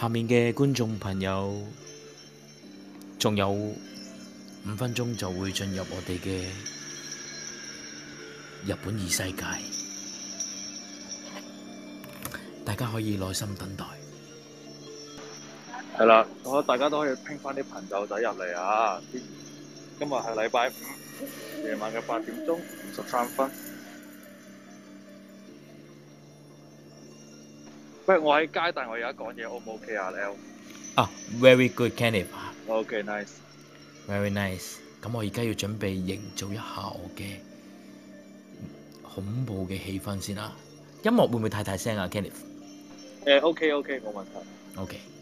下面嘅觀眾朋友，仲有五分鐘就會進入我哋嘅日本異世界，大家可以耐心等待。係啦，我大家都可以傾翻啲朋友仔入嚟啊！今日係禮拜五夜晚嘅八點鐘五十三分。唔係，我喺街，但我而家講嘢好唔好？OK 啊 Leo 啊 Very good，Kenneth 啊 OK nice，very nice。咁我而家要準備營造一下我嘅恐怖嘅氣氛先啦。音樂會唔會太大聲啊，Kenneth？誒 OK OK 冇問題。OK。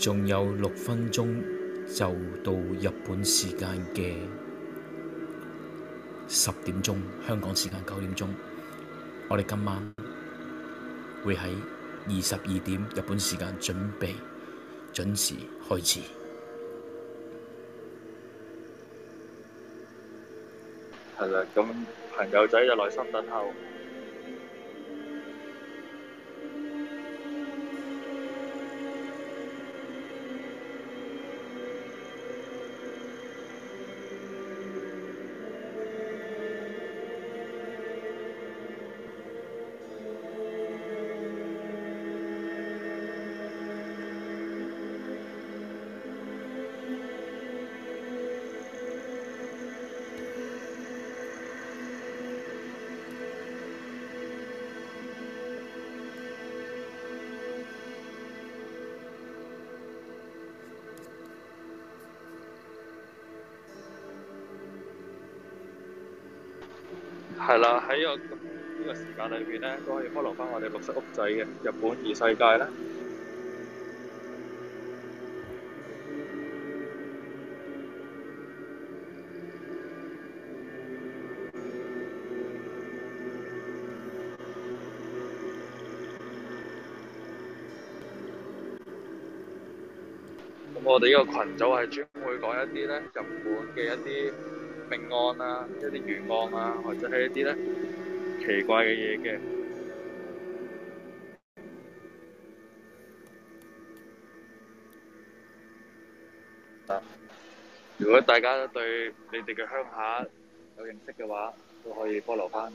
仲有六分鐘就到日本時間嘅十點鐘，香港時間九點鐘。我哋今晚會喺二十二點日本時間準備，準時開始。係、嗯、啦，咁朋友仔就耐心等候。嗱、啊，喺我呢個時間裏邊咧，都可以 follow 翻我哋綠色屋仔嘅日本異世界咧。咁 我哋呢個羣組係專會講一啲咧日本嘅一啲。命案啊，一啲懸案啊，或者係一啲咧奇怪嘅嘢嘅。如果大家都對你哋嘅鄉下有認識嘅話，都可以 follow 翻。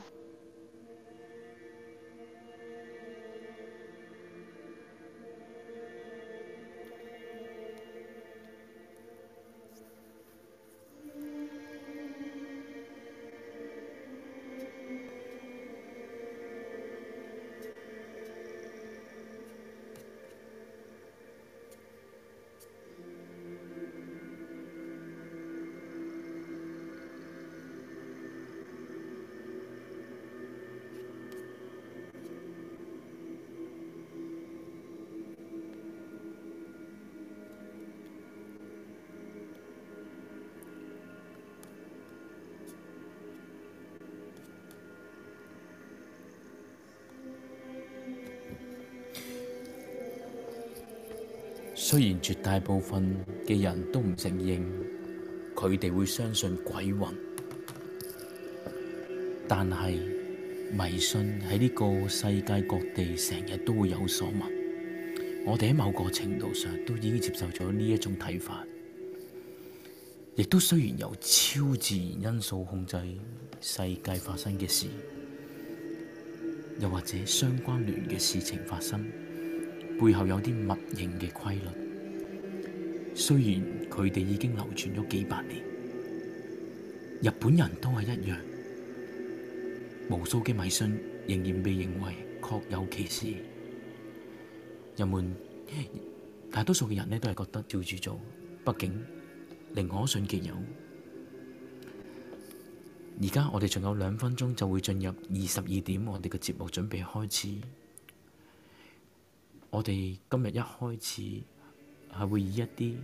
雖然絕大部分嘅人都唔承認佢哋會相信鬼魂，但係迷信喺呢個世界各地成日都會有所聞。我哋喺某個程度上都已經接受咗呢一種睇法，亦都雖然由超自然因素控制世界發生嘅事，又或者相關聯嘅事情發生。背後有啲密型嘅規律，雖然佢哋已經流傳咗幾百年，日本人都係一樣，無數嘅迷信仍然被認為確有其事。人們，大多數嘅人呢都係覺得照住做，畢竟寧可信其有。而家我哋仲有兩分鐘就會進入二十二點，我哋嘅節目準備開始。我哋今日一開始係會以一啲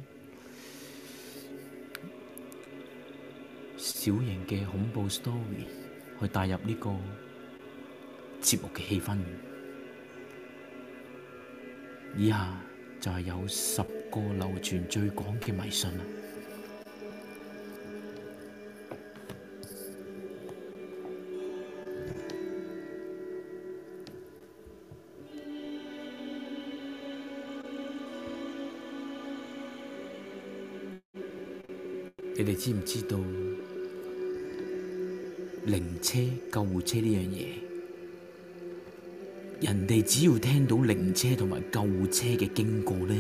小型嘅恐怖 story 去帶入呢個節目嘅氣氛。以下就係有十個流傳最廣嘅迷信啦。你知唔知道靈車、救護車呢樣嘢？人哋只要聽到靈車同埋救護車嘅經過呢，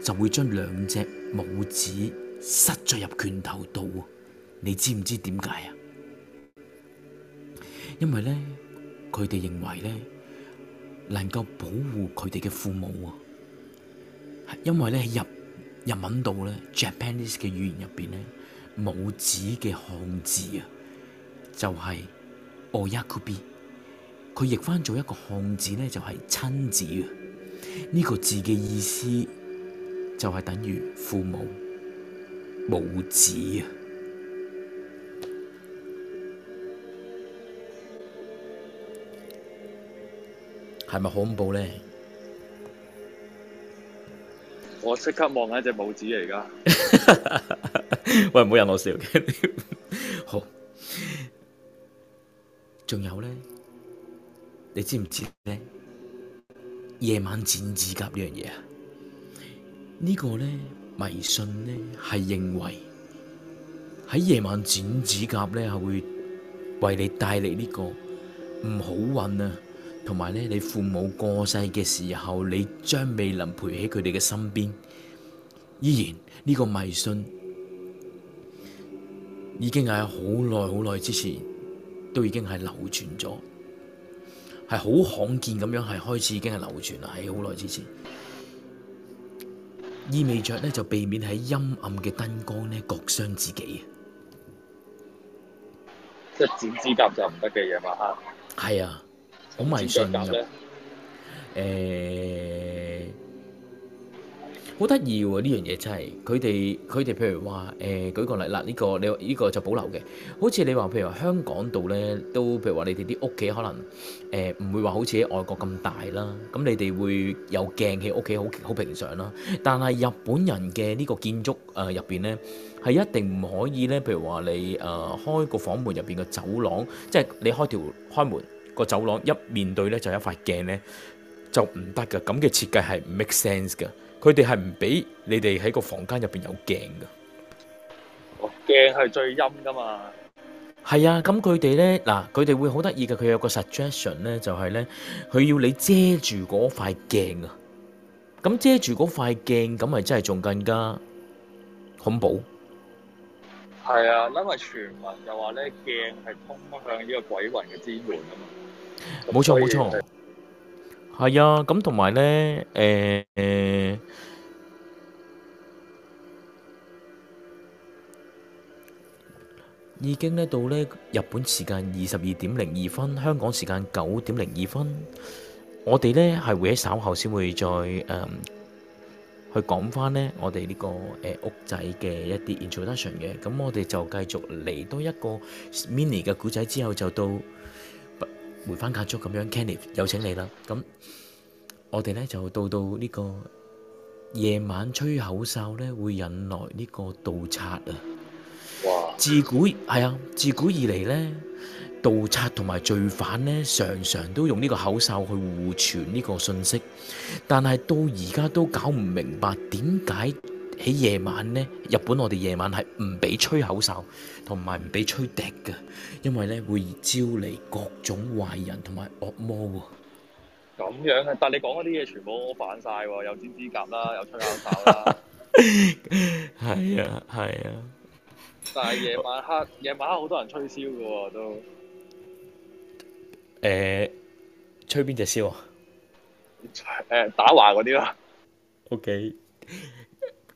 就會將兩隻拇指塞咗入拳頭度。你知唔知點解啊？因為呢，佢哋認為呢，能夠保護佢哋嘅父母，係因為呢入。日文度呢 Japanese 嘅語言入邊呢，母子嘅漢字啊、就係，就係 oyayubi 佢譯翻做一個漢字呢、就係，就係親子啊。呢、呢個字嘅意思就係等於父母母子啊，係咪恐怖呢？我即刻望下隻拇指嚟㗎， 喂，唔好引我笑。好，仲 有呢？你知唔知呢？夜晚剪指甲呢樣嘢啊？呢個呢，迷信呢，係認為喺夜晚剪指甲呢，係會為你帶嚟呢個唔好運啊！同埋你父母過世嘅時候，你將未能陪喺佢哋嘅身邊。依然呢個迷信已經喺好耐好耐之前都已經係流傳咗，係好罕見咁樣係開始已經係流傳啦，喺好耐之前，意味着呢就避免喺陰暗嘅燈光呢割傷自己。即係剪指甲就唔得嘅嘢嘛，係啊！好迷信㗎，誒，好得意喎，呢樣嘢真係，佢哋佢哋譬如話誒舉個例啦，呢個你呢個就保留嘅，好似你話譬如話香港度咧，都譬如話你哋啲屋企可能誒唔會話好似喺外國咁大啦，咁你哋會有鏡喺屋企好好平常啦，但係日本人嘅呢個建築誒入邊咧係一定唔可以咧，譬如話你誒開個房門入邊嘅走廊，即係你開條開門。個走廊一面對咧就有一塊鏡咧就唔得噶咁嘅設計係唔 make sense 噶。佢哋係唔俾你哋喺個房間入邊有鏡噶。鏡係最陰噶嘛。係啊，咁佢哋咧嗱，佢哋會好得意噶。佢有個 suggestion 咧，就係咧，佢要你遮住嗰塊鏡啊。咁遮住嗰塊鏡，咁咪真係仲更加恐怖。係啊，因為傳聞又話咧，鏡係通向呢個鬼魂嘅之門啊嘛。冇錯冇錯，係啊，咁同埋咧，誒，已經咧到咧日本時間二十二點零二分，香港時間九點零二分，我哋咧係會喺稍後先會再誒去講翻咧我哋呢個誒屋仔嘅一啲 introduction 嘅，咁我哋就繼續嚟多一個 mini 嘅故仔之後就到。回返卡速咁樣，Kenneth，有請你啦。咁我哋咧就到到呢個夜晚吹口哨咧，會引來呢個盜賊啊！哇！自古係啊，自古以嚟咧，盜賊同埋罪犯咧，常常都用呢個口哨去互傳呢個信息，但係到而家都搞唔明白點解。喺夜晚呢，日本我哋夜晚係唔俾吹口哨，同埋唔俾吹笛嘅，因為呢會招嚟各種壞人同埋惡魔喎。咁樣啊？但你講嗰啲嘢全部反晒喎，又剪指甲啦，又吹口哨啦，係 啊，係啊。但係夜晚黑，夜 晚黑好多人吹簫嘅都。誒、呃，吹邊隻簫啊？誒、呃，打橫嗰啲啦。OK。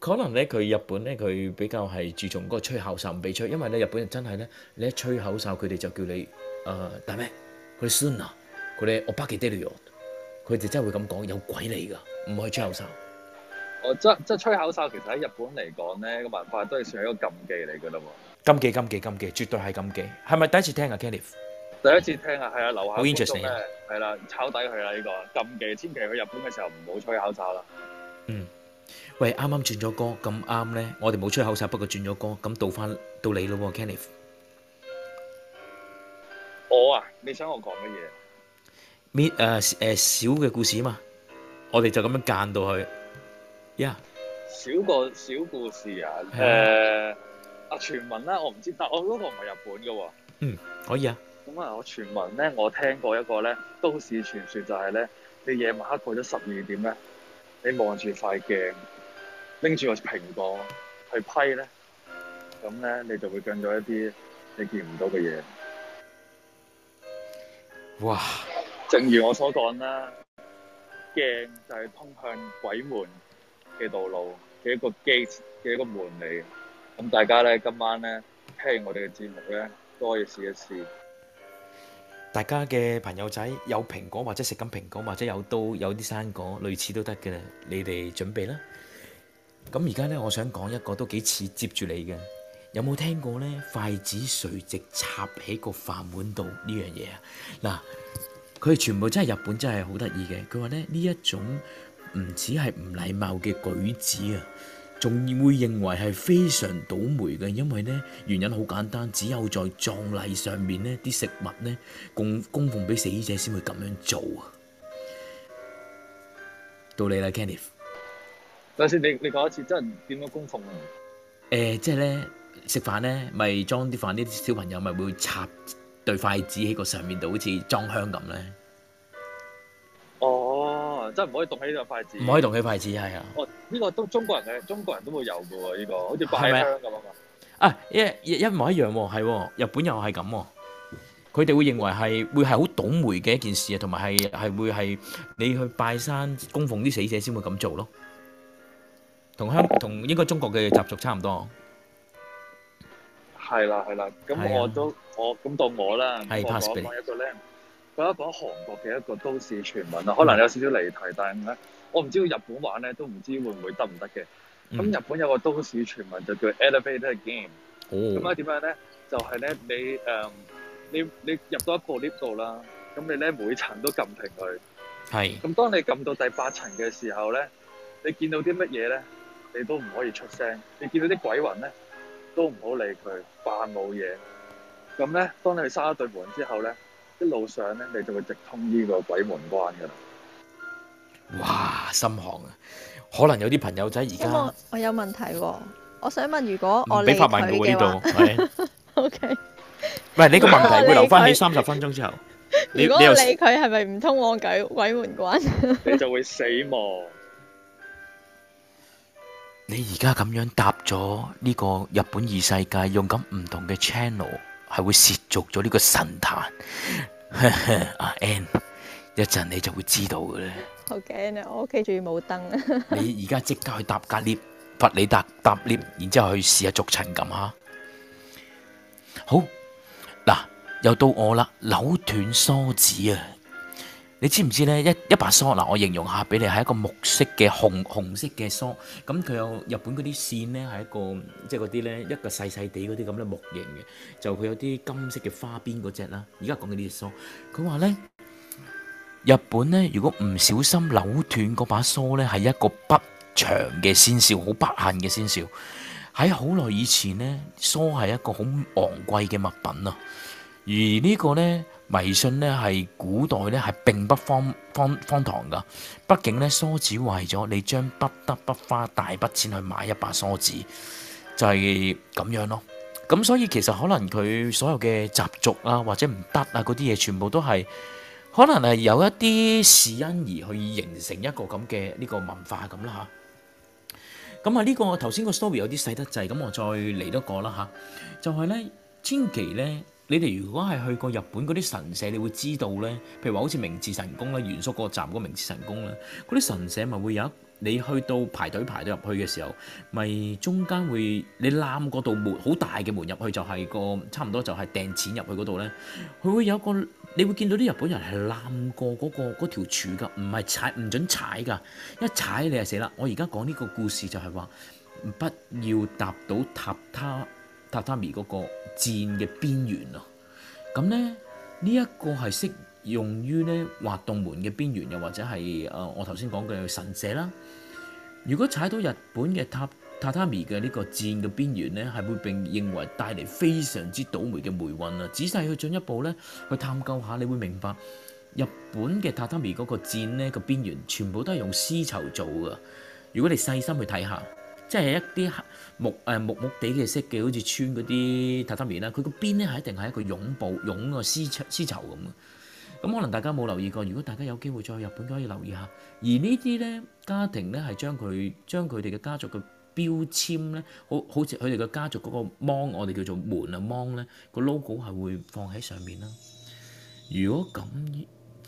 可能咧佢日本咧佢比較係注重嗰個吹口哨唔俾吹，因為咧日本人真係咧你一吹口哨佢哋就叫你誒，ダメ！これすんな！これお化け出るよ！佢哋真係會咁講，有鬼嚟㗎，唔可以吹口哨。哦，即即吹口哨其實喺日本嚟講咧個文化都係算係一個禁忌嚟㗎啦喎。禁忌、禁忌、禁忌，絕對係禁忌。係咪第一次聽啊，Kenneth？第一次聽啊，係啊，樓下好 interesting。係啦，抄底佢啦呢個禁忌，千祈去日本嘅時候唔好吹口哨啦。嗯。喂，啱啱轉咗歌，咁啱咧，我哋冇出口哨，不過轉咗歌，咁到翻到你咯，Kenneth。我啊，你想我講乜嘢？面誒誒，小嘅故事嘛。我哋就咁樣揀到佢。呀、yeah，小個小故事啊。誒、uh，啊傳聞咧，我唔知，但係我嗰個唔係日本嘅喎，啊。嗯，可以啊。咁啊，我傳聞咧，我聽過一個咧都市傳說，就係咧，你夜晚黑過咗十二點咧，你望住塊鏡。拎住個蘋果去批咧，咁咧你就會見到一啲你見唔到嘅嘢。哇！正如我所講啦，鏡就係通向鬼門嘅道路嘅一個 gate 嘅一個門嚟。咁大家咧今晚咧聽我哋嘅節目咧，都可以試一試。大家嘅朋友仔有蘋果或者食緊蘋果，或者有刀有啲生果，類似都得嘅。你哋準備啦。咁而家咧，我想講一個都幾似接住你嘅，有冇聽過呢？筷子垂直插喺個飯碗度呢樣嘢啊！嗱，佢全部真係日本真係好得意嘅。佢話呢，呢一種唔止係唔禮貌嘅舉止啊，仲會認為係非常倒霉嘅，因為呢原因好簡單，只有在葬禮上面呢啲食物呢，供供奉俾死者先會咁樣做啊！到你啦，Kenneth。嗱，先你你講一次，真係點樣供奉啊？誒，即係咧食飯咧，咪裝啲飯，呢啲小朋友咪會插對筷子喺個上面度，好似裝香咁咧。哦，即係唔可以動起個筷子，唔可以動起筷子，係啊！哦，呢個都中國人嘅，中國人都會有㗎喎，呢個好似拜香咁啊！一一一模一樣喎，係喎，日本又係咁喎。佢哋會認為係會係好倒霉嘅一件事啊，同埋係係會係你去拜山供奉啲死者先會咁做咯。同香同應該中國嘅習俗差唔多。係啦，係啦。咁我都我咁到我啦。係 pass by 一個咧，講一講韓國嘅一個都市傳聞啦。可能有少少離題，但係咧，我唔知去日本玩咧都唔知會唔會得唔得嘅。咁日本有個都市傳聞就叫 Elevator Game。哦。咁咧點解咧？就係咧，你誒你你入到一部 lift 度啦，咁你咧每層都撳停佢。係。咁當你撳到第八層嘅時候咧，你見到啲乜嘢咧？你都唔可以出聲，你見到啲鬼魂咧，都唔好理佢，扮冇嘢。咁咧，當你去閂咗對門之後咧，一路上咧，你就會直通呢個鬼門關噶啦。哇，心寒啊！可能有啲朋友仔而家我我有問題喎，我想問如果我理佢嘅，唔俾發問嘅喎呢度。O K，喂，你個問題會留翻你三十分鐘之後。如果你理佢，係咪唔通往鬼鬼門關？你就會死亡。你而家咁樣搭咗呢個日本異世界，用緊唔同嘅 channel，係會涉足咗呢個神壇，阿 Ann，一陣你就會知道嘅咧。好驚啊！我屋企仲要冇燈啊！ 你而家即刻去搭個 lift，佛里達搭 lift，然之後去試一下逐層咁吓。好，嗱，又到我啦，扭斷梳子啊！你知唔知呢？一一把梳嗱，我形容下俾你，係一個木色嘅紅紅色嘅梳，咁佢有日本嗰啲線呢係一個即係嗰啲呢，一個細細哋嗰啲咁嘅木型嘅，就佢有啲金色嘅花邊嗰隻啦。而家講緊呢隻梳，佢話呢，日本呢，如果唔小心扭斷嗰把梳呢係一個不長嘅先兆，好不幸嘅先兆。喺好耐以前呢，梳係一個好昂貴嘅物品啊，而呢個呢。迷信咧係古代咧係並不荒荒荒唐㗎，畢竟咧梳子壞咗，你將不得不花大筆錢去買一把梳子，就係咁樣咯。咁所以其實可能佢所有嘅習俗啊或者唔得啊嗰啲嘢，全部都係可能係有一啲事因而去形成一個咁嘅呢個文化咁啦吓。咁啊呢個頭先個 story 有啲細得滯，咁我再嚟多個啦吓，就係咧千祈咧。你哋如果係去過日本嗰啲神社，你會知道咧，譬如話好似明治神宮啦、原宿嗰個站嗰個明治神宮啦，嗰啲神社咪會有一你去到排隊排到入去嘅時候，咪中間會你攬嗰度門好大嘅門入去就係、是、個差唔多就係掟錢入去嗰度咧，佢會有個你會見到啲日本人係攬過嗰、那個嗰條柱㗎，唔係踩唔准踩㗎，一踩你就死啦！我而家講呢個故事就係話，不要踏到塌他。榻榻米嗰個墊嘅邊緣啊，咁咧呢一個係適用於咧滑動門嘅邊緣，又或者係誒我頭先講嘅神社啦。如果踩到日本嘅榻榻榻米嘅呢個墊嘅邊緣咧，係會被認為帶嚟非常之倒霉嘅霉運啊！仔細去進一步咧去探究下，你會明白日本嘅榻榻米嗰個墊咧個邊緣全部都係用絲綢做噶。如果你細心去睇下。即係一啲黑木誒，呃、木木地嘅色嘅，好似穿嗰啲榻榻米啦。佢個邊咧係一定係一個絨布、絨個絲絲絨咁啊。咁可能大家冇留意過，如果大家有機會再去日本都可以留意下。而呢啲咧，家庭咧係將佢將佢哋嘅家族嘅標籤咧，好好似佢哋嘅家族嗰個芒，我哋叫做門啊芒咧，個 logo 係會放喺上面啦。如果咁，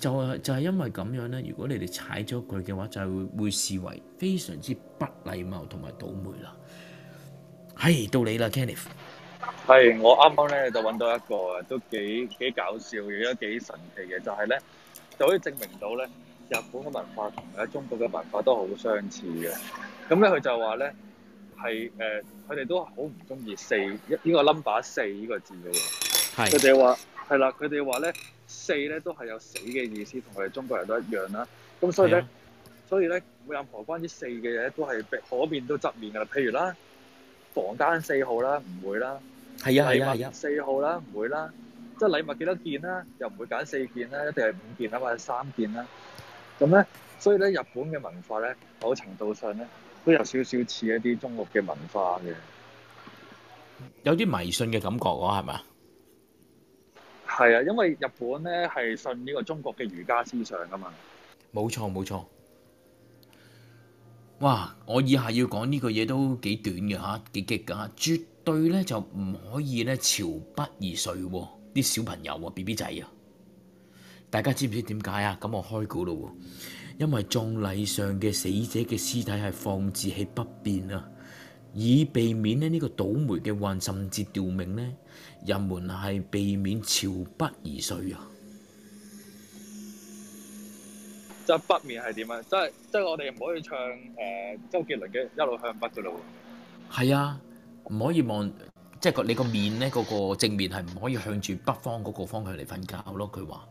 就係就係、是、因為咁樣咧，如果你哋踩咗佢嘅話，就係會會視為非常之不禮貌同埋倒楣啦。係到你啦，Kenneth。係我啱啱咧就搵到一個，都幾幾搞笑嘅，亦都幾神奇嘅，就係、是、咧就可以證明到咧日本嘅文化同埋中國嘅文化都好相似嘅。咁咧佢就話咧係誒，佢哋、呃、都好唔中意四呢個 number 四呢個字嘅喎。係佢哋話係啦，佢哋話咧。四咧都係有死嘅意思，同我哋中國人都一樣啦。咁所以咧、啊，所以咧，任何關於四嘅嘢都係可變到側面噶啦。譬如啦，房間四號啦，唔會啦；禮物、啊啊啊、四號啦，唔會啦。即、就、係、是、禮物幾多件啦、啊，又唔會揀四件啦、啊，一定係五件啊嘛，或者三件啦、啊。咁咧，所以咧，日本嘅文化咧，某程度上咧，都有少少似一啲中國嘅文化嘅，有啲迷信嘅感覺喎，係嘛？係啊，因為日本咧係信呢個中國嘅儒家思想噶嘛。冇錯冇錯。哇，我以下要講呢個嘢都幾短嘅吓，幾激噶，絕對咧就唔可以咧朝北而睡喎。啲小朋友啊，B B 仔啊，大家知唔知點解啊？咁我開估咯喎，因為葬禮上嘅死者嘅屍體係放置喺北邊啊，以避免咧呢個倒霉嘅運，甚至掉命咧。人們係避免朝北而睡啊！即係北面係點啊？即係即係我哋唔可以唱誒、呃、周杰倫嘅《一路向北》噶咯喎。係啊，唔可以望即係個你個面咧，嗰、嗰個正面係唔可以向住北方嗰個方向嚟瞓覺咯。佢話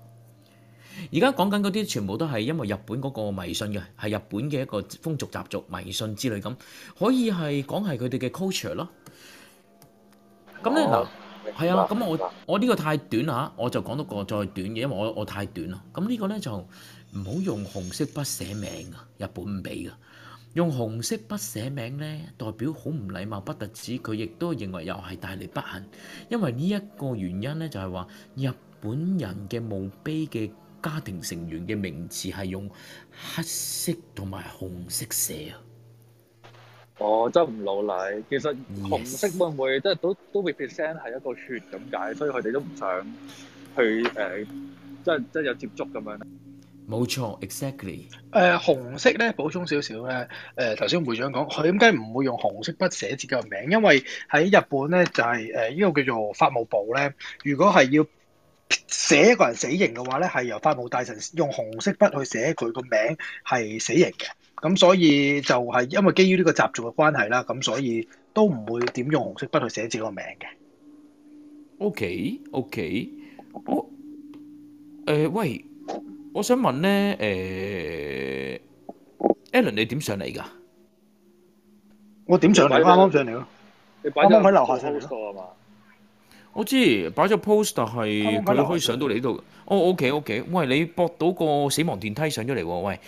而家講緊嗰啲全部都係因為日本嗰個迷信嘅，係日本嘅一個風俗習俗、迷信之類咁，可以係講係佢哋嘅 culture 咯。咁咧嗱。係啊，咁我我呢個太短啦，我就講到個再短嘅，因為我我太短啦。咁呢個呢，就唔好用紅色筆寫名噶，日本唔俾噶，用紅色筆寫名呢，代表好唔禮貌不特止，佢亦都認為又係帶嚟不幸。因為呢一個原因呢，就係話日本人嘅墓碑嘅家庭成員嘅名字係用黑色同埋紅色寫。哦、oh，真唔老力。其實紅色會唔會即係、yes. 都都 present 係一個血咁解，所以佢哋都唔想去誒，即係即係有接觸咁樣咧。冇錯，exactly、呃。誒紅色咧補充少少咧，誒頭先會長講，佢點解唔會用紅色筆寫自己個名？因為喺日本咧就係誒呢個叫做法務部咧，如果係要寫一個人死刑嘅話咧，係由法務大臣用紅色筆去寫佢個名係死刑嘅。咁所以就係因為基於呢個習俗嘅關係啦，咁所以都唔會點用紅色筆去寫自己個名嘅。O K O K，我誒喂，我想問咧，誒，Ellen 你點上嚟㗎？我點上嚟？啱啱上嚟咯，你擺咗喺樓下先啦。錯係嘛？我知擺咗 post，但係佢可以上到嚟呢度。哦，O K O K，喂，你駁到個死亡電梯上咗嚟喎，喂，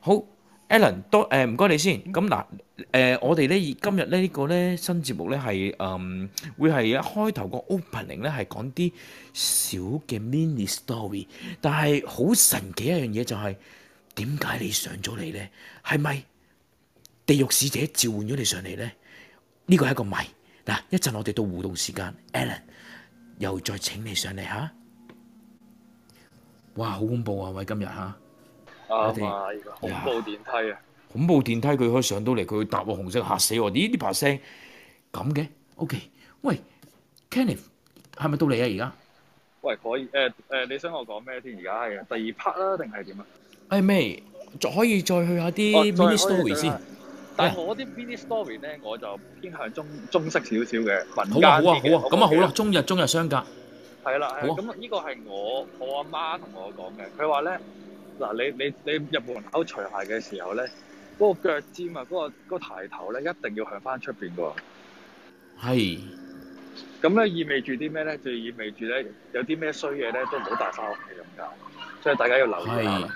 好。Allen，多誒唔該你先。咁嗱，誒我哋咧今日咧呢個咧新節目咧係誒會係一開頭個 opening 咧係講啲小嘅 mini story，但係好神奇一樣嘢就係點解你上咗嚟咧？係咪地獄使者召喚咗你上嚟咧？呢個係一個謎。嗱，一陣我哋到互動時間，Allen 又再請你上嚟吓。哇！好恐怖啊，喂，今日吓～啊！恐怖電梯啊！恐怖電梯，佢、啊、可以上到嚟，佢會搭個紅色，嚇死我！呢呢把聲咁嘅？OK，喂，Kenneth，係咪到你啊？而家喂，可以誒誒、呃呃，你想我講咩先？而家係啊，第二 part 啦，定係點啊？誒、哎、咩？再可以再去一下啲、啊、mini story 先。但係我啲 mini story 咧、啊，我就偏向中中式少少嘅好啊好啊好啊！咁啊好啦、啊，中日中日相隔。係啦、啊，好咁、啊、呢個係我我阿媽同我講嘅，佢話咧。嗱，你你你入門口除鞋嘅時候咧，嗰個腳尖啊，嗰個嗰個鞋頭咧，一定要向翻出邊噶。係。咁咧意味住啲咩咧？就意味住咧有啲咩衰嘢咧，都唔好帶翻屋企咁解，所以大家要留意下。係。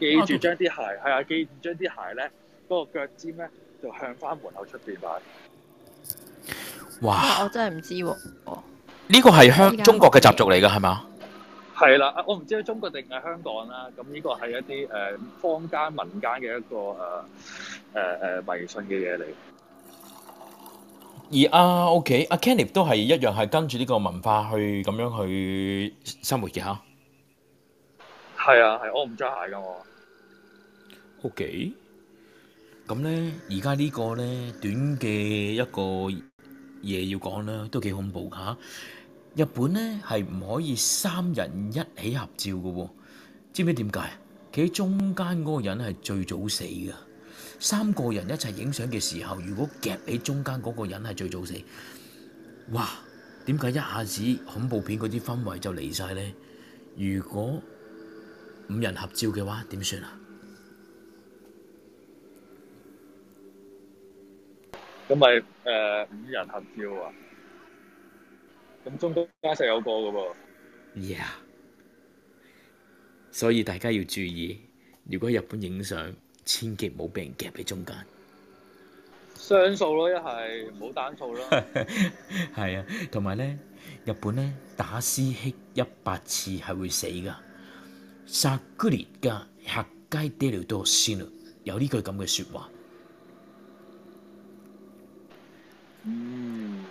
記住將啲鞋，係啊，記住將啲鞋咧，嗰個腳尖咧，就向翻門口出邊擺。哇！我真係唔知喎。呢個係香中國嘅習俗嚟噶，係嘛？係啦，我唔知喺中國定係香港啦。咁呢個係一啲誒坊間民間嘅一個誒誒誒迷信嘅嘢嚟。而阿 OK 阿 Kenneth 都係一樣係跟住呢個文化去咁樣去生活嘅嚇。係啊，係我唔著鞋㗎我。屋企咁咧，而家呢個咧短嘅一個嘢要講啦，都幾恐怖嚇。日本呢係唔可以三人一起合照嘅喎。哦，知唔知點解？企喺中間嗰個人係最早死嘅。三個人一齊影相嘅時候，如果夾喺中間嗰個人係最早死，哇！點解一下子恐怖片嗰啲氛圍就嚟晒呢？如果五人合照嘅話，點算啊？咁咪誒五人合照啊？咁中東家實有過噶噃，yeah。所以大家要注意，如果日本影相，千祈唔好俾人夾喺中間。雙數咯，一係唔好單數咯。係 啊，同埋咧，日本咧打斯乞一百次係會死噶。殺割裂噶黑街爹尿多先啊，有呢句咁嘅説話。嗯。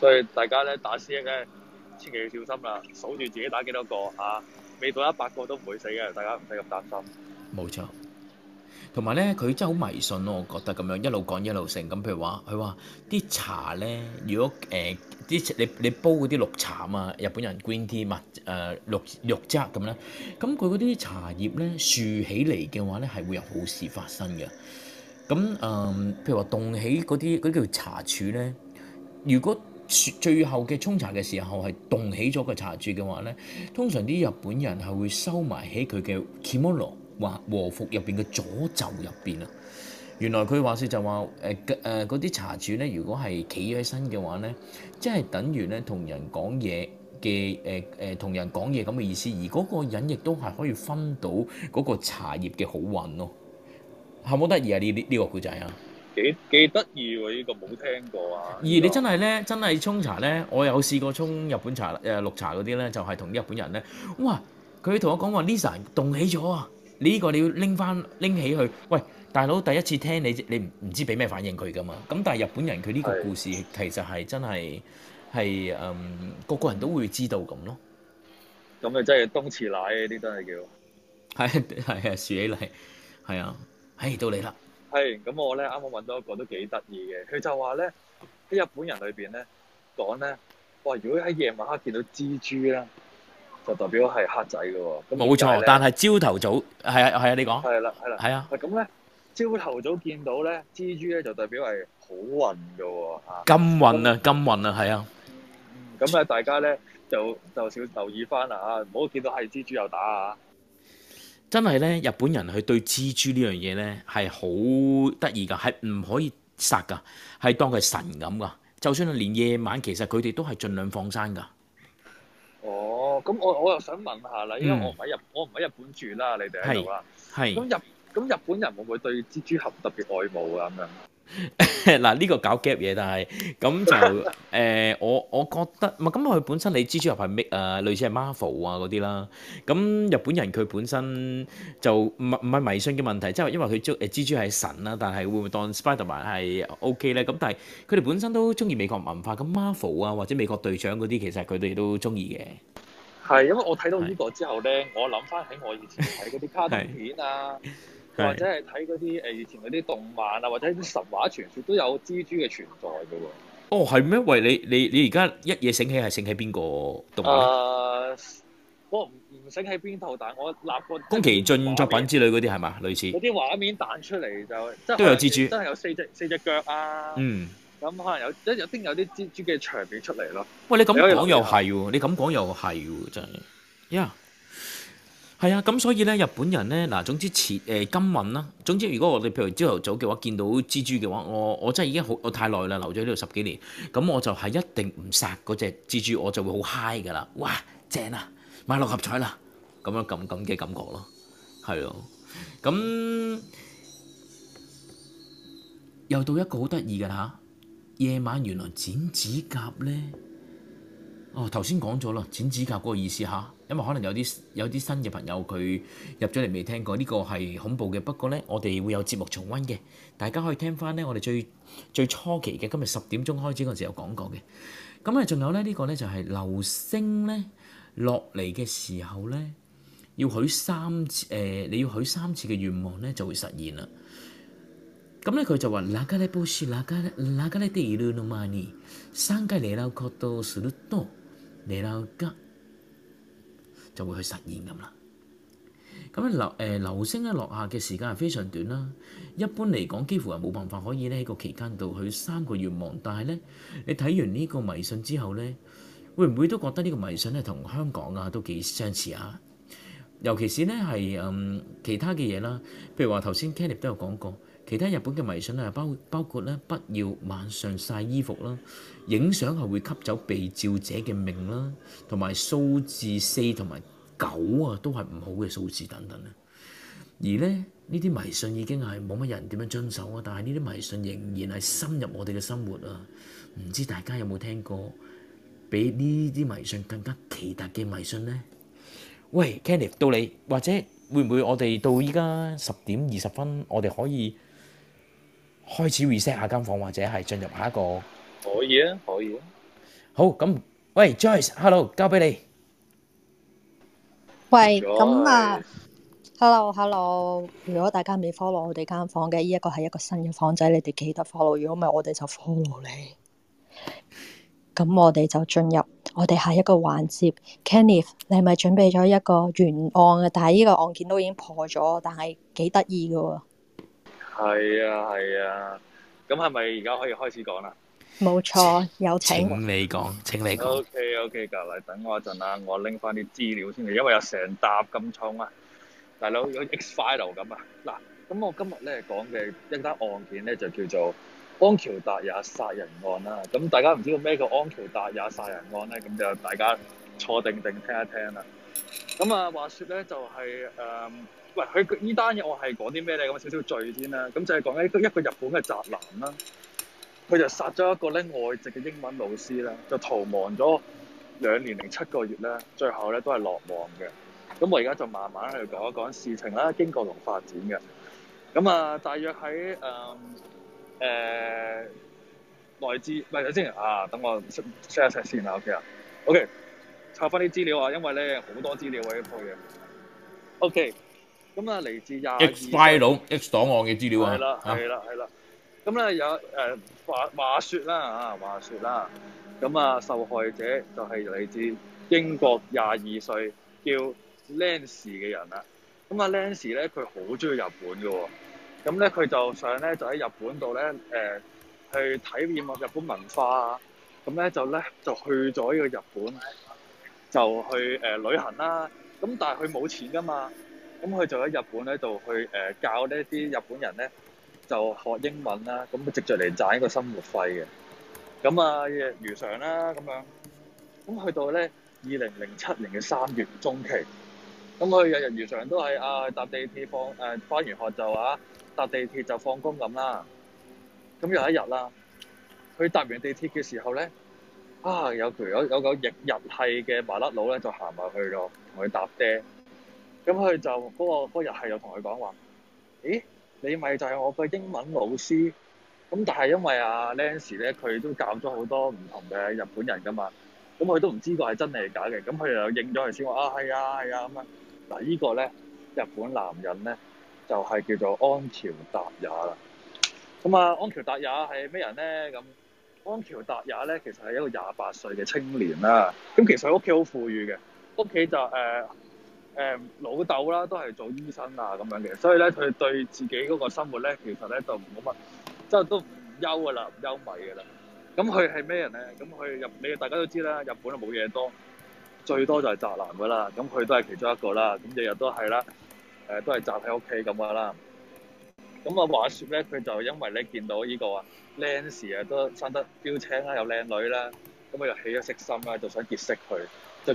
所以大家咧打 C.E. 咧，千祈要小心啦，數住自己打幾多個吓，未到一百個都唔會死嘅，大家唔使咁擔心。冇錯，同埋咧，佢真係好迷信咯，我覺得咁樣一路講一路勝。咁譬如話，佢話啲茶咧，如果誒啲你你煲嗰啲綠茶啊，日本人 green tea 嘛，誒綠綠汁咁咧，咁佢嗰啲茶葉咧，豎起嚟嘅話咧，係會有好事發生嘅。咁誒，譬如話棟起嗰啲嗰叫茶柱咧，如果最後嘅沖茶嘅時候係動起咗個茶柱嘅話咧，通常啲日本人係會收埋喺佢嘅 kimono 或和服入邊嘅左袖入邊啊。原來佢話說就話誒誒嗰啲茶柱咧，如果係企喺身嘅話咧，即係等於咧同人講嘢嘅誒誒同人講嘢咁嘅意思，而嗰個人亦都係可以分到嗰個茶葉嘅好運咯。係係有冇得意呢呢個古仔啊？這個幾得意喎，呢個冇聽過啊！而你真係咧，真係沖茶咧，我有試過沖日本茶誒綠茶嗰啲咧，就係同啲日本人咧，哇！佢同我講話 Lisa 凍起咗啊！你呢個你要拎翻，拎起去喂，大佬第一次聽你你唔唔知俾咩反應佢噶嘛？咁但係日本人佢呢個故事其實係真係係誒個個人都會知道咁咯。咁啊真係冬次奶呢啲真係叫係係係豎起嚟係啊！嘿到你啦。係，咁我咧啱啱揾到一個都幾得意嘅，佢就話咧喺日本人裏邊咧講咧，哇！如果喺夜晚黑見到蜘蛛啦，就代表係黑仔嘅喎。冇錯，但係朝頭早係啊係啊，啊，你講。係啦係啦，係啊。咁咧朝頭早見到咧蜘蛛咧，就代表係好運嘅喎嚇，金運啊金運啊，係啊。咁啊、嗯呢嗯嗯，大家咧就就少留意翻啦嚇，唔好見到係蜘蛛又打啊。真係咧，日本人去對蜘蛛呢樣嘢咧係好得意㗎，係唔可以殺㗎，係當佢係神咁㗎。就算係連夜晚，其實佢哋都係盡量放生㗎。哦，咁我我又想問一下啦，因為我唔喺日、嗯，我唔喺日本住啦，你哋喺度啊。係。咁日咁日本人會唔會對蜘蛛俠特別愛慕㗎咁樣？嗱，呢個搞 gap 嘢，但係咁就誒，我我覺得唔係咁，佢本身你蜘蛛俠係咩啊？類似係 Marvel 啊嗰啲啦。咁日本人佢本身就唔唔係迷信嘅問題，即係因為佢捉蜘蛛係神啦。但係會唔會當 Spider-Man 係 OK 咧？咁但係佢哋本身都中意美國文化。咁 Marvel 啊或者美國隊長嗰啲，其實佢哋都中意嘅。係因為我睇到呢個之後咧，我諗翻起我以前睇嗰啲卡通片啊。或者係睇嗰啲誒以前嗰啲動漫啊，或者啲神話傳説都有蜘蛛嘅存在㗎喎。哦，係咩？喂，你你你而家一夜醒起係醒起邊個動漫咧？Uh, 我唔唔醒起邊套，但係我立過宮崎駿作品之類嗰啲係嘛？類似嗰啲畫面彈出嚟就都有蜘蛛，真係有四隻四隻腳啊！嗯，咁可能有即係一定有啲蜘蛛嘅場面出嚟咯。喂，你咁講又係喎，你咁講又係喎，真係呀～、Yeah. 係啊，咁所以咧，日本人咧，嗱，總之前誒金運啦。總之，如果我哋譬如朝頭早嘅話，見到蜘蛛嘅話，我我真係已經好，我太耐啦，留咗呢度十幾年，咁我就係一定唔殺嗰隻蜘蛛，我就會好 high 㗎啦。哇，正啊，買六合彩啦，咁樣咁咁嘅感覺咯，係咯、啊。咁又到一個好得意㗎啦，夜、啊、晚原來剪指甲咧。哦，頭先講咗啦，剪指甲嗰個意思嚇。因為可能有啲有啲新嘅朋友佢入咗嚟，未聽過呢個係恐怖嘅。不過咧我哋會有節目重温嘅，大家可以聽翻咧我哋最最初期嘅今日十點鐘開始嗰陣有講過嘅。咁啊，仲有咧呢個咧就係流星咧落嚟嘅時候咧，要許三次、呃、你要許三次嘅願望咧就會實現啦。咁咧佢就話：哪家呢本書，哪家哪家呢？這一路的馬尼，參加的拉烏活動，輸了都，拉烏卡。就會去實現咁啦。咁流誒、呃、流星咧落下嘅時間係非常短啦。一般嚟講，幾乎係冇辦法可以咧喺個期間度去三個願望。但係咧，你睇完呢個迷信之後咧，會唔會都覺得呢個迷信咧同香港啊都幾相似啊？尤其是咧係誒其他嘅嘢啦，譬如話頭先 Kelly 都有講過，其他日本嘅迷信係，包包括咧不要晚上曬衣服啦，影相係會吸走被照者嘅命啦，同埋數字四同埋。九啊，都係唔好嘅數字等等啦。而呢，呢啲迷信已經係冇乜人點樣遵守啊。但係呢啲迷信仍然係深入我哋嘅生活啊。唔知大家有冇聽過比呢啲迷信更加奇特嘅迷信呢？喂，Kenneth 到你，或者會唔會我哋到依家十點二十分，我哋可以開始 reset 下間房，或者係進入下一個？可以啊，可以啊。好，咁喂，Joyce，Hello，交俾你。喂，咁啊，Hello，Hello。謝謝 hello, hello. 如果大家未 follow 我哋間房嘅，呢一個係一個新嘅房仔，你哋記得 follow。如果唔係，我哋就 follow 你。咁我哋就進入我哋下一個環節。Kenneth，你係咪準備咗一個原案啊，但係呢個案件都已經破咗，但係幾得意噶。係啊，係啊。咁係咪而家可以開始講啦？冇錯，有請。請你講，請你講。OK，OK，咁嚟，等我一陣啊。我拎翻啲資料先嚟，因為有成沓咁衝啊！大佬有 expire 啊！嗱，咁我今日咧講嘅一單案件咧就叫做安喬達也殺人案啦，啊。咁大家唔知道咩叫安喬達也殺人案咧，咁就大家坐定定聽一聽啦，啊。咁啊，話說咧就係、是、誒、呃，喂，佢呢單嘢我係講啲咩咧？咁少少罪先啦。咁就係講一一個日本嘅宅男啦。佢就殺咗一個咧外籍嘅英文老師咧，就逃亡咗兩年零七個月咧，最後咧都係落網嘅。咁我而家就慢慢去講一講事情啦、經過同發展嘅。咁啊，大約喺誒誒來自，唔係先啊，等我 share 一 share 先啊，O K 啊，O K，抄翻啲資料啊，因為咧好多資料 okay, 啊，呢套嘢。O K，咁啊嚟自廿 X file X 檔案嘅資料啊，係啦，係啦，係啦。咁咧有誒、呃、話話説啦啊話説啦，咁啊受害者就係嚟自英國廿二歲叫 Lance 嘅人啦。咁啊 Lance 咧佢好中意日本噶喎，咁咧佢就想咧就喺日本度咧、呃、去體驗日本文化啊。咁咧就咧就去咗呢個日本，就去、呃、旅行啦。咁但係佢冇錢噶嘛，咁佢就喺日本呢度去、呃、教呢一啲日本人咧。就學英文啦，咁佢藉著嚟賺一個生活費嘅，咁啊如常啦咁樣，咁去到咧二零零七年嘅三月中期，咁佢日日如常都係啊搭地鐵放誒返、啊、完學就話搭地鐵就放工咁啦，咁有一日啦、啊，佢搭完地鐵嘅時候咧，啊有條友有有個逆日係嘅麻甩佬咧就行埋去囉同佢搭爹，咁佢就嗰、嗰個嗰個、日係有同佢講話，咦？你咪就係我個英文老師，咁但係因為阿 Lance 咧，佢都教咗好多唔同嘅日本人噶嘛，咁佢都唔知個係真係假嘅，咁佢又認咗佢先話啊係啊係啊咁啊。嗱、啊啊啊、呢個咧日本男人咧就係、是、叫做安喬達也啦，咁啊安喬達也係咩人咧？咁安喬達也咧其實係一個廿八歲嘅青年啦，咁其實佢屋企好富裕嘅，屋企就、呃誒老豆啦，都係做醫生啊，咁樣嘅，所以咧佢對自己嗰個生活咧，其實咧就唔好乜，即係都唔憂噶啦，唔憂米噶啦。咁佢係咩人咧？咁佢入你大家都知啦，日本啊冇嘢多，最多就係宅男噶啦。咁佢都係其中一個啦。咁日日都係啦，誒都係宅喺屋企咁噶啦。咁啊話説咧，佢就因為咧見到呢個啊靚事啊，都生得標青啦，又靚女啦，咁佢又起咗色心啦，就想結識佢。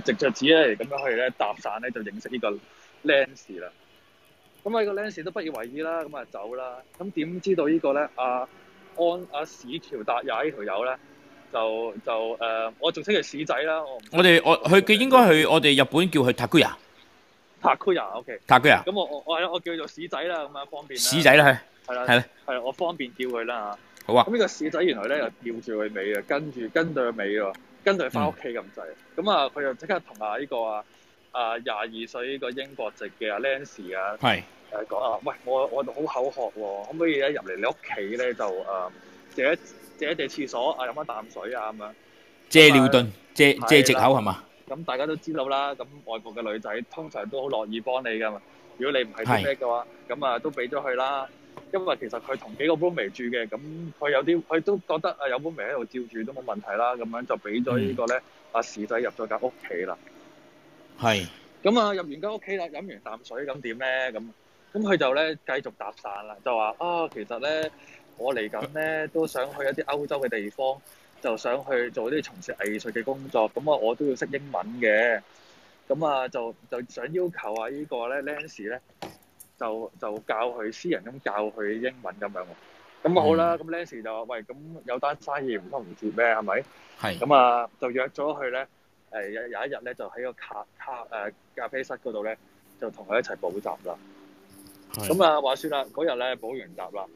就藉著只咧咁樣去咧搭訕咧，就認識個 Lance 個 Lance 就個呢個僆士啦。咁啊，啊個呢個僆士都不以為意啦，咁啊走啦。咁點知道呢個咧？阿安阿史喬達也呢條友咧，就就誒、呃，我仲稱佢史仔啦。我唔我哋我佢佢應該去我哋日本叫佢塔居亞。塔居亞，OK。塔居亞。咁我我我係咯，我叫佢做史仔啦，咁啊方便啦。史仔啦，係。係啦，係啦。係，我方便叫佢啦吓？好啊。咁呢個史仔原來咧又吊住佢尾啊，跟住跟對尾喎。跟住翻屋企咁滯，咁、嗯這個、啊佢就即刻同埋呢個啊啊廿二歲呢個英國籍嘅阿 Lance 啊係，誒講啊，喂我我好口渴喎，可唔可以咧入嚟你屋企咧就誒、啊、借一借一借廁所啊飲翻啖水啊咁樣，借尿遁借、啊、借、借藉口係嘛？咁、啊、大家都知道啦，咁外國嘅女仔通常都好樂意幫你噶嘛，如果你唔係咩嘅話，咁啊都俾咗佢啦。因為其實佢同幾個 roommate 住嘅，咁佢有啲佢都覺得有住沒、這個嗯、啊，有 roommate 喺度照住都冇問題啦。咁樣就俾咗呢個咧，阿時仔入咗間屋企啦。係咁啊，入完間屋企啦，飲完啖水咁點咧？咁咁佢就咧繼續搭訕啦，就話啊、哦，其實咧我嚟緊咧都想去一啲歐洲嘅地方，就想去做啲從事藝術嘅工作。咁啊，我都要識英文嘅，咁啊就就想要求啊呢個咧，Lance 咧。就就教佢私人咁教佢英文咁樣喎，咁啊好啦，咁 Lancy 就話：喂，咁有單生意唔通唔接咩？係咪？係。咁啊，就約咗佢咧，誒有有一日咧，就喺個咖咖誒咖啡室嗰度咧，就同佢一齊補習啦。係。咁啊，話説啦，嗰日咧補完習啦，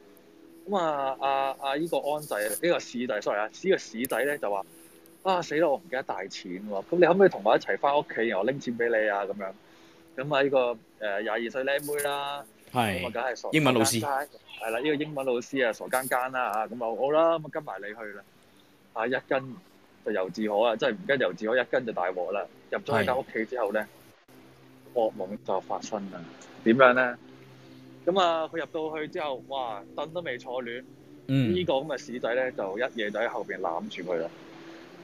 咁啊，啊啊呢個安仔，呢、呢個屎仔，sorry 市弟啊，呢個屎仔咧就話：啊死啦，我唔記得帶錢喎！咁你可唔可以同我一齊翻屋企，然後拎錢俾你啊？咁樣。咁啊、這個！呢、呃那個誒廿二歲靚妹啦，咁啊，梗係傻英文老師係啦。呢、這個英文老師癲癲啊，傻更更啦嚇，咁啊好啦，咁啊跟埋你去啦。啊一跟就由自可啊，真係唔跟由自可，一跟就大鑊啦。入咗喺間屋企之後咧，噩夢就發生啦。點樣咧？咁啊，佢入到去之後，哇！凳都未坐暖，呢、嗯這個咁嘅屎仔咧，就一夜就喺後邊攬住佢啦。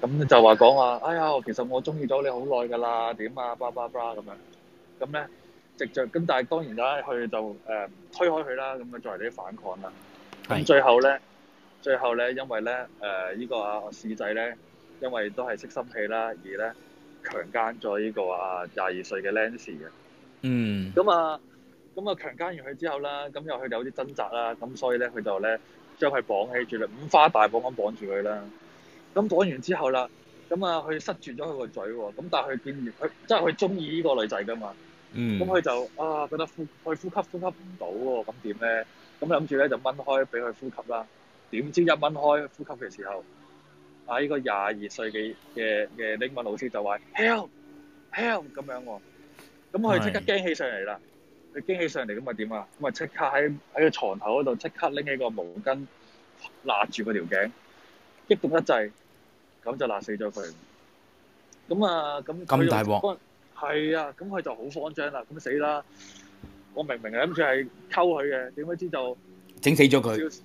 咁就話講話， 哎呀，其實我中意咗你好耐㗎啦。點啊？巴拉巴拉咁樣。咁咧，直着，咁，但係當然啦，佢就誒、呃、推開佢啦，咁就作為啲反抗啦。咁最後咧，最後咧，因為咧誒呢、呃這個啊史仔咧，因為都係識心氣啦，而咧強姦咗呢個啊廿二歲嘅 Lance 嘅。嗯。咁啊，咁啊強姦完佢之後啦，咁又佢哋有啲掙扎啦，咁所以咧佢就咧將佢綁起住啦，五花大綁咁綁住佢啦。咁綁完之後啦，咁啊佢塞住咗佢個嘴喎，咁但係佢見住佢，即係佢中意呢個女仔㗎嘛。嗯，咁佢就啊，覺得呼，佢呼吸呼吸唔到喎，咁點咧？咁諗住咧就掹開俾佢呼吸啦。點知一掹開呼吸嘅時候，啊！依個廿二歲嘅嘅嘅英文老師就話：Help！Help！咁樣喎。咁佢即刻驚起上嚟啦。佢驚起上嚟咁啊點啊？咁啊即刻喺喺個牀頭嗰度即刻拎起個毛巾，勒住個條頸，激動一陣，咁就勒死咗佢。咁啊，咁咁大鑊。.係啊，咁佢就好慌張啦，咁死啦！我明明啊，諗住係溝佢嘅，點不知就整死咗佢。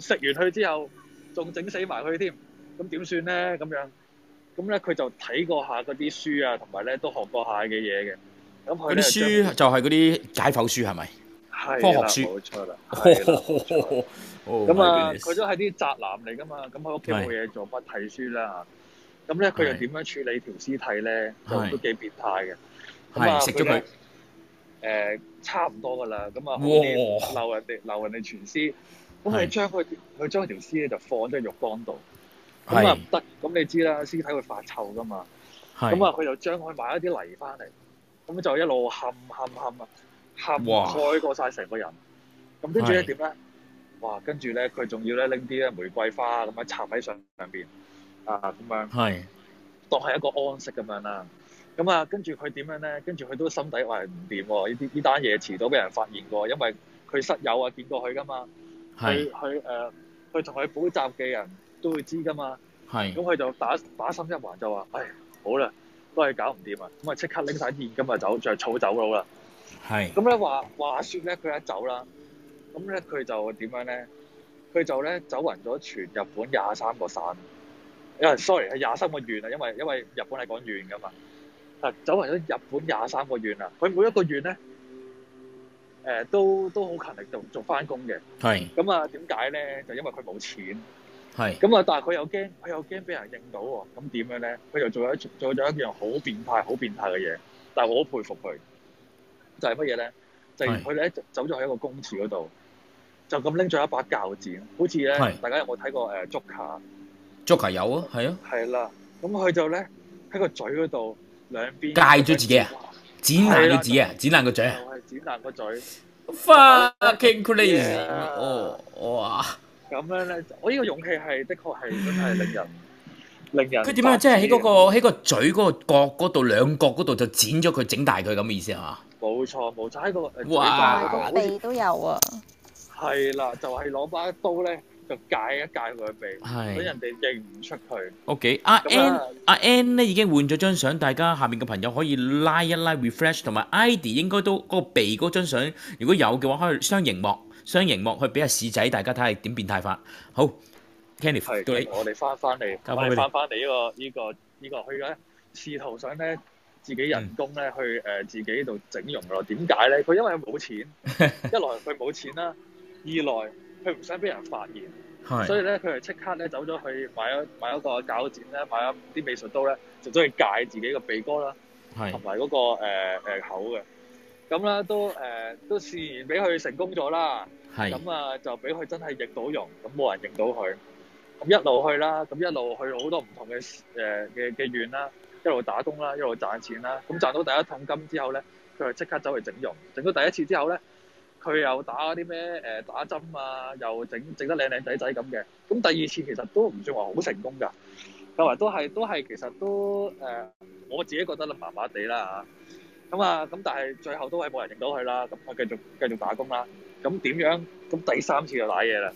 食完佢之後，仲整死埋佢添，咁點算咧？咁樣咁咧，佢就睇過下嗰啲書啊，同埋咧都學過下嘅嘢嘅。咁佢啲書就係嗰啲解剖書係咪？係、啊。科學書。冇錯啦。咁啊，佢都係啲宅男嚟噶嘛，咁佢屋企冇嘢做，咪睇書啦咁咧，佢又點樣處理條屍體咧？都幾變態嘅。咁啊，食咗佢誒，差唔多噶啦。咁啊，哦，留人哋留人哋全屍。咁佢將佢佢將條屍咧就放喺浴缸度。咁啊，唔得。咁你知啦，屍體會發臭噶嘛。咁啊，佢就將佢買一啲泥返嚟。咁就一路冚冚冚啊，冚蓋過晒成個人。咁跟住咧點咧？哇！跟住咧，佢仲要咧拎啲咧玫瑰花咁樣插喺上上邊。啊，咁樣係當係一個安息咁樣啦。咁啊，跟住佢點樣咧？跟住佢都心底話唔掂喎。呢啲呢單嘢遲早俾人發現過，因為佢室友啊見過佢噶嘛。係佢誒，佢同佢補習嘅人都會知噶嘛。係咁，佢就打打心一橫就話，唉，好啦，都係搞唔掂啊！咁啊，即刻拎晒現金啊走，就係、草、走佬啦。係咁咧，話話説咧，佢一走啦，咁咧佢就點樣咧？佢就咧走勻咗全日本廿三個省。因 sorry 係廿三個縣，啊，因為因為日本係講縣㗎嘛，啊走完咗日本廿三個縣啊，佢每一個縣咧，誒、呃、都都好勤力做的，做仲翻工嘅。係、啊。咁啊點解咧？就因為佢冇錢。係。咁啊，但係佢又驚，佢又驚俾人認到喎。咁點樣咧？佢就做咗做咗一樣好變態、好變態嘅嘢。但係我好佩服佢，就係乜嘢咧？就係佢咧走咗去一個公廁嗰度，就咁拎咗一把鉸剪，好似咧大家有冇睇過誒足球？呃 Joker? Joker 有啊，係啊。係啦，咁、嗯、佢就咧喺個嘴嗰度兩邊。戒咗自己啊！剪爛個紙啊！剪爛個嘴。剪爛個嘴。嘴 oh, fucking crazy！、Yeah. 哦，哇！咁樣咧，我呢個勇氣係的確係真係令人令人。佢點啊？即係喺嗰個喺個嘴嗰個角嗰度兩角嗰度就剪咗佢，整大佢，咁嘅意思係嘛？冇錯，冇錯喺個。哇！你都有啊。係啦，就係、是、攞把刀咧。就解一解佢嘅鼻，俾人哋認唔出佢。OK，阿 N，阿 N 咧已經換咗張相，大家下面嘅朋友可以拉一拉 refresh，同埋 ID 應該都嗰個鼻嗰張相，如果有嘅話，可以雙熒幕，雙熒幕去俾阿士仔大家睇下點變態法。好，Kenny，到你。我哋翻翻嚟，我哋翻翻嚟呢個呢個呢個，佢咧試圖想咧自己人工咧去誒自己度整容咯。點解咧？佢因為冇錢，一來佢冇錢啦，二來。佢唔想俾人發現，所以咧佢就即刻咧走咗去買咗買咗個鉸剪咧，買咗啲美術刀咧，就走去戒自己個鼻哥啦，同埋嗰個誒口嘅。咁啦都誒、呃、都自然俾佢成功咗啦，咁啊就俾佢真係矯到容，咁冇人認到佢。咁一路去啦，咁一路去好多唔同嘅誒嘅嘅縣啦，一路打工啦，一路賺錢啦。咁賺到第一桶金之後咧，佢就即刻走去整容，整到第一次之後咧。佢又打啲咩、呃、打針啊，又整整得靚靚仔仔咁嘅。咁第二次其實都唔算話好成功㗎，同埋都係都係其實都、呃、我自己覺得麻啦麻麻地啦咁啊，咁，但係最後都係冇人認到佢啦。咁我繼續繼續打工啦。咁點樣？咁第三次就瀨嘢啦。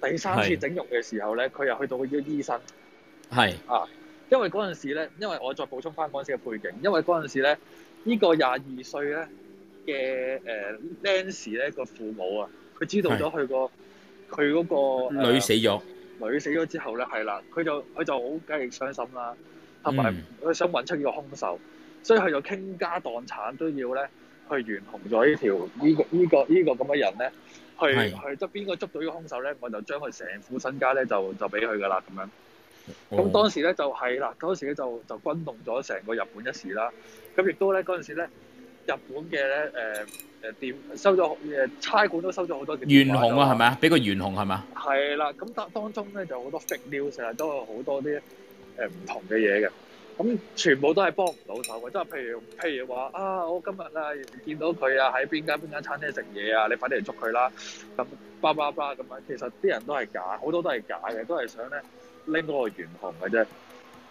第三次整容嘅時候咧，佢又去到嗰個醫生。係。啊，因為嗰陣時咧，因為我再補充翻嗰陣時嘅背景，因為嗰陣時咧，呢個、呢個廿二歲咧，嘅誒 Nancy 咧個父母啊，佢知道咗佢、嗰個佢嗰個女死咗，女死咗之後咧，係啦，佢就佢就好梗係傷心啦，同埋佢想揾出呢個兇手，嗯、所以佢就傾家蕩產都要咧去懸紅咗、呢個呢個呢個、呢條呢個呢個呢個咁嘅人咧，去去即邊個捉到呢個兇手咧，我就將佢成副身家咧就就俾佢噶啦咁樣。咁、哦、當時咧就係啦，嗰陣時咧就就轟動咗成個日本一時啦。咁亦都咧嗰陣時咧。日本嘅咧誒誒店收咗誒差館都收咗好多件，懸紅啊係咪啊？俾個懸紅係咪？係啦，咁當當中咧就好多 fake 料，成日都有好多啲誒唔同嘅嘢嘅，咁全部都係幫唔到手嘅。即係譬如譬如話啊，我今日啊見到佢啊喺邊間邊間餐廳食嘢啊，你快啲嚟捉佢啦！咁叭叭叭咁樣，其實啲人都係假，好多都係假嘅，都係想咧拎多個懸紅嘅啫。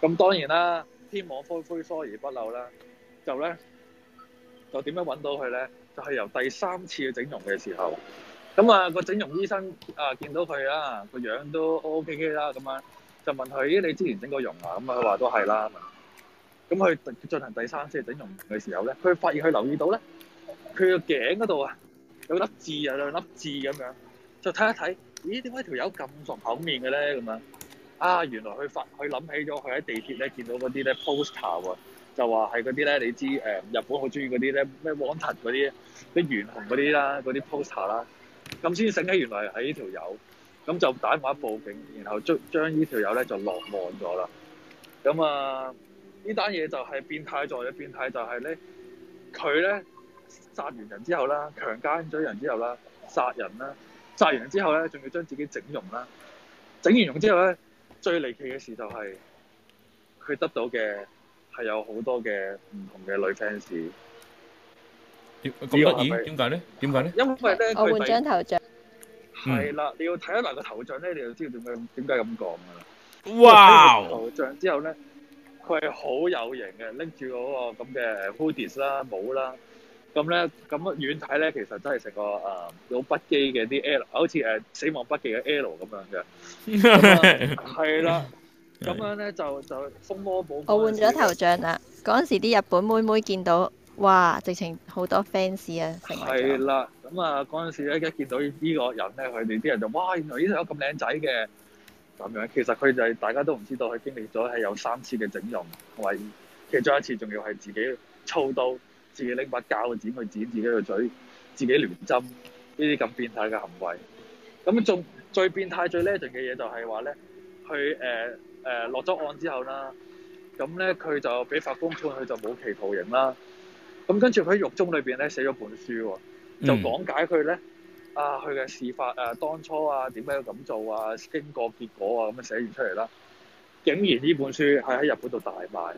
咁當然啦，天網恢恢疏而不漏啦，就咧。就點樣揾到佢咧？就係、是、由第三次嘅整容嘅時候、啊，咁、那、啊個整容醫生啊見到佢啊個樣都 O K K 啦，咁啊、OK、就問佢：咦，你之前整過容啊？咁啊，佢話都係啦。咁佢進行第三次整容嘅時候咧，佢發現佢留意到咧，佢個頸嗰度啊有粒痣啊兩粒痣咁樣，就睇一睇，咦？點解條友咁熟口面嘅咧？咁樣啊，原來佢發佢諗起咗佢喺地鐵咧見到嗰啲咧 poster 就話係嗰啲咧，你知誒日本好中意嗰啲咧咩 wanted 嗰啲，啲懸紅嗰啲啦，嗰啲 poster 啦，咁先醒起原來係呢條友，咁就打電話報警，然後將將呢條友咧就落網咗啦。咁啊，呢單嘢就係變態咗嘅變態就係咧，佢咧殺完人之後啦，強姦咗人之後啦，殺人啦，殺完人之後咧仲要將自己整容啦，整完容之後咧最離奇嘅事就係、是、佢得到嘅。係有好多嘅唔同嘅女 fans，點咁遠？點解咧？點解咧？因為咧，我換張頭像，係啦，你要睇得埋個頭像咧，你就知道點解點解咁講噶啦。哇！頭像之後咧，佢係好有型嘅，拎住個嗰個咁嘅 hoodies 啦帽啦，咁咧咁遠睇咧，其實真係成個誒好筆記嘅啲 L，好似誒死亡筆記嘅 L 咁樣嘅，係啦。咁樣咧就就封魔保。我換咗頭像啦，嗰 陣時啲日本妹妹見到，哇！直情好多 fans 啊。係啦，咁啊嗰陣時咧一見到呢個人咧，佢哋啲人就哇！原來呢度有咁靚仔嘅。咁樣其實佢就係、大家都唔知道佢經歷咗係有三次嘅整容，同埋其中一次仲要係自己操刀，自己拎把鉸剪去剪自己嘅嘴，自己亂針呢啲咁變態嘅行為。咁仲最變態最 legend 嘅嘢就係話咧，佢誒、呃、落咗案之後啦，咁咧佢就俾法官判佢就冇期徒刑啦。咁跟住佢喺獄中裏邊咧寫咗本書喎，就講解佢咧啊佢嘅事發誒、啊、當初啊點解要咁做啊經過結果啊咁啊寫完出嚟啦。竟然呢本書係喺日本度大賣，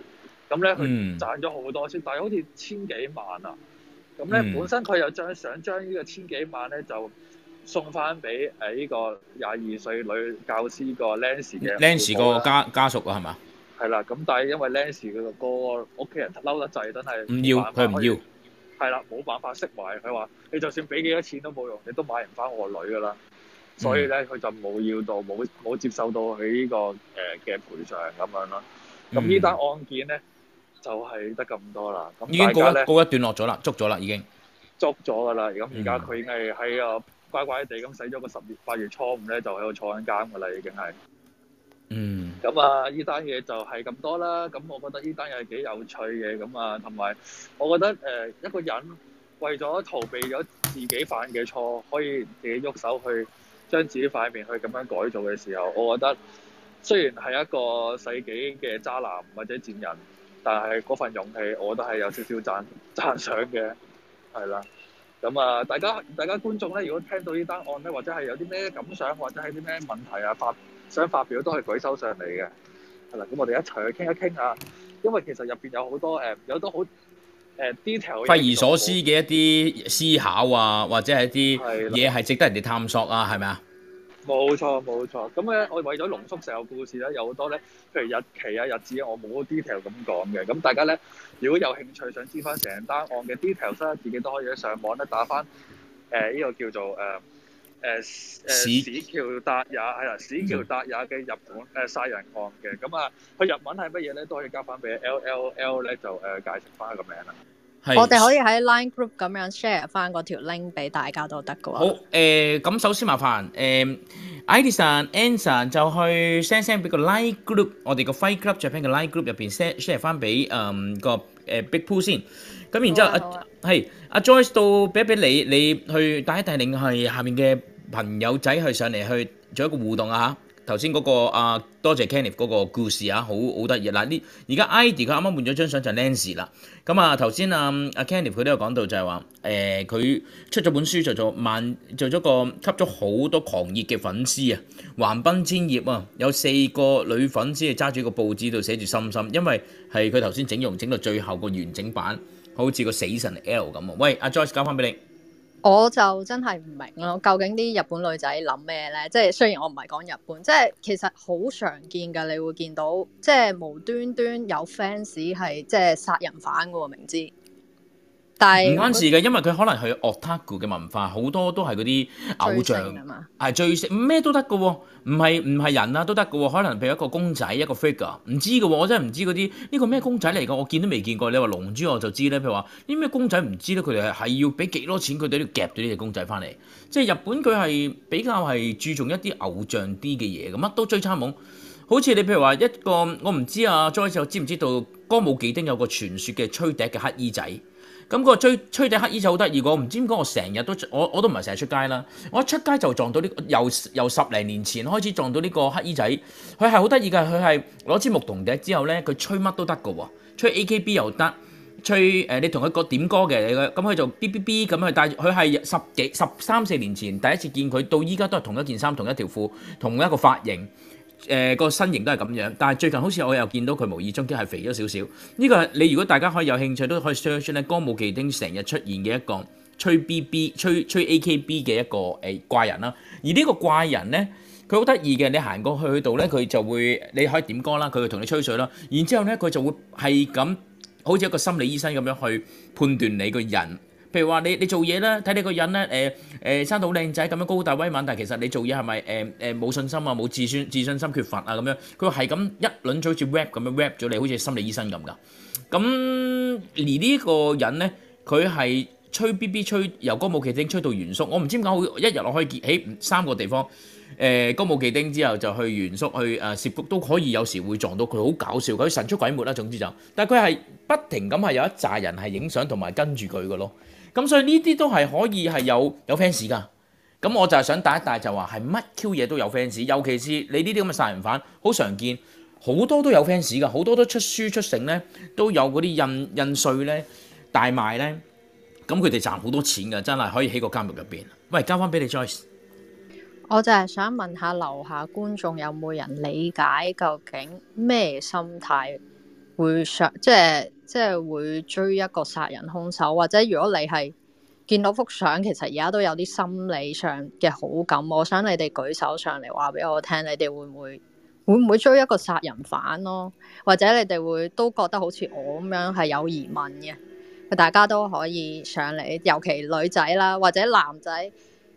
咁咧佢賺咗好多錢。但係好似千幾萬啊。咁咧本身佢又想將呢個千幾萬咧就～送翻俾誒呢個廿二歲女教師個 Lance 嘅 Lance 個家家屬啊，係嘛？係啦，咁但係因為 Lance 佢個個屋企人嬲得滯，真係唔要，佢唔要，係啦，冇辦法釋懷。佢話：你就算俾幾多錢都冇用，你都買唔翻我女㗎啦、嗯。所以咧，佢就冇要到，冇冇接受到佢呢、呢個誒嘅、呃、賠償咁樣啦。咁呢單案件咧就係得咁多啦。咁已經告一告一段落咗啦，捉咗啦已經捉咗㗎啦。咁而家佢係喺啊～乖乖地咁使咗個十月八月初五咧，就喺度坐緊監噶啦，已經係、mm. 嗯啊。嗯。咁啊，呢單嘢就係咁多啦。咁我覺得呢單嘢幾有趣嘅。咁、嗯、啊，同埋我覺得誒、呃、一個人為咗逃避咗自己犯嘅錯，可以自己喐手去將自己塊面去咁樣改造嘅時候，我覺得雖然係一個世紀嘅渣男或者賤人，但係嗰份勇氣，我覺得係有少少讚讚賞嘅。係 啦。咁啊，大家大家觀眾咧，如果聽到呢單案咧，或者係有啲咩感想，或者係啲咩問題啊，發想發表都係舉手上嚟嘅，係啦。咁我哋一齊去傾一傾啊。因為其實入邊有好多誒，有好多 detail，匪夷所思嘅一啲思考啊，或者係一啲嘢係值得人哋探索啊，係咪啊？冇錯冇錯。咁咧，我為咗濃縮成個故事咧，有好多咧，譬如日期啊、日子啊，我冇 detail 咁講嘅。咁大家咧。如果有興趣想知翻成單案嘅 details 咧，自己都可以喺上網咧打翻誒呢個叫做誒誒市橋達也，係啦，市橋達也嘅日本誒殺人案嘅，咁啊佢日文係乜嘢咧？都可以交翻俾 LLL 咧，就誒解釋翻個名啦。我哋可以喺 Line Group 咁樣 share 翻嗰條 link 俾大家都得嘅話。好誒，咁首先麻煩誒 Edison、Anson 就去 send send 俾個 Line Group，我哋個 Fight Club Japan 嘅 Line Group 入邊 share share 翻俾誒個。Uh, Big Pool 先，咁，啊、然之後、啊，阿係阿 Joyce 到俾一俾你，你去帶一帶，令係下面嘅朋友仔去上嚟去做一個互動啊！嚇～頭先嗰個啊，多謝 Kenny 嗰個故事啊，好好得意啦！呢而家 Ivy 佢啱啱換咗張相就 Nancy 啦，咁啊頭先啊啊 Kenny 佢都有講到就係話，誒、呃、佢出咗本書就做萬做咗個吸咗好多狂熱嘅粉絲啊，橫濱千葉啊，有四個女粉絲係揸住個報紙度寫住心心，因為係佢頭先整容整到最後個完整版，好似個死神 L 咁啊！喂，阿、啊、Joyce 交翻俾你。我就真係唔明咯，究竟啲日本女仔諗咩咧？即係雖然我唔係講日本，即係其實好常見㗎。你會見到即係無端端有 fans 係即係殺人犯嘅名字。明知唔關事嘅，因為佢可能係 Otaku 嘅文化，好多都係嗰啲偶像係最識咩都得嘅喎，唔係唔係人啊都得嘅喎。可能譬如一個公仔一個 figure 唔知嘅喎，我真係唔知嗰啲呢個咩公仔嚟嘅，我見都未見過。你話龍珠我就知咧，譬如話啲咩公仔唔知咧，佢哋係係要俾幾多錢佢哋喺度夾到呢隻公仔翻嚟，即係日本佢係比較係注重一啲偶像啲嘅嘢，咁乜都追差懵。好似你譬如話一個我唔知啊，莊教授知唔知道歌舞伎町有個傳說嘅吹笛嘅黑衣仔？咁、那個吹吹笛黑衣就好得意㗎，唔知點解我成日都我我都唔係成日出街啦，我一出街就撞到呢、這個，由由十零年前開始撞到呢個黑衣仔，佢係好得意嘅，佢係攞支牧童笛之後咧，佢吹乜都得嘅喎，吹 A K B 又得，吹誒、呃、你同佢講點歌嘅，你咁佢就 B B B 咁佢但係佢係十幾十三四年前第一次見佢，到依家都係同一件衫、同一條褲、同一個髮型。誒、呃、個身形都係咁樣，但係最近好似我又見到佢無意中即係肥咗少少。呢、這個你如果大家可以有興趣，都可以 search 出咧《歌舞伎町》成日出現嘅一個吹 BB 吹、吹 AKB 嘅一個誒、呃、怪人啦。而呢個怪人咧，佢好得意嘅，你行過去佢度咧，佢就會你可以點歌啦，佢會同你吹水啦。然之後咧，佢就會係咁，好似一個心理醫生咁樣去判斷你個人。譬如話你你做嘢咧，睇你個人咧，誒誒生到好靚仔咁樣高大威猛，但係其實你做嘢係咪誒誒冇信心啊，冇自信自信心缺乏啊咁樣？佢係咁一輪嘴好似 rap 咁樣 rap 咗你，好似心理醫生咁㗎。咁而呢個人咧，佢係吹 B B 吹由歌舞伎町吹到原宿，我唔知點解好一日落去結起三個地方，誒歌舞伎町之後就去原宿去誒涉谷都可以，有時會撞到佢，好搞笑，佢神出鬼沒啦。總之就但係佢係不停咁係有一扎人係影相同埋跟住佢㗎咯。咁所以呢啲都係可以係有有 fans 㗎。咁我就係想帶一帶就話係乜 Q 嘢都有 fans，尤其是你呢啲咁嘅殺人犯，好常見，好多都有 fans 㗎，好多都出書出城咧都有嗰啲印印稅咧大賣咧，咁佢哋賺好多錢㗎，真係可以喺個監獄入邊。喂，交翻俾你 Joyce，我就係想問下樓下觀眾有冇人理解究竟咩心態會想即係？就是即係會追一個殺人凶手，或者如果你係見到幅相，其實而家都有啲心理上嘅好感。我想你哋舉手上嚟話俾我聽，你哋會唔會會唔會追一個殺人犯咯？或者你哋會都覺得好似我咁樣係有疑問嘅？大家都可以上嚟，尤其女仔啦，或者男仔，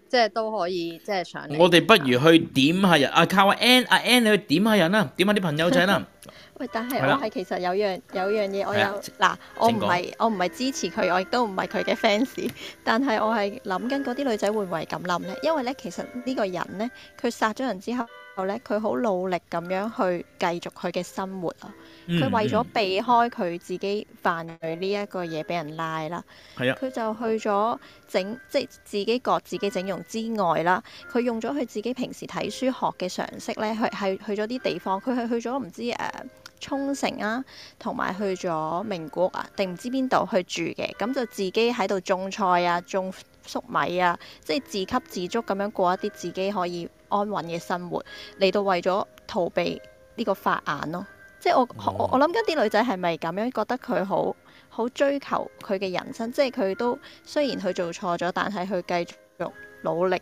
即係都可以，即係上嚟。我哋不如去點下人啊，靠阿 N，阿 N 你去點下人啦，點下啲朋友仔啦。 喂，但係我係其實有樣有樣嘢，我有嗱，我唔係我唔係支持佢，我亦都唔係佢嘅 fans。但係我係諗緊嗰啲女仔會唔會係咁諗呢？因為咧，其實呢個人呢，佢殺咗人之後咧，佢好努力咁樣去繼續佢嘅生活啊。佢為咗避開佢自己犯罪呢一個嘢俾人拉啦，佢就去咗整即係自己割自己的整容之外啦，佢用咗佢自己平時睇書學嘅常識咧，去係去咗啲地方，佢係去咗唔知誒。嗯沖繩啊，同埋去咗名古屋啊，定唔知邊度去住嘅，咁就自己喺度種菜啊，種粟米啊，即係自給自足咁樣過一啲自己可以安穩嘅生活，嚟到為咗逃避呢個法眼咯。即係我我我諗緊啲女仔係咪咁樣覺得佢好好追求佢嘅人生，即係佢都雖然佢做錯咗，但係佢繼續努力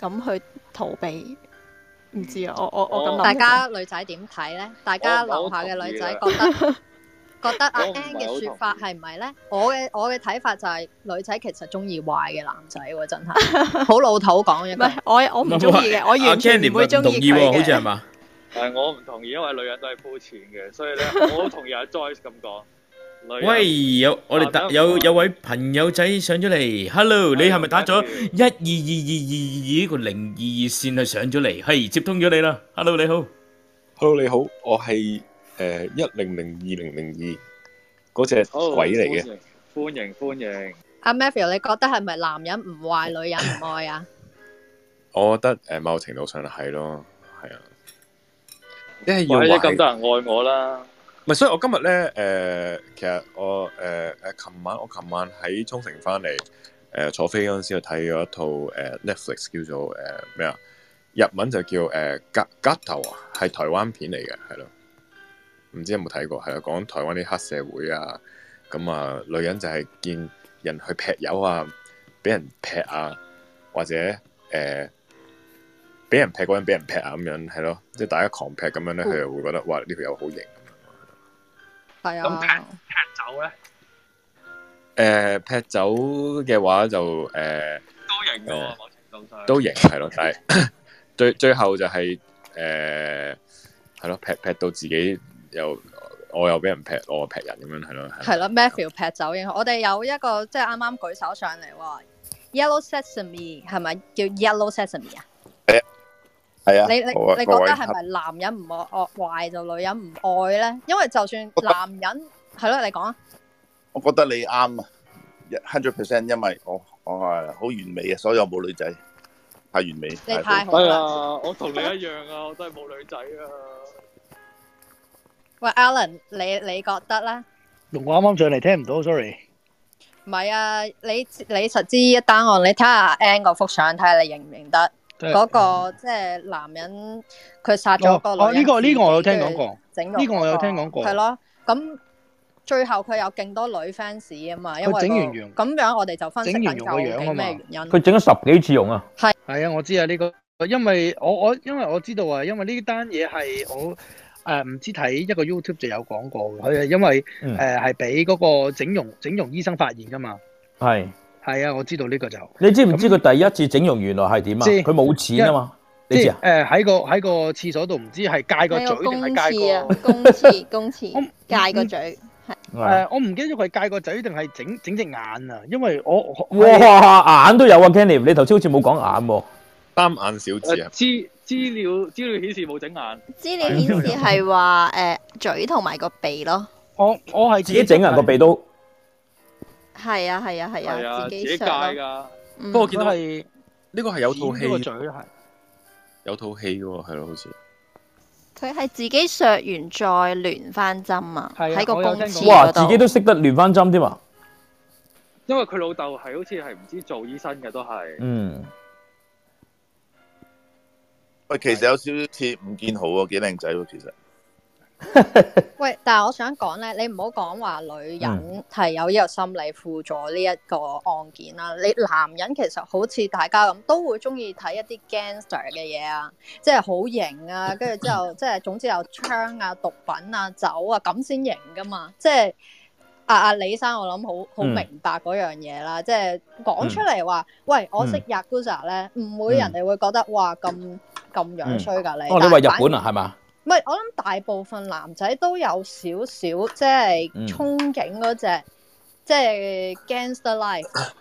咁去逃避。唔知啊，我我我咁大家女仔點睇咧？大家樓下嘅女仔覺得覺得阿 N 嘅說法係唔係咧？我嘅我嘅睇法就係女仔其實中意壞嘅男仔喎，真係好老土講一句。唔係我我唔中意嘅，我完全唔會中意嘅。好似係嘛？但係我唔同意，因為女人都係膚淺嘅，所以咧我好同意阿 Joyce 咁講。喂，有我哋有有位朋友仔上咗嚟，Hello，你係咪打咗一二二二二二二個零二二綫去上咗嚟？係接通咗你啦，Hello 你好，Hello 你好，我係誒一零零二零零二嗰隻鬼嚟嘅，歡迎歡迎。阿 Matthew，你覺得係咪男人唔壞女人唔愛啊？我覺得誒，某程度上係咯，係啊。因為如果咁多人愛我啦。唔係，所以我今日咧，誒、呃，其實我誒誒琴晚我琴晚喺沖繩翻嚟，誒、呃、坐飛嗰陣時，我睇咗一套誒、呃、Netflix 叫做誒咩啊？日文就叫誒 Gatto 啊，係、呃、台灣片嚟嘅，係咯，唔知有冇睇過？係啊，講台灣啲黑社會啊，咁、嗯、啊、呃，女人就係見人去劈友啊，俾人劈啊，或者誒俾、呃、人劈嗰陣俾人劈啊，咁樣，係咯，即係大家狂劈咁樣咧，佢就會覺得哇呢條友好型。咁、啊、劈劈走咧？誒、呃、劈走嘅話就誒、呃、都贏嘅喎，某程度上都贏，係咯， 但係最最後就係誒係咯劈劈到自己又我又俾人劈，我又劈人咁樣係咯，係咯、啊、Matthew 劈走嘅。我哋有一個即係啱啱舉手上嚟喎，Yellow Sesame 係咪叫 Yellow Sesame 啊？係啊，你你你覺得係咪男人唔惡惡壞就女人唔愛咧？因為就算男人係咯，你講啊，我覺得你啱啊，hundred percent，因為我我係好完美嘅，所以我冇女仔太完美，你太好啦，哎。我同你一樣啊，我都係冇女仔啊。喂，Alan，你你覺得咧？用我啱啱上嚟聽唔到，sorry。唔係啊，你你實知一單案，你睇下 N 嗰幅相，睇下你認唔認得？嗰、就是那個即係、就是、男人，佢殺咗個女人。哦，呢、哦哦這個呢、這個我有聽講過，整容呢、這個我有聽講過。係咯，咁最後佢有勁多女 fans 啊嘛，因為整、那個、完容咁樣，我哋就分析緊究竟咩原因。佢整咗十幾次容啊，係係啊，我知啊，呢、這個因為我我因為我知道啊，因為呢單嘢係我誒唔、呃、知睇一個 YouTube 就有講過，佢啊，因為誒係俾嗰個整容整容醫生發現㗎嘛，係。係啊，我知道呢個就。你知唔知佢第一次整容原來係點啊？佢、嗯、冇錢啊嘛，你知啊？誒、呃、喺個喺個廁所度，唔知係戒個嘴定係戒公廁啊？公廁公廁 戒個嘴係。誒、呃、我唔記得咗佢戒個嘴定係整整隻眼啊？因為我哇眼都有啊 Kenny 你頭先好似冇講眼喎、啊，單眼小子啊？資、呃、資料資料顯示冇整眼，資料顯示係話誒嘴同埋個鼻咯。哦、我我係自己整人個鼻都。係啊係啊係啊，啊，自己鋸噶。不過我見到係呢、嗯這個係有套戲，有套戲喎，係咯、啊，好似。佢係自己削完再縫返針啊！喺個公廁嗰度哇！自己都識得縫返針添嘛，因為佢老豆係好似係唔知做醫生嘅都係，嗯。喂，其實有少少似吳建豪啊，幾靚仔喎，其實。 喂，但係我想講咧，你唔好講話女人係有呢個心理輔助呢一個案件啦。你男人其實好似大家咁，都會中意睇一啲 gangster 嘅嘢啊，即係好型啊，跟住之後即係總之有槍啊、毒品啊、酒啊咁先型噶嘛。即係阿阿李生我，我諗好好明白嗰樣嘢啦。嗯、即係講出嚟話，喂，我識 Yakuza 咧，唔、嗯、會人哋會覺得哇，咁咁樣衰㗎噶你。哦，你話日本啊，係嘛？唔係，我諗大部分男仔都有少少，即係憧憬嗰隻，嗯，即係 gangster life。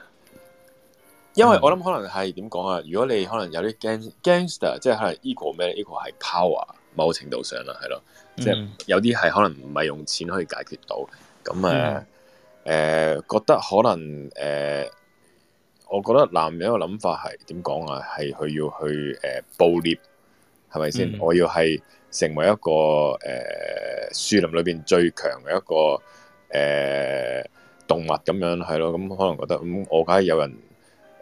因為我諗可能係點講啊？如果你可能有啲 gang gangster，即係可能 equal 咩？equal 係 power，某程度上啦，係咯，嗯，即係有啲係可能唔係用錢可以解決到。咁誒，誒，嗯，呃，覺得可能誒，呃，我覺得男人嘅諗法係點講啊？係佢要去誒暴裂，係咪先？我要係。成為一個誒樹、呃、林裏邊最強嘅一個誒、呃、動物咁樣係咯，咁、嗯、可能覺得咁、嗯、我梗係有人誒、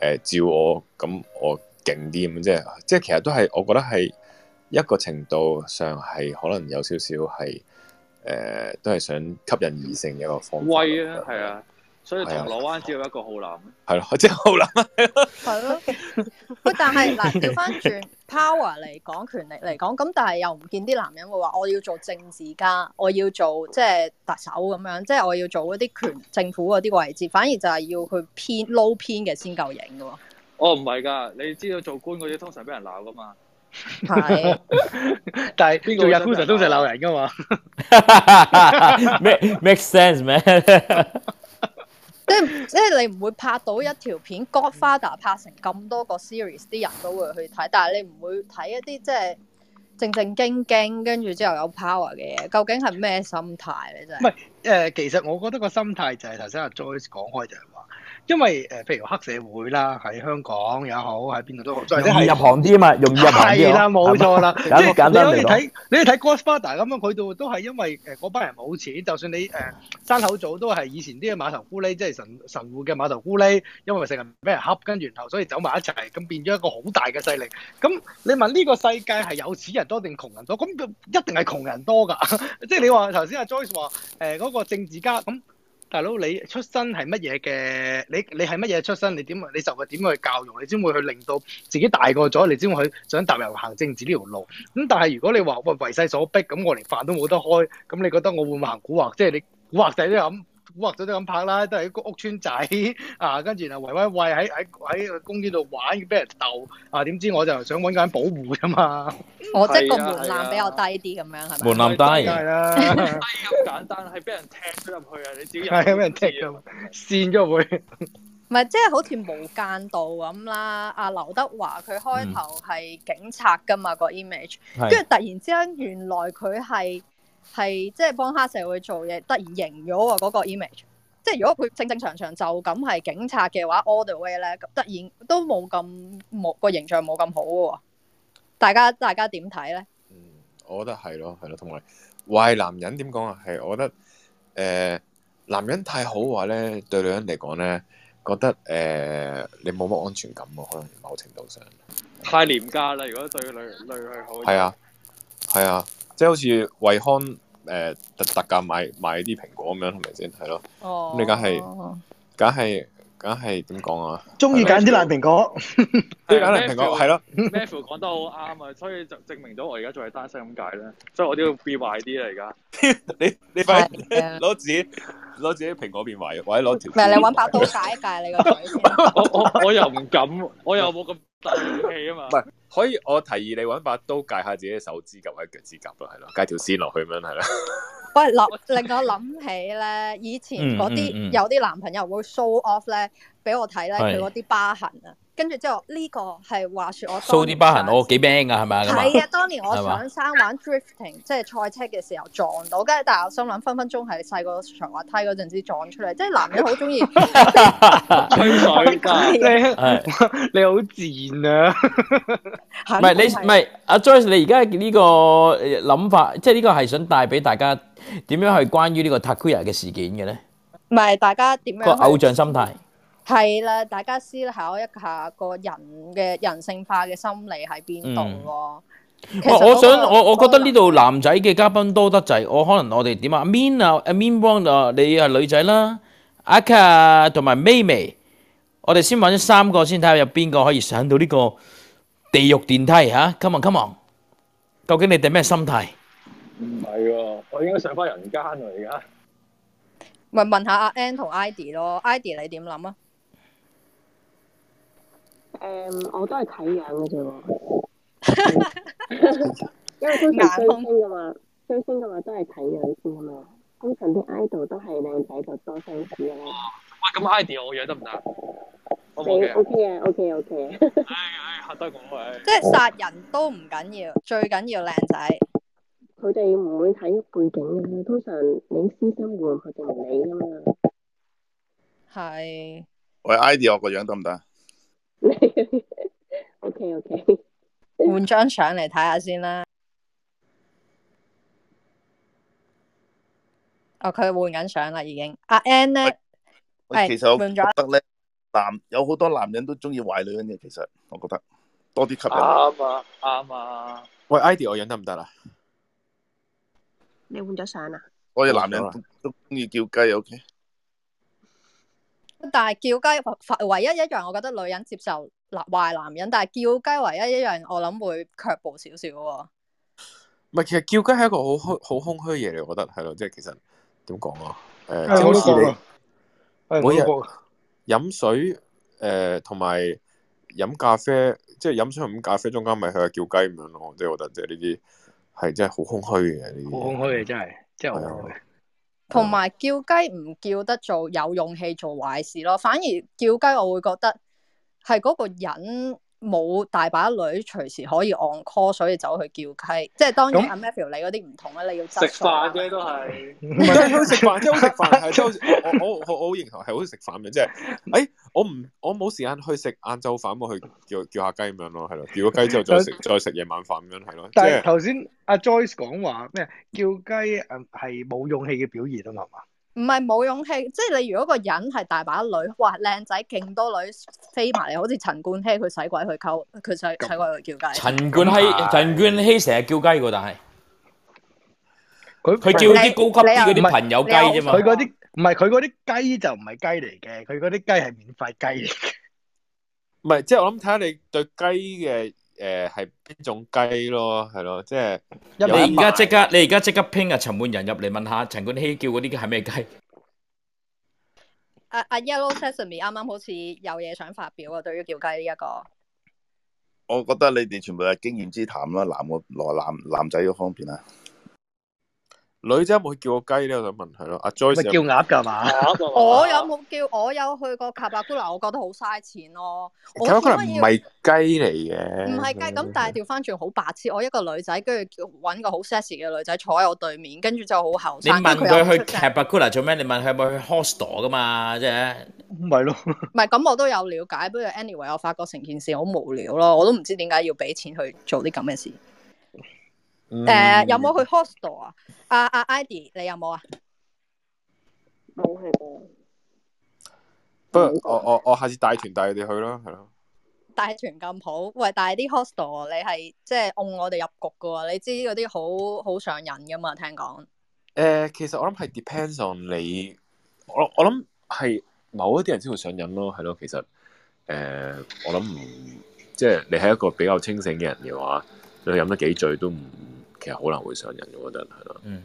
呃、照我，咁、嗯、我勁啲咁即係，即係其實都係我覺得係一個程度上係可能有少少係誒、呃，都係想吸引異性嘅一個方位。威啊，係啊！嗯所以銅鑼灣只有一個浩南，係 咯，即係浩南。係 咯， 但係嗱，調翻轉 power 嚟講權力嚟講咁，但係又唔見啲男人會話我要做政治家，我要做即係、就是、特首咁樣，即、就、係、是、我要做嗰啲權政府嗰啲個位置，反而就係要去偏撈偏嘅先夠型㗎喎。哦唔係㗎，你知道做官嗰啲通常俾人鬧㗎嘛？係， 但係邊個入通常都常鬧人㗎嘛 ？Make make sense，咩？ 即係即係你唔會拍到一條片 Godfather 拍成咁多個 series，啲人都會去睇，但係你唔會睇一啲即係正正經經跟住之後有 power 嘅嘢，究竟係咩心態咧？真係唔係誒？其實我覺得個心態就係頭先阿 Joyce 講開就。因為誒，譬如黑社會啦，喺香港又好，喺邊度都好，容易入行啲啊嘛，容易入行啲。係啦，冇錯啦。即係你睇，你睇 Godfather 咁樣，佢哋都係因為誒嗰班人冇錢，就算你誒山口組都係以前啲嘅碼頭咕喱，即係神神戶嘅碼頭咕喱，因為成日俾人恰跟源頭，所以走埋一齊，咁變咗一個好大嘅勢力。咁你問呢個世界係有錢人多定窮人多？咁一定係窮人多噶。即係你話頭先阿 Joyce 話誒嗰個政治家咁。大佬，你出身係乜嘢嘅？你你係乜嘢出身？你點你受過點嘅教育？你先會去令到自己大個咗，你先會想踏入行政治呢條路。咁但係如果你話喂為勢所逼，咁我連飯都冇得開，咁你覺得我會唔會行古惑？即係你古惑仔都咁。或者咗都咁拍啦，都係屋屋村仔啊，跟住然後維喂喺喺喺個公園度玩，要俾人鬥啊！點知我就想揾間保護㗎嘛。我即係個門檻比較低啲咁樣，係咪、啊啊？門檻低係啊，咁 簡單，係俾人踢咗入去啊！你自己入係有咩 t a 咗會唔係即係好似無間道咁啦？阿、啊、劉德華佢開頭係警察㗎嘛、嗯那個 image，跟住突然之間原來佢係。係即係幫黑社會做嘢，突然型咗喎嗰個 image。即係如果佢正正常常就咁係警察嘅話，all the way 咧，突然都冇咁冇個形象冇咁好嘅。大家大家點睇咧？嗯，我覺得係咯，係咯，同埋壞男人點講啊？係我覺得誒、呃，男人太好嘅話咧，對女人嚟講咧，覺得誒、呃、你冇乜安全感啊，可能某程度上太廉價啦。如果對女人對女係好，係啊，係啊。即好似惠康誒、呃、特特價買買啲蘋果咁樣，係咪先？係咯。哦。你梗係，梗、哦、係，梗係點講啊？中意揀啲爛蘋果。揀爛 蘋果，係咯。Maver 講得好啱啊，所以就證明咗我而家仲係單身咁解咧。所以我都要變壞啲啊而家。你你快攞紙，攞自己，自己蘋果變壞，或者攞條。咪你揾把刀解一解你個嘴。我又唔敢，我又冇咁大氣啊嘛。 可以，我提議你揾把刀戒下自己隻手指甲或者腳指甲咯，係咯，戒條線落去咁樣係啦。喂，係嗱 令我諗起咧，以前嗰啲、嗯嗯嗯、有啲男朋友會 show off 咧，俾我睇咧佢嗰啲疤痕啊。跟住之後，呢、這個係話說我騷啲疤痕，我、哦、幾 man 㗎係咪？係啊，當年我上山玩 drifting， 即係賽車嘅時候撞到，跟住但係我心諗分分鐘係細個長滑梯嗰陣時撞出嚟，即係男人好中意你好賤自啊， 啊！唔係你唔係阿 Joyce，你而家呢個諗法，即係呢個係想帶俾大家點樣去關於呢個 Takuya 嘅事件嘅咧？唔係大家點樣個偶像心態？係啦，大家思考一下個人嘅人性化嘅心理喺邊度喎。我想我我覺得呢度男仔嘅嘉賓多得滯，我可能我哋點啊，Amin 啊，Amin One 啊，你係女仔啦 Aka 同埋 Maymay 我哋先搵咗三個先睇下有邊個可以上到呢個地獄電梯吓、嗯、Come on Come on，究竟你哋咩心態？唔係喎，我應該上翻人間啊而家。咪問下阿 Ann 同 Idi 咯，Idi 你點諗啊？誒、um,，我都係睇樣嘅啫， 因為通常追星噶嘛，追星噶話都係睇樣先噶嘛。通常啲 idol 都係靚仔就多 fans 嘛。喂，咁 idol 我樣得唔得？O K O K 啊，O K O K。哎呀，即係殺人都唔緊要，最緊要靚仔。佢哋唔會睇背景嘅，通常領私生活，佢哋唔理噶嘛。係。喂，idol 我個樣得唔得？O K O K，換張相嚟睇下先啦。哦，佢換緊相啦，已經。阿 Ann 咧，係。其實我覺得咧，男有好多男人都中意壞女人嘅，其實我覺得多啲吸引。啱啊，啱啊,啊。喂，I D 我樣得唔得啊？你換咗相啊？我哋男人都、啊、都中意叫雞，O K。Okay? 但係叫雞，唯一一樣，我覺得女人接受男壞男人，但係叫雞唯一一樣我一點點，我諗會卻步少少。唔係，其實叫雞係一個好虛、好空虛嘢嚟，我覺得係咯，即係其實點講啊？誒、呃，好、欸、似你每日飲水，誒、呃，同埋飲咖啡，即係飲水、飲咖啡中間，咪去叫雞咁樣咯。即係我覺得，即係呢啲係真係好空虛嘅呢啲。好空虛嘅真係，真係好空虛。同埋叫雞唔叫得做有勇氣做壞事咯，反而叫雞我會覺得係嗰個人。冇大把女隨時可以按 call，所以走去叫雞。即係當然阿 Matthew 你嗰啲唔同啦，你要食飯啫 都係。即係好食飯，即好食飯，係 我我我好認同，係好食飯嘅，即係。誒，我唔我冇時間去食晏晝飯，我去叫叫下雞咁樣咯，係咯。叫咗雞之後再食 再食夜晚飯咁樣係咯。但係頭先阿 Joyce 講話咩？叫雞誒，係冇勇氣嘅表現咯，係嘛？唔係冇勇氣，即係你如果個人係大把女，哇，靚仔勁多女飛埋嚟，好似陳冠希佢使鬼去溝，佢使使鬼去叫雞。陳冠希陳冠希成日叫雞噶但係佢佢叫啲高級啲嗰啲朋友雞啫嘛。佢嗰啲唔係佢嗰啲雞就唔係雞嚟嘅，佢嗰啲雞係免費雞嚟嘅。唔係，即係我諗睇下你對雞嘅。誒、呃，係邊種雞咯，係咯，即係。你而家即刻，你而家即刻拼啊！陳冠仁入嚟問下，陳冠希叫嗰啲係咩雞？阿阿 Yellow Sesame 啱啱好似有嘢想發表啊，對於叫雞呢一個，我覺得你哋全部係經驗之談啦，男個男男男仔嗰方面啊。女仔有冇去叫過雞呢？我想問係咯，阿 Joy 咪叫鴨噶嘛？ 我有冇叫？我有去過卡巴古拉，我覺得好嘥錢咯。卡巴古拉唔係雞嚟嘅，唔係雞咁，但係調翻轉好白痴。我一個女仔，跟住搵個好 sexy 嘅女仔坐喺我對面，跟住就好後生。你問佢去卡巴古拉做咩？你問佢有冇去 hostel 噶嘛？即係唔係咯 唔係咁我都有了解，不過 anyway，我發覺成件事好無聊咯，我都唔知點解要俾錢去做啲咁嘅事。誒、嗯呃，有冇去 hostel 啊？阿、啊、阿 Idy，你有冇啊？冇去過。不過我我我下次帶團帶你哋去咯，係咯。帶團咁好，喂，帶啲 hostel，你係即係按我哋入局噶喎，你知嗰啲好好上癮噶嘛？聽講。誒、呃，其實我諗係 depends on 你，我我諗係某一啲人先會上癮咯，係咯，其實，誒、呃，我諗唔，即係你係一個比較清醒嘅人嘅話，你飲得幾醉都唔。其實好難會信任嘅，我覺得係咯。嗯，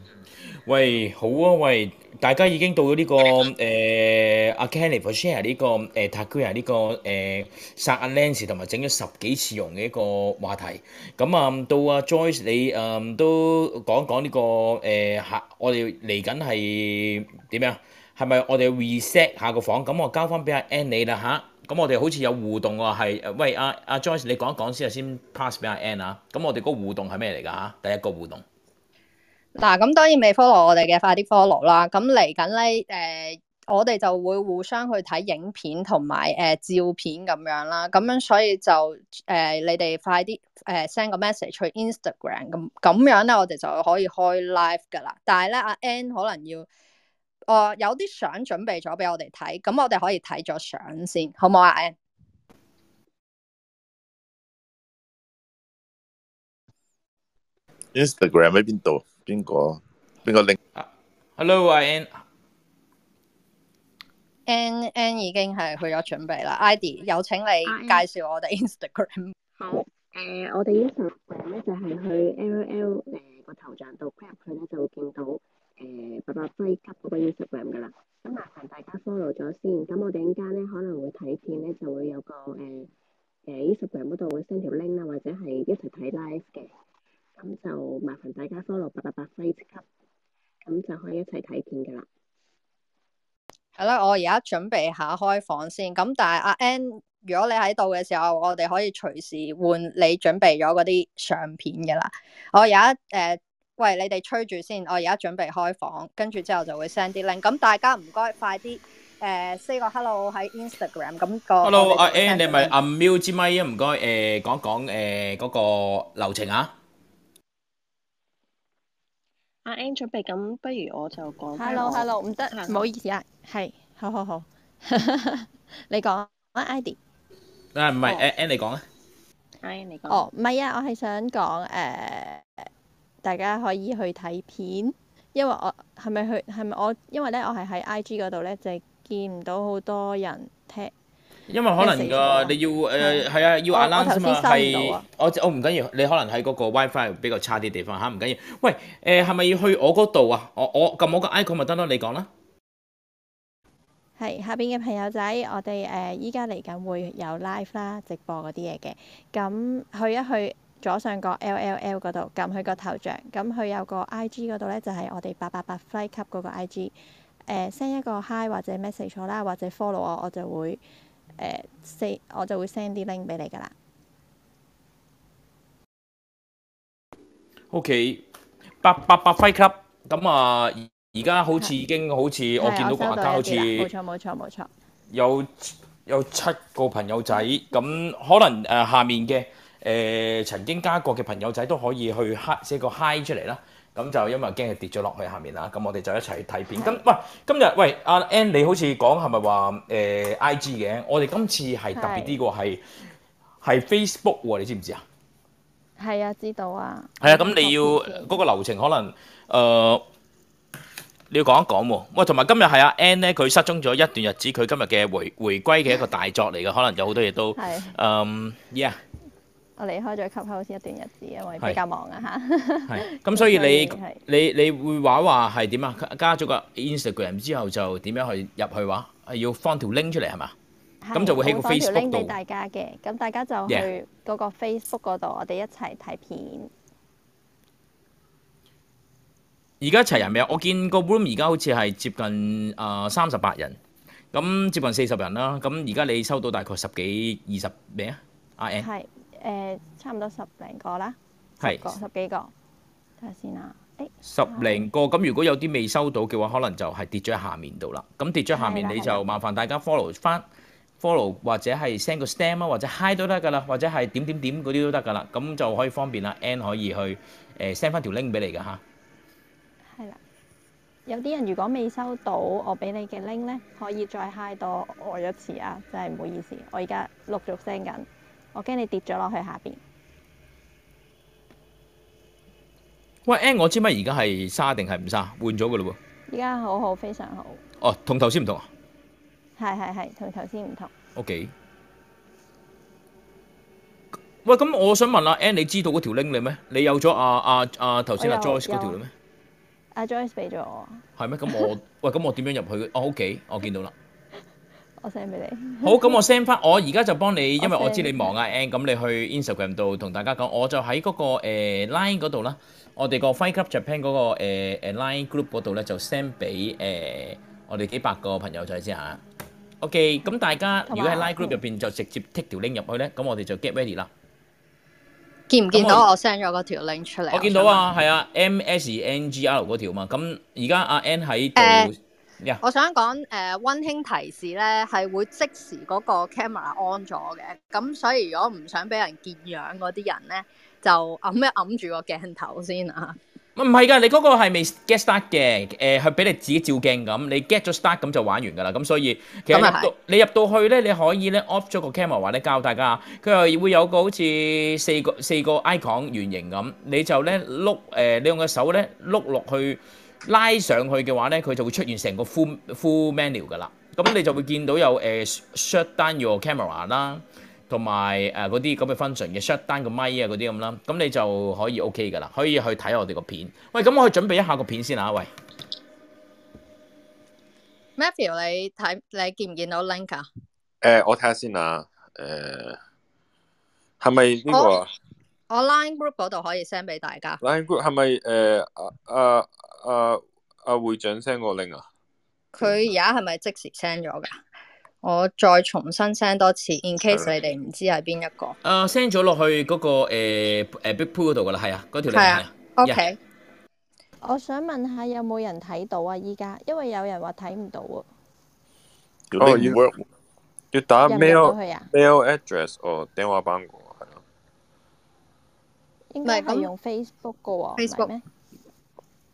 喂，好啊，喂，大家已經到咗呢個誒阿 Kenny share 呢個誒，Takuya 呢個誒殺阿 Lens 同埋整咗十幾次用嘅一個話題。咁啊，到阿 Joyce 你誒都講講呢個誒下，我哋嚟緊係點樣？係咪我哋 reset 下個房？咁我交翻俾阿 Ann 你啦嚇。咁我哋好似有互動喎，係誒喂阿阿、啊啊、Joyce 你講一講先啊，先 pass 俾阿 N 啊。咁、啊、我哋嗰個互動係咩嚟㗎？嚇，第一個互動。嗱，咁當然未 follow 我哋嘅快啲 follow 啦。咁嚟緊咧誒，我哋、呃、就會互相去睇影片同埋誒照片咁樣啦。咁樣所以就誒、呃、你哋快啲誒 send 個 message 去 Instagram 咁咁樣咧，我哋就可以開 live 㗎啦。但係咧，阿、啊、N 可能要。我、哦、有啲相準備咗俾我哋睇，咁我哋可以睇咗相先，好唔好啊？Ann Instagram 喺邊度？邊個？邊個 link？Hello，Ann，Ann Ann 已經係去咗準備啦。Ivy，有請你介紹我哋 Instagram。 好，誒、呃，我哋 Instagram 咧就係去 L L 誒個頭像度佢咧，就會見到。誒、嗯，八八八輝急嗰個 Instagram 噶啦，咁麻煩大家 follow 咗先。咁 我哋陣間咧可能會睇片咧，就會有個誒，誒 Instagram 嗰度會 send 條 link 啦，或者係一齊睇 live 嘅。咁就麻煩大家 follow 八八八輝急，咁、嗯、就可以一齊睇片噶啦。係啦、啊，我而家準備下開房先。咁但係阿 N，如果你喺度嘅時候，我哋可以隨時換你準備咗嗰啲相片噶啦。我而家。誒、呃。 喂，你哋吹住先，我而家準備開房，跟住之後就會 send 啲 link。咁大家唔該快啲誒 say 個 hello 喺 Instagram。咁個 hello，阿 Ann 你咪按瞄支麥啊？唔該，誒講講誒嗰個流程啊。阿 Ann 準備咁，不如我就講。Hello，Hello，唔得，唔好意思啊，係，好好好，你講，阿 Idy，嗱唔係，誒 Ann 你講啊，阿 Ann 你講，哦唔係啊，我係想講誒。大家可以去睇片，因為我係咪去係咪我？因為咧，我係喺 I G 嗰度咧，就係見唔到好多人踢。因為可能個你要誒係啊，要 online 先嘛。係，我我唔緊要，你可能喺嗰個 WiFi 比較差啲地方吓，唔緊要。喂誒，係咪要去我嗰度啊？我我撳我個 icon 咪得咯，你講啦。係下邊嘅朋友仔，我哋誒依家嚟緊會有 live 啦，直播嗰啲嘢嘅，咁去一去。左上角 LLL 嗰度，撳佢個頭像，咁佢有個 IG 嗰度呢，就係、是、我哋八八八 Fly Club 嗰個 IG、呃。誒 send 一個 hi 或者 message 啦，或者 follow 我，我就會誒 send，、呃、我就會 send 啲 link 俾你噶啦。OK，八八八 Fly Club，咁啊，而家好似已經好似 我見到個 account 好似冇錯冇錯冇錯，有有七個朋友仔，咁可能誒、呃、下面嘅。誒、呃、曾經加過嘅朋友仔都可以去 high 寫個 high 出嚟啦，咁就因為驚佢跌咗落去下面啦，咁我哋就一齊睇片。咁、呃、喂，今、啊、日喂阿 Ann，你好似講係咪話誒 IG 嘅？我哋今次係特別啲嘅，係係 Facebook 喎，你知唔知啊？係啊，知道啊。係啊，咁你要嗰、那個流程可能誒、呃、你要講一講喎。喂、呃，同埋今日係阿 Ann 咧，佢失蹤咗一段日子，佢今日嘅回回歸嘅一個大作嚟嘅，可能有好多嘢都係誒、嗯、，yeah。我離開咗吸口先一段日子，因為比較忙啊嚇。係咁，所以你你你，你會話話係點啊？加咗個 Instagram 之後就點樣去入去話要放條 link 出嚟係嘛？係咁就會喺個 Facebook 度放條 link 俾大家嘅。咁大家就去嗰個 Facebook 嗰度，我哋一齊睇片。而家一齊人未啊？我見個 room 而家好似係接近誒三十八人，咁接近四十人啦。咁而家你收到大概十幾二十咩啊？IM 係。IM 誒，差唔多十零個啦，十個十幾個，睇下先啦。誒、欸，十零個咁，如果有啲未收到嘅話，可能就係跌咗喺下面度啦。咁跌咗下面你就麻煩大家 follow 翻，follow 或者係 send 個 stamp 啊，或者 high 都得噶啦，或者係點點點嗰啲都得噶啦。咁就可以方便啊 N 可以去誒 send 翻條 link 俾你噶嚇。係啦，有啲人如果未收到我俾你嘅 link 咧，可以再 high 多我一次啊！真係唔好意思，我而家陸續 send 緊。我驚你跌咗落去下邊。喂，Ann，我知唔知而家係沙定係唔沙？換咗嘅咯喎。而家好好，非常好。哦，同頭先唔同啊。係係係，同頭先唔同。OK。喂，咁我想問啊，Ann，你知道嗰條 link 嚟咩？你有咗啊啊啊頭先啊 Joyce 嗰條咧咩？啊 Joyce 俾咗我。係咩？咁我喂，咁我點樣入去？哦，OK，我見到啦。我 send 俾你。好，咁我 send 翻，我而家就幫你，因為我知你忙啊，N，咁你去 Instagram 度同大家講，我就喺嗰個誒 Line 嗰度啦。我哋個 Fight Club Japan 嗰個誒誒 Line Group 嗰度咧，就 send 俾誒我哋幾百個朋友，再知嚇。OK，咁大家如果喺 Line Group 入邊就直接 take 條 link 入去咧，咁我哋就 get ready 啦。見唔見到我 send 咗嗰條 link 出嚟？我見到啊，係啊，MSNGR 嗰條嘛。咁而家阿 N 喺度。Yeah. 我想講誒，溫馨提示咧係會即時嗰個 camera 安咗嘅，咁所以如果唔想俾人見樣嗰啲人咧，就揞一揞住個鏡頭先啊！唔係㗎，你嗰個係未 get start 嘅，誒係俾你自己照鏡咁，你 get 咗 start 咁就玩完㗎啦。咁所以其實，其實入到是是你入到去咧，你可以咧 off 咗個 camera 話咧教大家，佢又會有個好似四個四個 icon 圓形咁，你就咧碌誒，你用個手咧碌落去。拉上去嘅話咧，佢就會出現成個 full full menu 噶啦。咁你就會見到有誒 shut down your camera 啦，同埋誒嗰啲咁嘅 function 嘅 shut down 個咪啊嗰啲咁啦。咁你就可以 OK 噶啦，可以去睇我哋個片。喂，咁我去準備一下個片先啊，喂。Matthew，你睇你見唔見到 link 啊？誒，我睇下先啊。誒，係咪呢個？我 Line group 嗰度可以 send 俾大家。Line group 係咪誒啊？呃呃誒、啊，阿、啊、會長 send 個 link 啊！佢而家係咪即時 send 咗噶？我再重新 send 多次，in case 你哋唔知係邊一個。誒，send 咗落去嗰個誒誒 big pool 嗰度噶啦，係啊，嗰條 line。OK，我想問下有冇人睇到啊？依家，因為有人話睇唔到啊。要 work 要打 mail、啊、mail address 哦，電話版係咯，應該係用 Facebook 個喎、啊、，Facebook 咩？Facebook?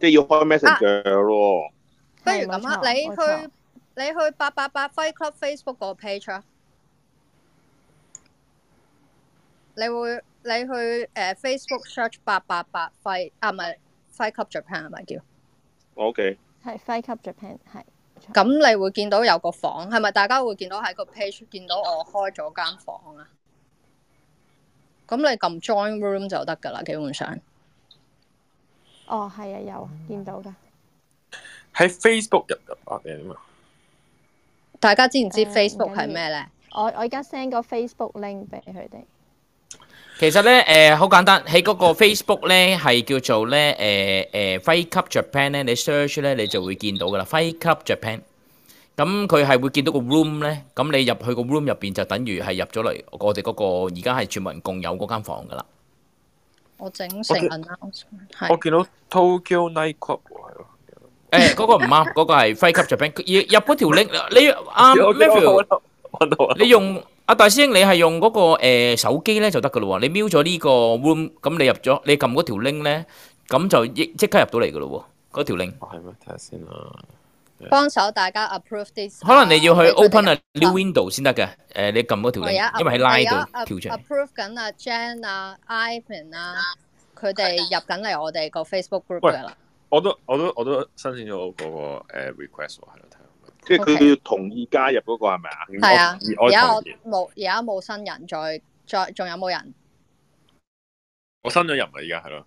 即係要開 message 㗎囉。不、啊、如噉吖，你去你去八八八 Fight club Facebook 個 page 吖。你會，你去 Facebook search 八八、啊、八 Fight，啊唔係，Fight club Japan 係咪叫？Okay，係 Fight club Japan，係。噉你會見到有個房，係咪大家會見到喺個 page 見到我開咗間房啊？噉你撳 join room 就得㗎喇，基本上。哦，係啊，有啊，見到噶。喺 Facebook 入入啊嘅嘛，大家知唔知 Facebook 係咩咧？我我而家 send 個 Facebook link 俾佢哋。其實咧，誒好簡單，喺嗰個 Facebook 咧係叫做咧誒誒 Free ClubJapan 咧，你 search 咧你就會見到噶啦，Free ClubJapan。咁佢係會見到個 room 咧，咁你入去個 room 入邊就等於係入咗嚟我哋嗰個而家係全民共有嗰間房噶啦。我整成品啦，係。我見到 Tokyo Night Club 係喎，誒嗰個唔啱，嗰個係輝級作品。入嗰條 link，你啊，你用阿大師兄，你係用嗰個誒手機咧就得噶咯喎。你瞄咗呢個 room，咁你入咗，你撳嗰條 link 咧，咁就即刻入到嚟噶咯喎，嗰條 link。係咩？睇下先啦。幫手大家 approve this，可能你要去 open 啊 new window 先得嘅。誒、呃，你撳嗰條，因為喺拉度跳出，啊啊啊。approve 緊阿 Jane 啊、Ivan 啊，佢，啊，哋入緊嚟我哋個 Facebook group 啦。我都我都我都申請咗嗰個誒 request 喺度睇下。即係佢要同意加入嗰個係咪啊？係，okay，啊。而家我冇，而家冇新人，再再仲有冇人？我新咗入嚟而家係咯。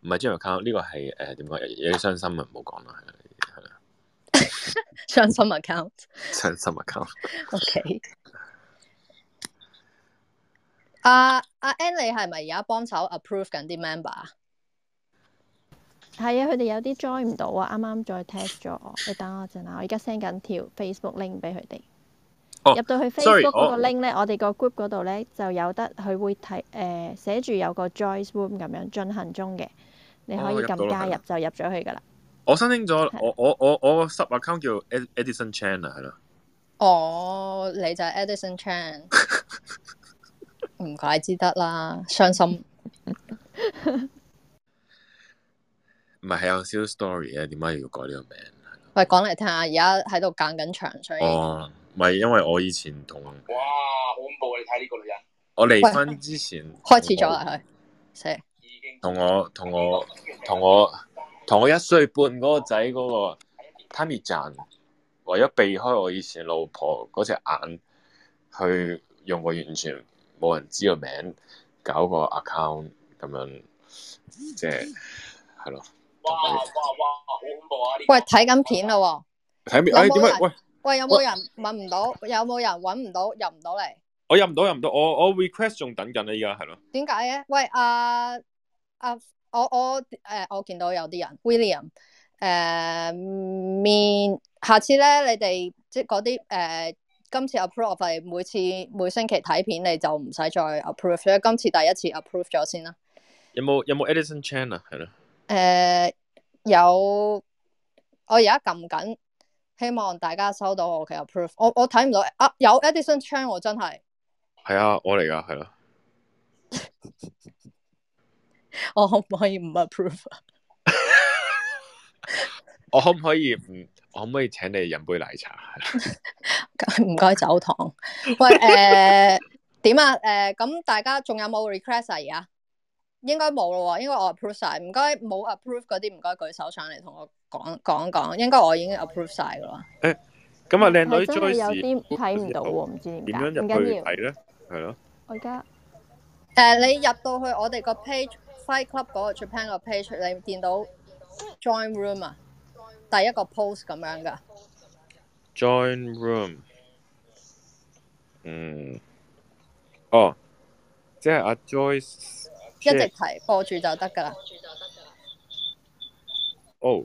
唔係專業 account，呢個係誒點講，有啲傷心啊，唔好講啦，係啊，傷心 account，傷心 account。OK，阿阿 Ann，你係咪而家幫手 approve 緊啲 member 啊？係啊，佢哋有啲 join 唔到啊，啱啱再 test 咗我，你等我一陣啦，我而家 send 緊條 Facebook link 俾佢哋。入到去 Facebook 嗰個 link 咧，oh, sorry, 我哋個 group 嗰度咧就有得佢會提誒寫住有個 Joyce Room 咁樣進行中嘅，你可以撳加入就入咗去噶啦、oh,。我申請咗，我我我我 Sub Account 叫 Edison Chan 係啦。哦、oh,，你就係 Edison Chan，唔 怪之得啦，傷心。唔係係有少 story 啊？點解要改呢個名呢？喂，講嚟聽下，而家喺度揀緊場，所以。Oh. 唔係，因為我以前同哇好恐怖啊！你睇呢個女人，我離婚之前開始咗喇，佢已經同我同我同我同我一歲半嗰個仔嗰個 Timmy 賺，為咗避開我以前老婆嗰隻眼，去用個完全冇人知嘅名搞個 account 咁樣，即係係咯。哇哇哇，好恐怖啊！喂、這個，睇緊片咯喎，睇片誒點解？喂！哎喂，有冇人揾唔到？有冇人揾唔到？入唔到嚟？我入唔到，入唔到。我我 request 仲等緊你依家係咯。點解嘅？喂，阿、啊、阿、啊、我我誒、呃，我見到有啲人 William 誒、呃、面。下次咧，你哋即係嗰啲誒，今次 approve of 係，每次每星期睇片，你就唔使再 approve，所以今次第一次 approve 咗先啦。有冇有冇 Edison Chan 啊？係咯。誒、呃，有。我而家撳緊。希望大家收到我嘅 approve，我我睇唔到啊有 edition change 我、哦、真係係啊，我嚟噶係咯，我可唔可以唔 approve？我可唔可以唔？我可唔可以請你飲杯奶茶？唔 該 酒堂，喂誒，點、呃、啊？誒、呃，咁大家仲有冇 request 啊？而家？應該冇啦，應該我 approve 晒、啊，唔該冇 approve 嗰啲，唔該舉手上嚟同我。講講講，應該我已經 approve 晒噶啦。誒、欸，咁啊，靚女真係有啲睇唔到喎，唔知點解。點樣入去睇咧？係咯。我而家誒，你入到去我哋個 page Fight Club 嗰個 Japan 個 page，你見到 Join Room 啊？第一個 post 咁樣噶。Join Room。嗯。哦、oh。即係阿 Joyce 一直提播住就得噶啦。哦、oh。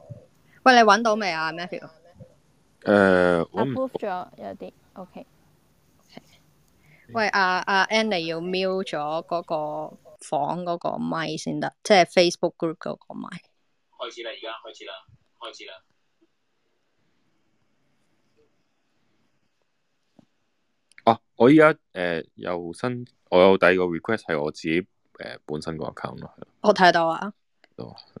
喂，你揾到未？uh, um, 啊，Matthew？誒 approve 咗有啲，OK。係、okay。喂，阿阿 Andy 要 mute 咗嗰個房嗰個咪先得，即、就、係、是、Facebook group 嗰個咪。開始啦，而家開始啦，開始啦。哦、啊，我依家誒有新，我有第二個 request 係我自己誒、呃、本身個 account 咯。我睇到啊。到、so。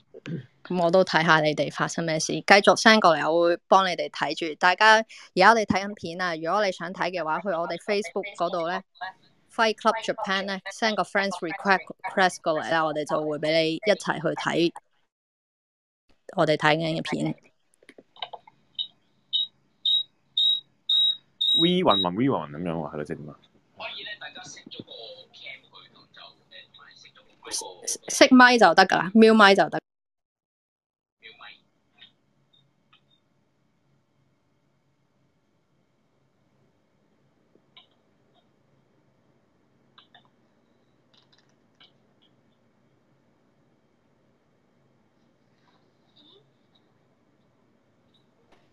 我都睇下你哋發生咩事，繼續 send 過嚟，我會幫你哋睇住。大家而家我哋睇緊片啊，如果你想睇嘅話，去我哋 Facebook 嗰度咧，Fight Club Japan 咧 send 個 friends request request 過嚟啦，我哋就會俾你一齊去睇我哋睇緊嘅片。We 雲雲，We 雲雲咁樣話係咪？即係點啊？可以咧，大家通過 cam 去咁就識咗嗰個識咪就得噶啦，瞄咪就得。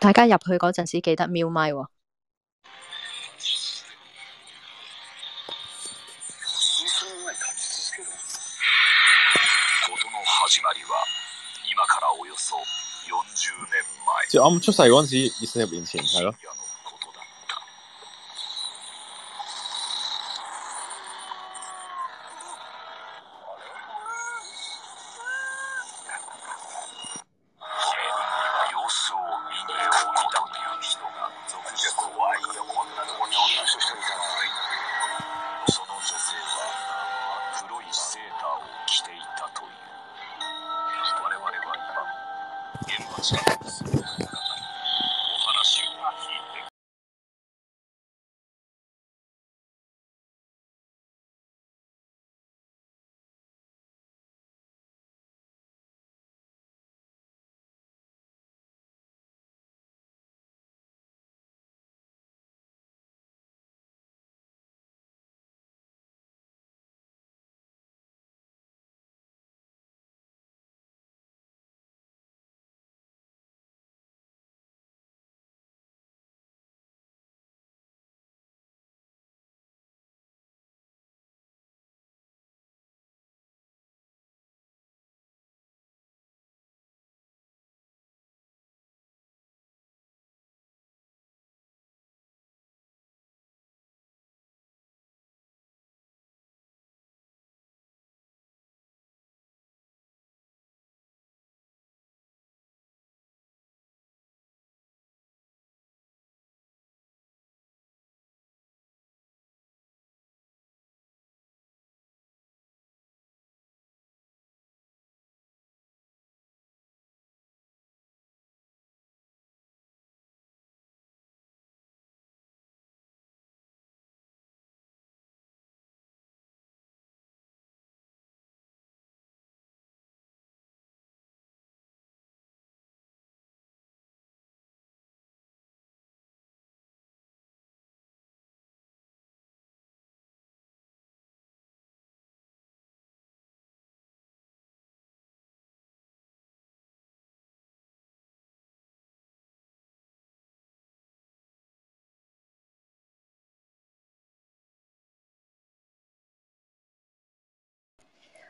大家入去嗰陣時，記得瞄咪喎。我係出世嗰陣時，你先入去先係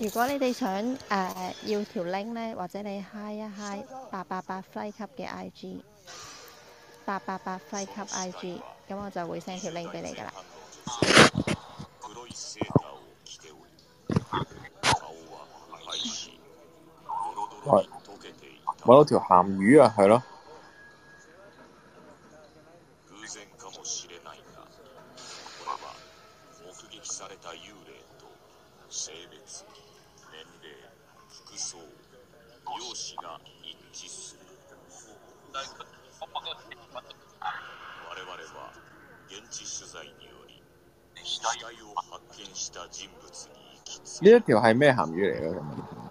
如果你哋想誒、呃、要條 link 咧，或者你 hi 一 hi 八八八 Flight Club 嘅 IG，八八八 Flight Club IG，咁我就會 send 條 link 俾你噶啦。喂，揾到條鹹魚啊，係咯～呢一條係咩鹹魚嚟咯？呢、嗯嗯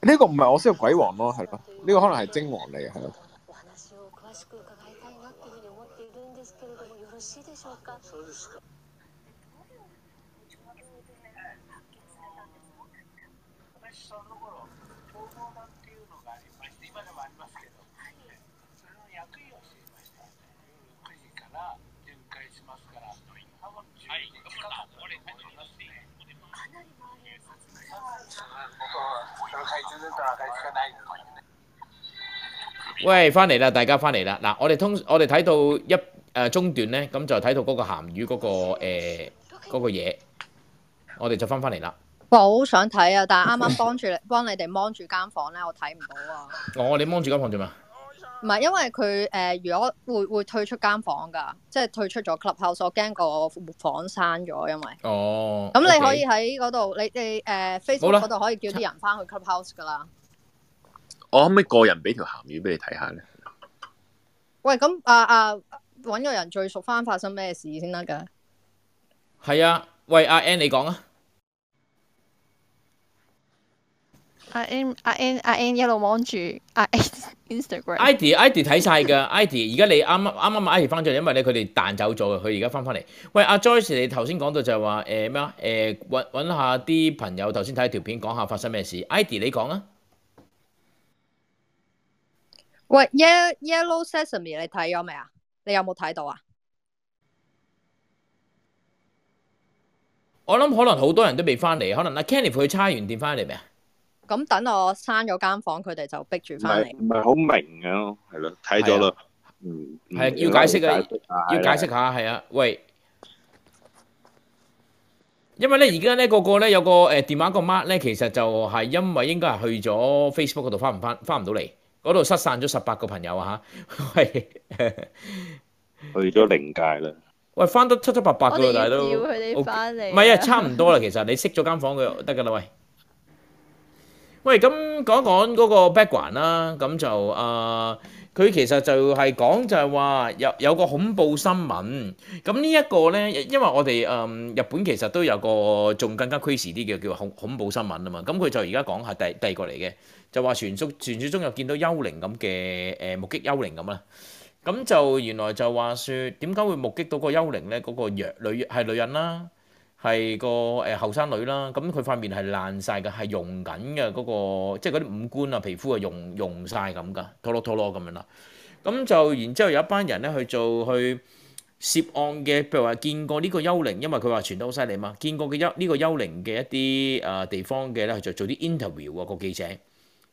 呢個唔係我識鬼王咯，係呢、呢個可能係精王嚟，係咯？ 喂，翻嚟啦，大家翻嚟啦。嗱，我哋通我哋睇到一誒中段咧，咁就睇到嗰個鹹魚嗰個誒嗰個嘢，我哋就翻返嚟啦。我好想睇啊，但係啱啱幫住你幫你哋 mon 住間房咧，我睇唔到啊！我、哦、你哋 mon 住間房點啊？唔係，因為佢誒，如、呃、果會會退出間房噶，即係退出咗 clubhouse，我驚個房閂咗，因為哦，咁你可以喺嗰度，你哋誒、呃、，Facebook 嗰度可以叫啲人翻去 clubhouse 噶啦。我可唔可以個人俾條鹹魚俾你睇下咧？喂，咁阿阿搵個人最熟翻，發生咩事先得噶？係啊，喂阿 Ann，你講啊！N, 阿 N 阿 N 阿 N 一路望住阿 Instagram ID, ID。Idi Idi 睇晒㗎，Idi 而家你啱啱啱啱 Idi 翻咗，因為咧佢哋彈走咗嘅，佢而家翻翻嚟。喂，阿、啊、Joyce，你頭先講到就係話誒咩啊？誒、欸，搵、欸、下啲朋友，頭先睇條片，講下發生咩事。Idi 你講啊。喂，Yellow Sesame，你睇咗未啊？你有冇睇到啊？我諗可能好多人都未翻嚟，可能阿 Kenny 佢差完電翻嚟未啊？咁等我閂咗間房間，佢哋就逼住翻嚟。唔係好明嘅，係咯，睇咗啦。嗯，係要解釋嘅，要解釋下，係、呃、啊。喂，因為咧而家咧個個咧有個誒電話個 mark 咧，其實就係因為應該係去咗 Facebook 嗰度，翻唔翻翻唔到嚟，嗰度失散咗十八個朋友啊吓。係去咗靈界啦。喂，翻得七七八八㗎喇，大佬。我哋叫佢哋翻嚟。唔係啊，差唔多啦。 其實你熄咗間房佢得噶啦喂。喂，咁講講講嗰個 background 啦，咁就啊，佢、呃、其實就係講就係話有有個恐怖新聞，咁呢一個咧，因為我哋誒、呃、日本其實都有個仲更加 crazy 啲嘅，叫恐恐怖新聞啊嘛，咁佢就而家講下第第二個嚟嘅，就話傳說傳說中又見到幽靈咁嘅目擊幽靈咁啦，咁就原來就話說點解會目擊到個幽靈咧？嗰、那個弱女係女人啦。係個誒後生女啦，咁佢塊面係爛晒嘅，係融緊嘅嗰個，即係嗰啲五官啊、皮膚啊融融曬咁噶，拖落拖落咁樣啦。咁就然之後有一班人咧去做去涉案嘅，譬如話見過呢個幽靈，因為佢話傳得好犀利嘛，見過嘅幽呢個幽靈嘅一啲啊地方嘅咧，就做啲 interview 啊個記者。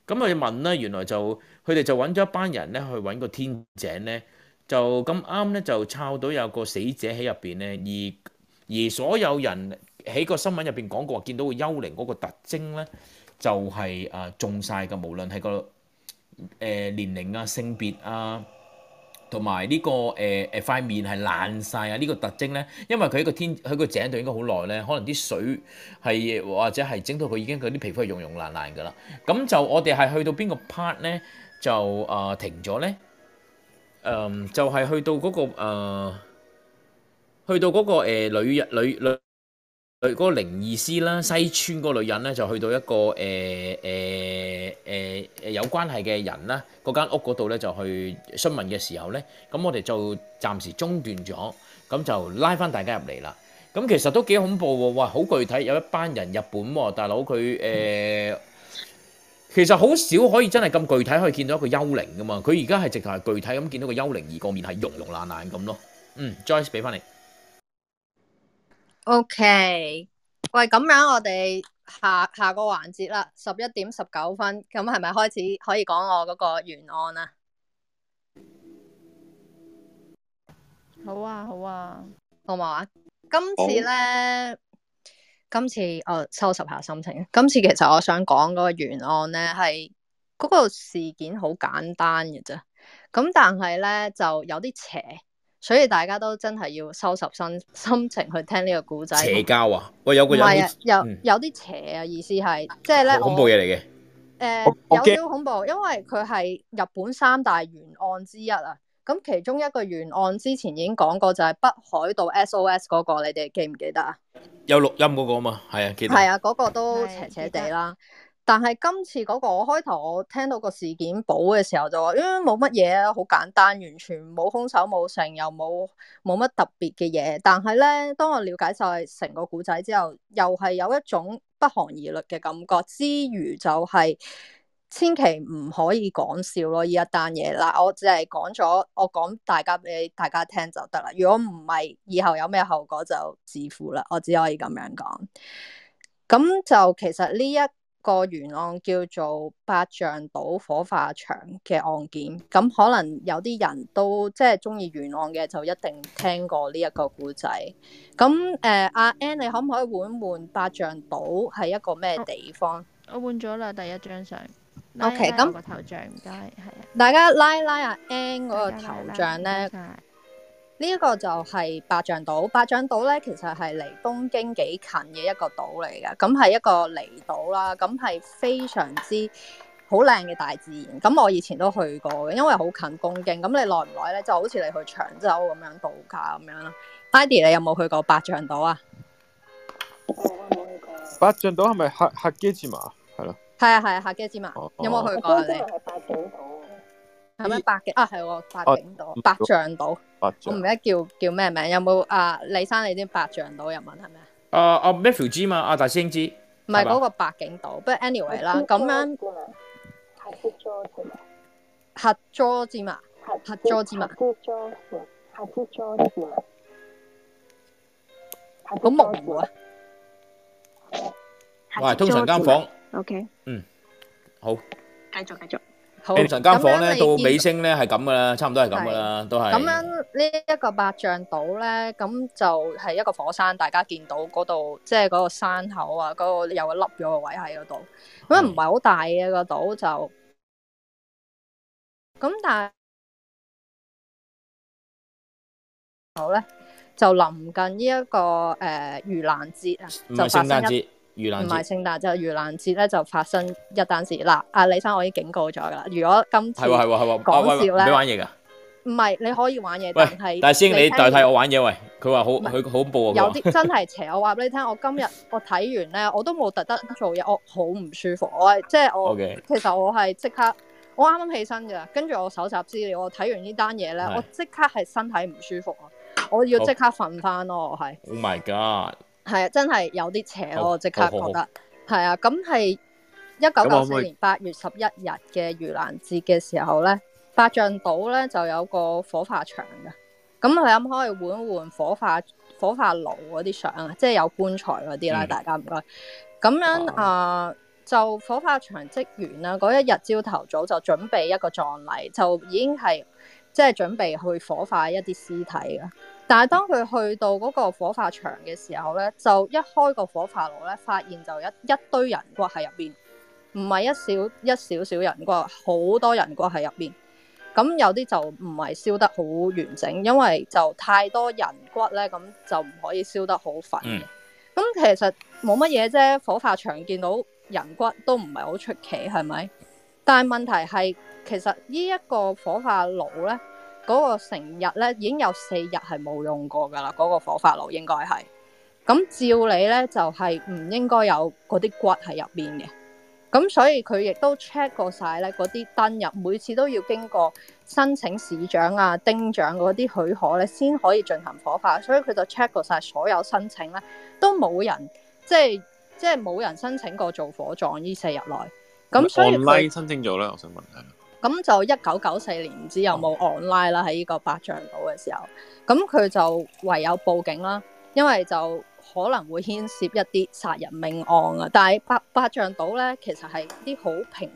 咁佢問咧，原來就佢哋就揾咗一班人咧去揾個天井咧，就咁啱咧就抄到有個死者喺入邊咧而。而所有人喺個新聞入邊講過，見到個幽靈嗰個特徵咧，就係啊，腫晒㗎，無論係個誒年齡啊、性別啊，同埋呢個誒誒塊面係爛曬啊！呢個特徵咧，因為佢喺個天喺個井度應該好耐咧，可能啲水係或者係整到佢已經佢啲皮膚係溶溶爛爛㗎啦。咁就我哋係去到邊個 part 咧，就啊停咗咧。嗯，就係去到嗰個誒。去到嗰個女女女嗰、嗰個靈異師啦，西村嗰個女人咧就去到一個誒誒誒有關係嘅人啦，嗰間屋嗰度咧就去詢問嘅時候咧，咁我哋就暫時中斷咗，咁就拉翻大家入嚟啦。咁其實都幾恐怖喎！哇，好具體，有一班人日本喎，大佬佢誒，其實好少可以真係咁具體可以見到一個幽靈噶嘛。佢而家係直頭係具體咁見到個幽靈而個面係融溶爛爛咁咯。嗯，Joyce 俾翻你。OK，喂，咁樣我哋下下個環節啦，十一點十九分，咁係咪開始可以講我嗰個原案啊？好啊，好啊，好冇啊？今次咧，今次我、哦、收拾下心情。今次其實我想講嗰個原案咧，係嗰個事件好簡單嘅啫，咁但係咧就有啲邪。所以大家都真係要收拾心心情，去聽呢個故仔。邪教啊！喂，有個人有有啲邪啊，意思係、嗯、即係咧，恐怖嘢嚟嘅。誒、呃，有啲恐怖，因為佢係日本三大懸案之一啊。咁其中一個懸案之前已經講過，就係北海道 SOS 嗰、那個，你哋記唔記得啊？有錄音嗰個啊嘛，係啊，記得係啊，嗰、那個都邪邪地啦。但係今次嗰個我開頭，我聽到個事件簿嘅時候就話，嗯，冇乜嘢，好簡單，完全冇凶手冇成，又冇冇乜特別嘅嘢。但係咧，當我了解晒成個古仔之後，又係有一種不寒而慄嘅感覺。之餘就係千祈唔可以講笑咯，呢一單嘢嗱，我只係講咗，我講大家俾大家聽就得啦。如果唔係，以後有咩後果就自負啦。我只可以咁樣講。咁就其實呢一。個懸案叫做八丈島火化場嘅案件，咁可能有啲人都即係中意懸案嘅，就一定聽過呢、呃、一,一個故仔。咁誒，阿 N，你可唔可以換換八丈島係一個咩地方？啊、我換咗啦，第一張相。OK，咁個頭像唔該係大家拉拉阿 N 嗰個頭像咧。這個、呢一個就係八丈島，八丈島咧其實係離東京幾近嘅一個島嚟嘅，咁係一個離島啦，咁係非常之好靚嘅大自然。咁我以前都去過嘅，因為好近東京，咁你耐唔耐咧就好似你去長洲咁樣度假咁樣啦。e d d 你有冇去過八丈島啊？八丈島係咪客客機之嘛？係咯，係啊係啊，客機之嘛。有冇去過你？係咩白嘅啊？係咪白景島、白象島，我唔記得叫叫咩名？有冇啊？李生，你知白象島日文係咩啊？啊啊 Matthew 知嘛？啊大師兄知？唔係嗰個白景島，不過 anyway 啦。咁樣合作咗啲咩？合作之嘛？合合作之嘛？合作之嘛？好模糊啊！喂，通常間房 OK，嗯，好，繼續繼續。晨間房咧到尾聲咧係咁噶啦，差唔多係咁噶啦，都係。咁樣這八呢一個八丈島咧，咁就係一個火山，大家見到嗰度，即係嗰個山口啊，嗰、那個有一粒咗個凹凹的位喺嗰度，咁唔係好大嘅、啊嗯那個島就。咁但係好咧，就臨近呢、這、一個誒盂蘭節啊，唔係聖誕節。唔係聖誕，就係愚難節咧就發生一單事。嗱、啊，阿李生我已經警告咗噶啦。如果今次講、啊啊啊、笑你、啊、玩嘢咧，唔係你可以玩嘢，但係但係先你，你代替我玩嘢喂。佢話好，佢好恐怖啊。有啲真係邪惡。 我話俾你聽，我今日我睇完咧，我都冇特登做嘢，我好唔舒服。我係即係我，okay. 其實我係即刻。我啱啱起身嘅，跟住我搜集資料，我睇完呢單嘢咧，我即刻係身體唔舒服啊！我要即刻瞓翻咯，我係。Oh my god！係啊，真係有啲邪，我即刻覺得，係啊，咁係一九九四年八月十一日嘅盂蘭節嘅時候咧，八丈島咧就有個火化場嘅，咁我諗可以換一換火化火化爐嗰啲相啊，即係有棺材嗰啲啦，大家唔該，咁樣啊，就火化場職員啦，嗰一日朝頭早就準備一個葬禮，就已經係即係準備去火化一啲屍體啦。但係當佢去到嗰個火化場嘅時候呢，就一開個火化爐呢，發現就一一堆人骨喺入邊，唔係一小一少少人骨，好多人骨喺入邊。咁有啲就唔係燒得好完整，因為就太多人骨呢，咁就唔可以燒得好粉嘅。咁、嗯、其實冇乜嘢啫，火化場見到人骨都唔係好出奇，係咪？但係問題係，其實呢一個火化爐呢。嗰、那個成日咧已經有四日係冇用過噶啦，嗰、那個火化爐應該係咁照理咧就係、是、唔應該有嗰啲骨喺入面嘅，咁所以佢亦都 check 過晒咧嗰啲登入，每次都要經過申請市長啊、丁長嗰啲許可咧先可以進行火化，所以佢就 check 過晒所有申請咧，都冇人即係即係冇人申請過做火葬呢四日內，咁所以。Online、申請咗啦，我想問下咁就一九九四年唔知有冇 online 啦喺呢個百丈島嘅時候，咁佢就唯有報警啦，因為就可能會牽涉一啲殺人命案啊。但係百百丈島咧，其實係啲好平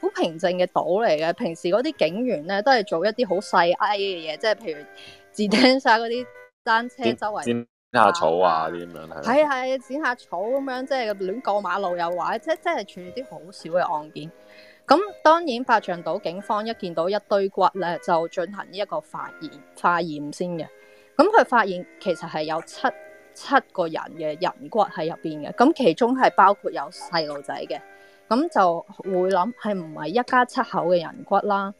好平靜嘅島嚟嘅，平時嗰啲警員咧都係做一啲好細藝嘅嘢，即係譬如自聽晒嗰啲單車周圍剪下草啊啲咁樣係係係剪下草咁樣，即係亂過馬路又話，即係即係處於啲好少嘅案件。咁當然，八丈島警方一見到一堆骨咧，就進行呢一個化驗化驗先嘅。咁佢發現其實係有七七個人嘅人骨喺入邊嘅。咁其中係包括有細路仔嘅，咁就會諗係唔係一家七口嘅人骨啦。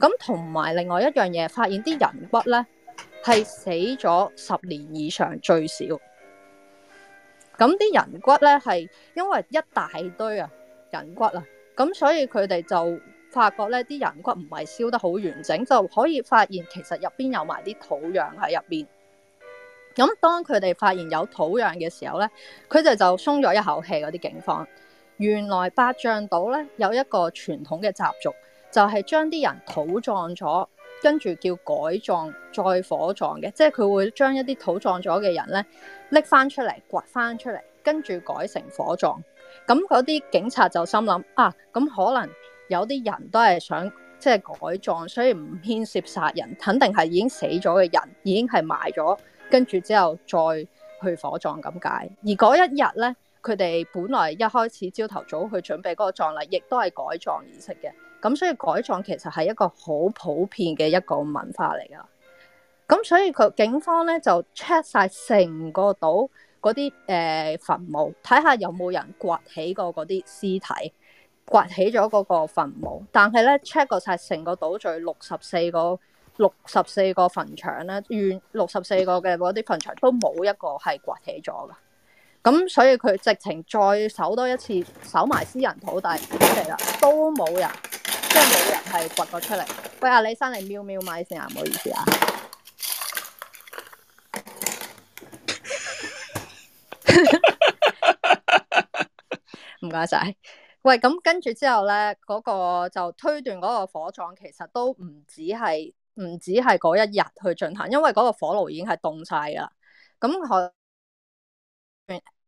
咁同埋另外一樣嘢，發現啲人骨咧係死咗十年以上最少。咁啲人骨咧係因為一大堆啊人骨啊。咁所以佢哋就發覺咧，啲人骨唔係燒得好完整，就可以發現其實入邊有埋啲土壤喺入邊。咁當佢哋發現有土壤嘅時候咧，佢哋就鬆咗一口氣。嗰啲警方原來八丈島咧有一個傳統嘅習俗，就係將啲人土葬咗，跟住叫改葬再火葬嘅，即係佢會將一啲土葬咗嘅人咧拎翻出嚟，掘翻出嚟，跟住改成火葬。咁嗰啲警察就心諗啊，咁可能有啲人都係想即係改葬，所以唔牽涉殺人，肯定係已經死咗嘅人，已經係埋咗，跟住之後再去火葬咁解。而嗰一日呢，佢哋本來一開始朝頭早去準備嗰個葬禮，亦都係改葬儀式嘅。咁所以改葬其實係一個好普遍嘅一個文化嚟㗎。咁所以佢警方呢就 check 晒成個島。嗰啲誒墳墓，睇下有冇人掘起過嗰啲屍體，掘起咗嗰個墳墓，但係咧 check 過晒成個島嶼，最六十四個六十四個墳場咧，遠六十四個嘅嗰啲墳場都冇一個係掘起咗噶。咁所以佢直情再搜多一次，搜埋私人土地出嚟啦，都冇人，即係冇人係掘咗出嚟。喂啊，李生，你喵喵咪先啊，唔好意思啊！唔該晒，喂，咁跟住之後咧，嗰個就推斷嗰個火葬其實都唔止係唔止係嗰一日去進行，因為嗰個火爐已經係凍晒噶啦。咁可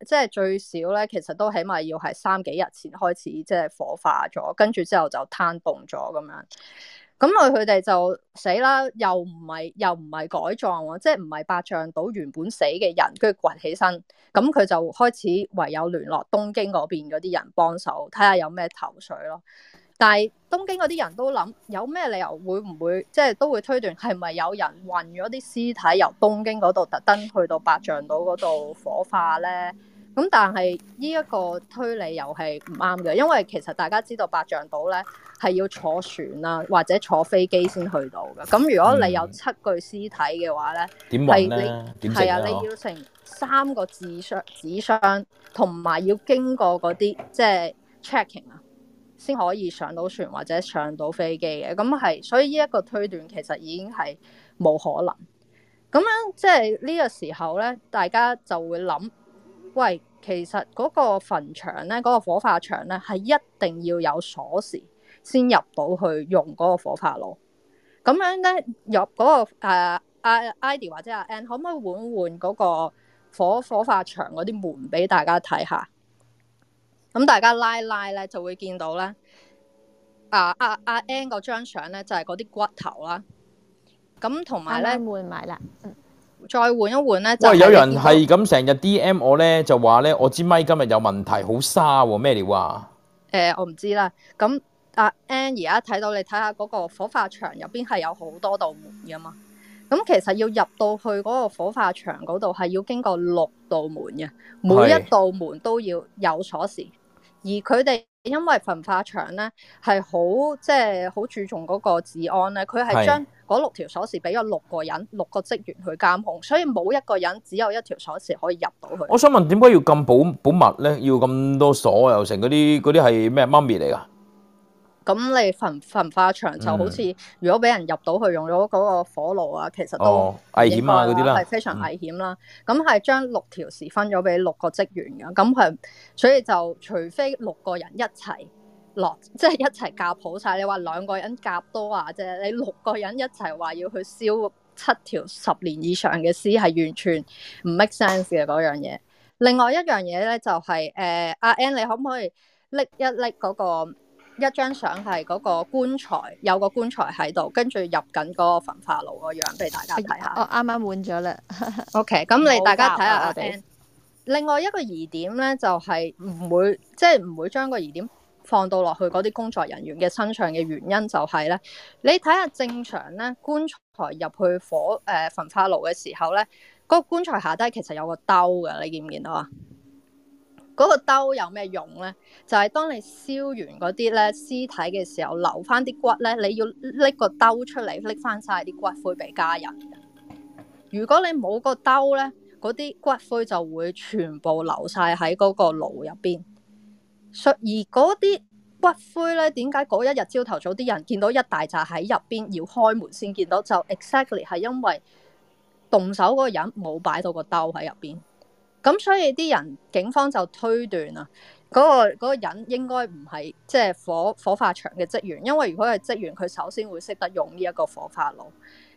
即係最少咧，其實都起碼要係三幾日前開始即係火化咗，跟住之後就攤凍咗咁樣。咁佢佢哋就死啦，又唔係又唔係改葬喎，即係唔係八丈島原本死嘅人，跟住掘起身，咁佢就開始唯有聯絡東京嗰邊嗰啲人幫手睇下有咩頭緒咯。但係東京嗰啲人都諗有咩理由會唔會即係都會推斷係咪有人運咗啲屍體由東京嗰度特登去到八丈島嗰度火化咧？咁但係呢一個推理又係唔啱嘅，因為其實大家知道八丈島咧係要坐船啦，或者坐飛機先去到嘅。咁如果你有七具屍體嘅話咧，係、嗯、你係啊，你要成三個紙箱紙箱，同埋要經過嗰啲即係 checking 啊，先可以上到船或者上到飛機嘅。咁係所以呢一個推斷其實已經係冇可能。咁樣即係呢個時候咧，大家就會諗。喂，其實嗰個墳場咧，嗰、嗰個火化場咧，係一定要有鎖匙先入到去用嗰個火化爐。咁樣咧入嗰個誒阿阿迪或者阿 N，可唔可以換換嗰個火火化場嗰啲門俾大家睇下？咁大家拉拉咧就會見到咧，啊阿阿 N 嗰張相咧就係嗰啲骨頭那還有啦。咁同埋咧，換埋啦。再換一換咧，就是，有人係咁成日 DM 我咧，就話咧，我支咪今日有問題，好沙，哦，咩料啊？誒、呃，我唔知啦。咁阿 Ann 而家睇到你睇下嗰個火化場入邊係有好多道門噶嘛？咁其實要入到去嗰個火化場嗰度係要經過六道門嘅，每一道門都要有鎖匙。而佢哋因為焚化場咧係好即係好注重嗰個治安咧，佢係將。六條鎖匙俾咗六個人，六個職員去監控，所以冇一個人只有一條鎖匙可以入到去。我想問點解要咁保保密咧？要咁多鎖又成嗰啲嗰啲係咩媽咪嚟噶？咁你焚焚化場就好似、嗯、如果俾人入到去用咗嗰個火爐啊，其實都、哦、危險啊嗰啲啦，係非常危險啦。咁係將六條匙分咗俾六個職員嘅，咁係所以就除非六個人一齊。落即係一齊夾普晒。你話兩個人夾多啊，即係，你六個人一齊話要去燒七條十年以上嘅屍，係完全唔 make sense 嘅嗰樣嘢。另外一樣嘢咧就係誒阿 N，你可唔可以拎一拎嗰個一張相係嗰個棺材，有個棺材喺度，跟住入緊嗰個焚化爐個樣俾大家睇下。哦，啱啱換咗啦。OK，咁你大家睇下阿 N。另外一個疑點咧就係唔會即係唔會將個疑點。放到落去嗰啲工作人員嘅身上嘅原因就係、是、咧，你睇下正常咧棺材入去火誒、呃、焚化爐嘅時候咧，嗰、那個、棺材下底其實有個兜㗎，你見唔見到啊？嗰、那個兜有咩用咧？就係、是、當你燒完嗰啲咧屍體嘅時候，留翻啲骨咧，你要拎個兜出嚟拎翻晒啲骨灰俾家人。如果你冇個兜咧，嗰啲骨灰就會全部流晒喺嗰個爐入邊。而嗰啲骨灰咧，點解嗰一日朝頭早啲人見到一大扎喺入邊，要開門先見到？就 exactly 係因為動手嗰個人冇擺到個兜喺入邊，咁所以啲人警方就推斷啊，嗰、嗰個人應該唔係即係火火化場嘅職員，因為如果係職員，佢首先會識得用呢一個火化爐，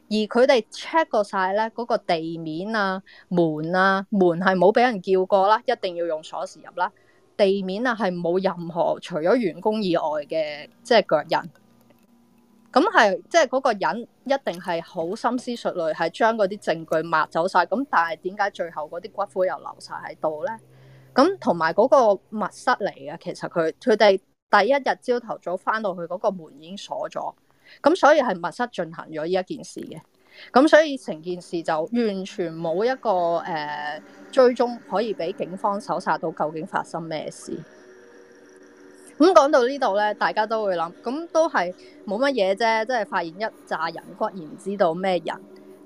而佢哋 check 過晒咧嗰個地面啊、門啊，門係冇俾人叫過啦，一定要用鎖匙入啦。地面啊，係冇任何除咗員工以外嘅即係腳印。咁係即係嗰個人一定係好深思熟慮，係將嗰啲證據抹走晒。咁但係點解最後嗰啲骨灰又留晒喺度咧？咁同埋嗰個密室嚟嘅，其實佢佢哋第一日朝頭早返到去嗰個門已經鎖咗，咁所以係密室進行咗呢一件事嘅。咁所以成件事就完全冇一個誒、呃、追蹤，可以俾警方搜查到究竟發生咩事。咁講到這裡呢度咧，大家都會諗，咁都係冇乜嘢啫，即係發現一紮人骨，然知道咩人。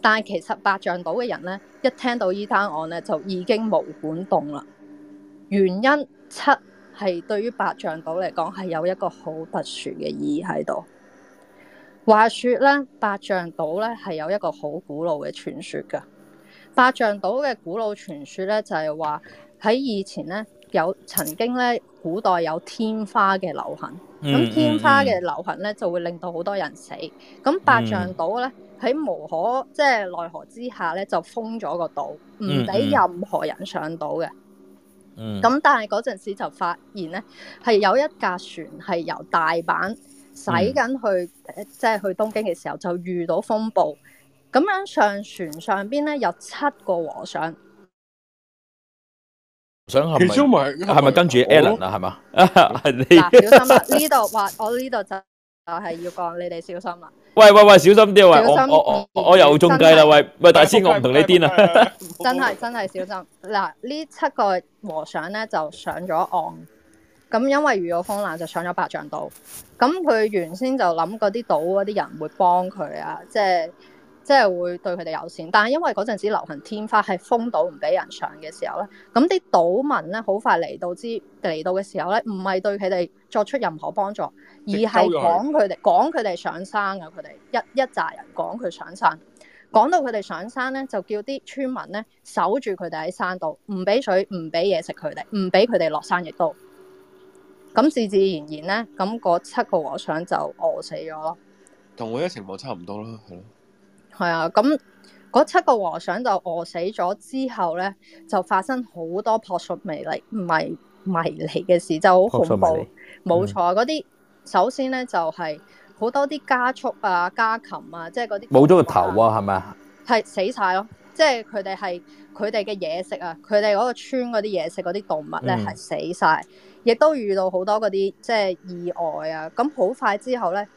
但係其實八丈島嘅人咧，一聽到這呢單案咧，就已經毛管戙啦。原因七係對於八丈島嚟講，係有一個好特殊嘅意義喺度。話說咧，八丈島咧係有一個好古老嘅傳說噶。八丈島嘅古老傳說咧就係話喺以前咧，有曾經咧，古代有天花嘅流行，咁、嗯嗯嗯、天花嘅流行咧就會令到好多人死。咁、嗯、八丈島咧喺無可即係奈何之下咧就封咗個島，唔俾任何人上島嘅。咁、嗯嗯、但係嗰陣時就發現咧係有一架船係由大阪。使、嗯、緊去，即係去東京嘅時候就遇到風暴，咁樣上船上邊咧有七個和尚。和尚係咪係咪跟住 Allen 啊？係嘛？小心啊！呢度，話我呢度就係要講你哋小心啊！喂喂喂，小心啲啊！小心！我我，我，我又中計啦！喂喂，大師，我唔同你癲啊！真係真係小心嗱！呢七個和尚咧就上咗岸。咁因為遇到風浪就上咗八丈島，咁佢原先就諗嗰啲島嗰啲人會幫佢啊，即係即係會對佢哋友善。但係因為嗰陣時流行天花係封島唔俾人上嘅時候咧，咁啲島民咧好快嚟到之嚟到嘅時候咧，唔係對佢哋作出任何幫助，而係趕佢哋趕佢哋上山啊！佢哋一一紮人趕佢上山，趕到佢哋上山咧，就叫啲村民咧守住佢哋喺山度，唔俾水，唔俾嘢食佢哋，唔俾佢哋落山亦都。咁自自然然咧，咁嗰七個和尚就餓死咗咯。同我啲情況差唔多咯，係咯。係啊，咁七個和尚就餓死咗之後咧，就發生好多撲朔迷離迷迷離嘅事，就好恐怖。冇錯，嗰啲，嗯、首先咧就係好多啲家畜啊、家禽啊，即係嗰啲。冇咗個頭啊，係咪啊？係死晒咯，即係佢哋係佢哋嘅嘢食啊，佢哋嗰個村嗰啲嘢食嗰啲動物咧係，嗯、死晒。亦都遇到好多嗰啲即係意外啊！咁好快之後咧，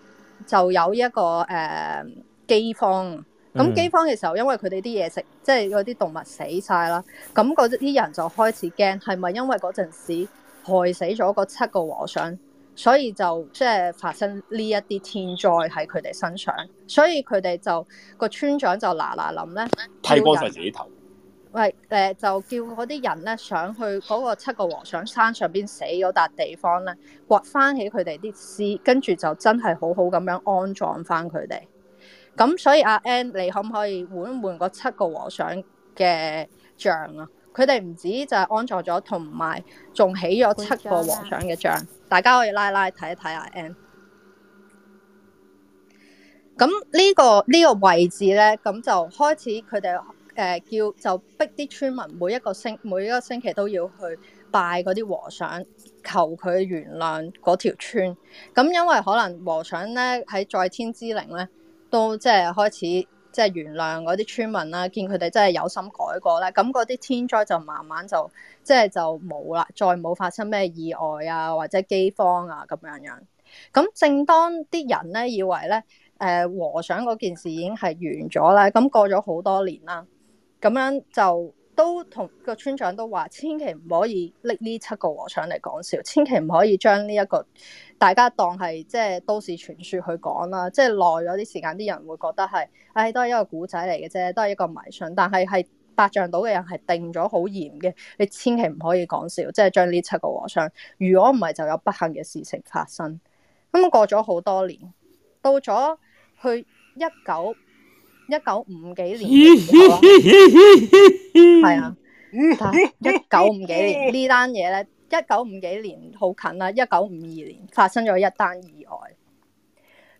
就有一個誒、呃、饑荒。咁饑荒嘅時候，因為佢哋啲嘢食，即係嗰啲動物死晒啦。咁嗰啲人就開始驚，係咪因為嗰陣時害死咗嗰七個和尚，所以就即係發生呢一啲天災喺佢哋身上？所以佢哋就個村長就嗱嗱臨咧剃光曬自己頭。喂，誒就叫嗰啲人咧上去嗰個七個和尚山上邊死咗笪地方咧，掘翻起佢哋啲屍，跟住就真係好好咁樣安葬翻佢哋。咁所以阿 N，你可唔可以換換個七個和尚嘅像啊？佢哋唔止就係安葬咗，同埋仲起咗七個和尚嘅像，啊。大家可以拉拉睇一睇阿 N。咁呢、呢個呢、呢個位置咧，咁就開始佢哋。誒叫就逼啲村民每一個星每一個星期都要去拜嗰啲和尚，求佢原諒嗰條村。咁因為可能和尚咧喺在，在天之靈咧，都即係開始即係原諒嗰啲村民啦。見佢哋真係有心改過啦，咁嗰啲天災就慢慢就即係就冇啦，再冇發生咩意外啊，或者饑荒啊咁樣樣。咁正當啲人咧以為咧誒和尚嗰件事已經係完咗啦，咁過咗好多年啦。咁樣就都同個村長都話，千祈唔可以拎呢七個和尚嚟講笑，千祈唔可以將呢一個大家當係即係都市傳説去講啦。即係耐咗啲時間，啲人會覺得係，唉、哎，都係一個古仔嚟嘅啫，都係一個迷信。但係係八丈島嘅人係定咗好嚴嘅，你千祈唔可以講笑，即係將呢七個和尚，如果唔係，就有不幸嘅事情發生。咁、嗯、過咗好多年，到咗去一九。一九五幾年，係 啊，一九五幾年呢單嘢咧，一九五幾年好近啦。一九五二年發生咗一單意外，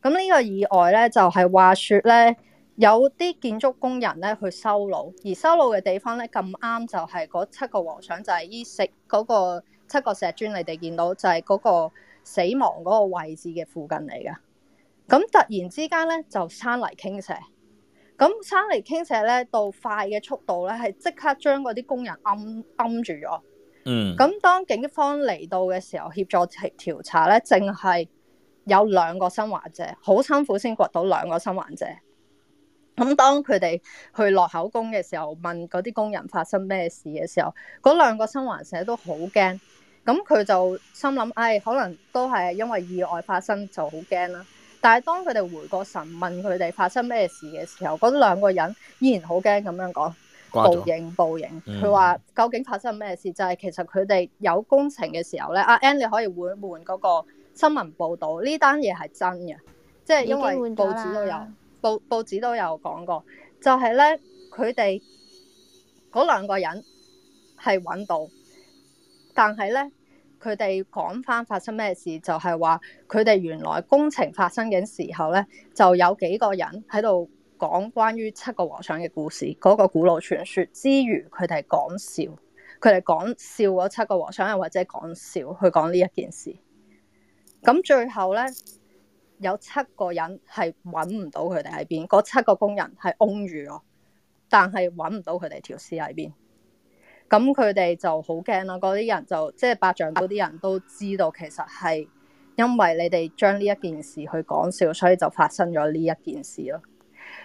咁呢個意外咧就係話說咧，有啲建築工人咧去修路，而修路嘅地方咧咁啱就係嗰七個和尚就係依石嗰個七個石磚，你哋見到就係嗰個死亡嗰個位置嘅附近嚟㗎。咁突然之間咧就山泥傾瀉。咁山泥傾瀉咧，到快嘅速度咧，係即刻將嗰啲工人暗摁，摁住咗。嗯。咁當警方嚟到嘅時候協助調查咧，淨係有兩個生還者，好辛苦先掘到兩個生還者。咁當佢哋去落口供嘅時候，問嗰啲工人發生咩事嘅時候，嗰兩個生還者都好驚。咁佢就心諗，唉、哎，可能都係因為意外發生就好驚啦。但係當佢哋回過神問佢哋發生咩事嘅時候，嗰兩個人依然好驚咁樣講報應報應。佢話究竟發生咩事？就係、是、其實佢哋有工程嘅時候咧，阿、嗯、Andy、啊、你可以換換嗰個新聞報導呢單嘢係真嘅，即、就、係、是、因為報紙都有報，報紙都有講過，就係咧佢哋嗰兩個人係揾到，但係咧。佢哋講返發生咩事，就係話佢哋原來工程發生嘅時候咧，就有幾個人喺度講關於七個和尚嘅故事，嗰個古老傳說之餘，佢哋講笑，佢哋講笑嗰七個和尚，又或者講笑去講呢一件事。咁最後咧，有七個人係揾唔到佢哋喺邊，嗰七個工人係 O 住咯，但係揾唔到佢哋條屍喺邊。咁佢哋就好驚啦，嗰啲人就即係八丈嗰啲人都知道，其實係因為你哋將呢一件事去講笑，所以就發生咗呢一件事咯。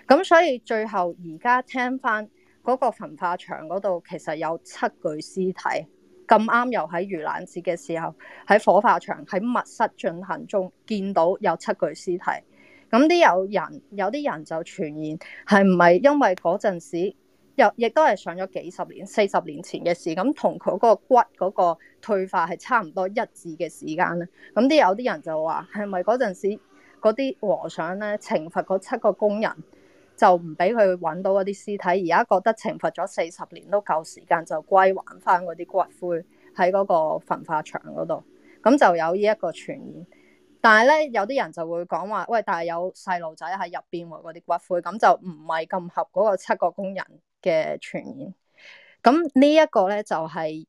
咁所以最後而家聽翻嗰個焚化場嗰度，其實有七具屍體。咁啱又喺盂蘭節嘅時候喺火化場喺密室進行中見到有七具屍體。咁啲有人，有啲人就傳言係唔係因為嗰陣時？又亦都係上咗幾十年，四十年前嘅事，咁同佢嗰個骨嗰個退化係差唔多一致嘅時間咧。咁啲有啲人就話：係咪嗰陣時嗰啲和尚咧懲罰嗰七個工人，就唔俾佢揾到嗰啲屍體？而家覺得懲罰咗四十年都夠時間，就歸還翻嗰啲骨灰喺嗰個焚化場嗰度。咁就有呢一個傳言。但係咧，有啲人就會講話：喂，但係有細路仔喺入邊喎，嗰啲骨灰咁就唔係咁合嗰個七個工人。嘅傳言，咁呢一個咧就係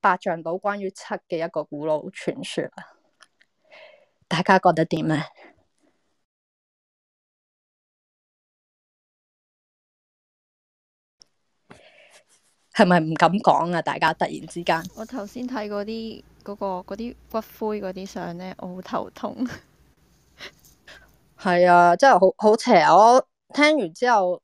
八丈島關於七嘅一個古老傳說。大家覺得點啊？係咪唔敢講啊？大家突然之間。我頭先睇嗰啲嗰個嗰啲骨灰嗰啲相咧，我好頭痛。係 啊，真係好好邪！我聽完之後。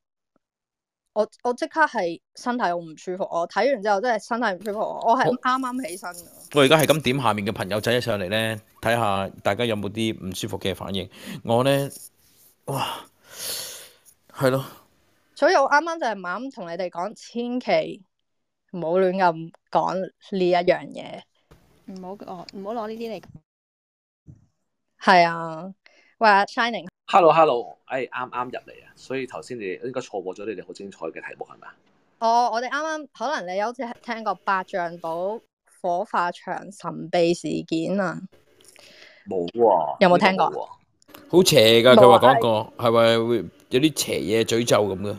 我我即刻係身體好唔舒服，我睇完之後真係身體唔舒服，我係咁啱啱起身。我而家係咁點下面嘅朋友仔一上嚟咧，睇下大家有冇啲唔舒服嘅反應。我咧，哇，係咯。所以我啱啱就係唔啱同你哋講，千祈唔好亂咁講呢一樣嘢，唔好哦，唔好攞呢啲嚟。係啊，話 shining。Hello，Hello，hello, 哎，啱啱入嚟啊，所以頭先你應該錯過咗你哋好精彩嘅題目係咪？哦，我哋啱啱可能你好似係聽過八丈島火化場神秘事件啊，冇啊，有冇聽過？啊、好邪噶，佢話講過，係咪會有啲邪嘢詛咒咁嘅？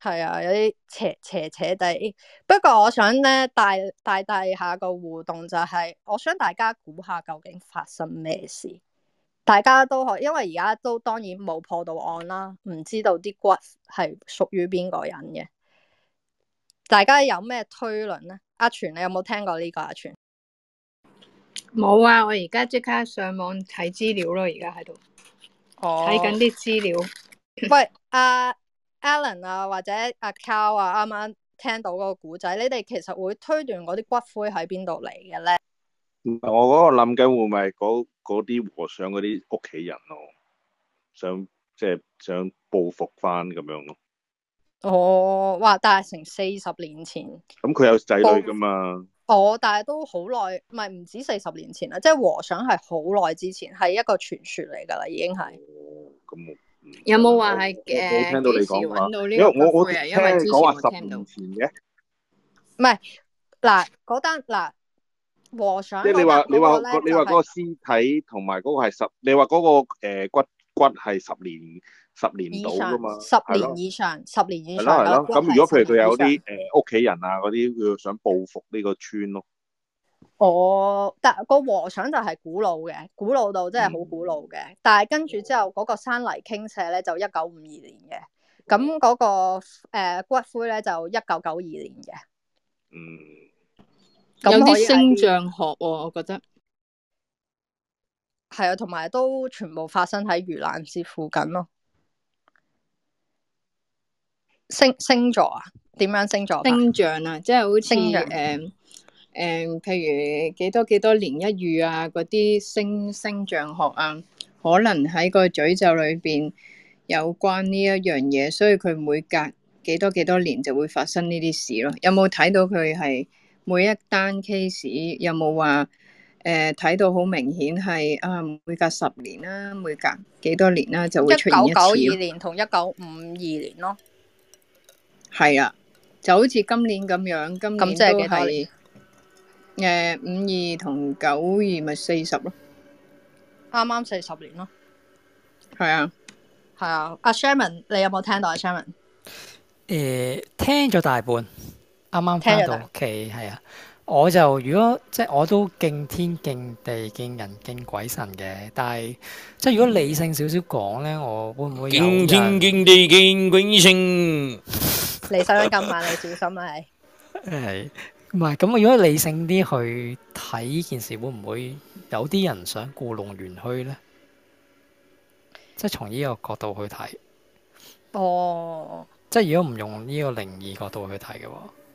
係啊，有啲邪有邪邪地。不過我想咧帶帶帶下個互動、就是，就係我想大家估下究竟發生咩事。大家都可，因為而家都當然冇破到案啦，唔知道啲骨係屬於邊個人嘅。大家有咩推論呢？阿全，你有冇聽過呢、這個阿全？冇啊，我而家即刻上網睇資料咯，而家喺度哦，睇緊啲資料。 喂，阿、啊、Alan 啊，或者阿、啊、Carl 啊，啱啱聽到個古仔，你哋其實會推斷嗰啲骨灰喺邊度嚟嘅咧？我嗰個諗緊會唔會嗰嗰啲和尚嗰啲屋企人咯，想即係想報復翻咁樣咯。哦，哇！但係成四十年前，咁佢有仔女噶嘛？哦，但係都好耐，唔係唔止四十年前啦，即係和尚係好耐之前，係一個傳說嚟噶啦，已經係。哦，咁有冇話係冇聽到你講話到，因為我我聽你講話十年前嘅，唔係嗱嗰單嗱。和尚、就是，即係你話你話你話嗰個屍體同埋嗰個係十，就是、你話嗰、那個誒、呃、骨骨係十年十年到噶嘛？十年以上，十年以上係咯。咁、那個嗯、如果譬如佢有啲誒屋企人啊嗰啲，佢想報復呢個村咯。哦、嗯，但個和尚就係古老嘅，古老到真係好古老嘅、嗯。但係跟住之後嗰個山泥傾瀉咧，就一九五二年嘅。咁嗰、那個誒、呃、骨灰咧，就一九九二年嘅。嗯。有啲星象學喎、哦，我覺得係啊，同埋都全部發生喺盂蘭節附近咯、哦。星星座啊，點樣星座？星象啊，即、就、係、是、好似誒誒，譬、嗯、如幾多幾多年一遇啊，嗰啲星星象學啊，可能喺個詛咒裏邊有關呢一樣嘢，所以佢每隔幾多幾多年就會發生呢啲事咯。有冇睇到佢係？每一單 case 有冇話誒睇到好明顯係啊？每隔十年啦，每隔幾多年啦，就會出現一次。一九九二年同一九五二年咯，係啊，就好似今年咁樣，今年都係，即係幾多年？誒、呃、五二同九二咪四十咯，啱啱四十年咯，係啊，係啊，阿、啊、Sherman 你有冇聽到阿、啊、Sherman？誒、呃，聽咗大半。啱啱翻到屋企，係啊，我就如果即係我都敬天敬地敬人敬鬼神嘅，但係即係如果理性少少講咧，我會唔會有？敬天敬地敬鬼神 。你想咁干慢， 你小心啦，係 。係。唔係咁，我如果理性啲去睇呢件事，會唔會有啲人想故弄玄虛咧？即係從呢個角度去睇。哦、oh.。即係如果唔用呢個靈異角度去睇嘅。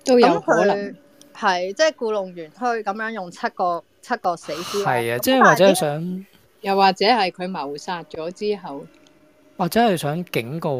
都有可能，係即係故弄玄虛咁樣用七個七個死屍。係啊，即係或者係想，又或者係佢謀殺咗之後，或者係想警告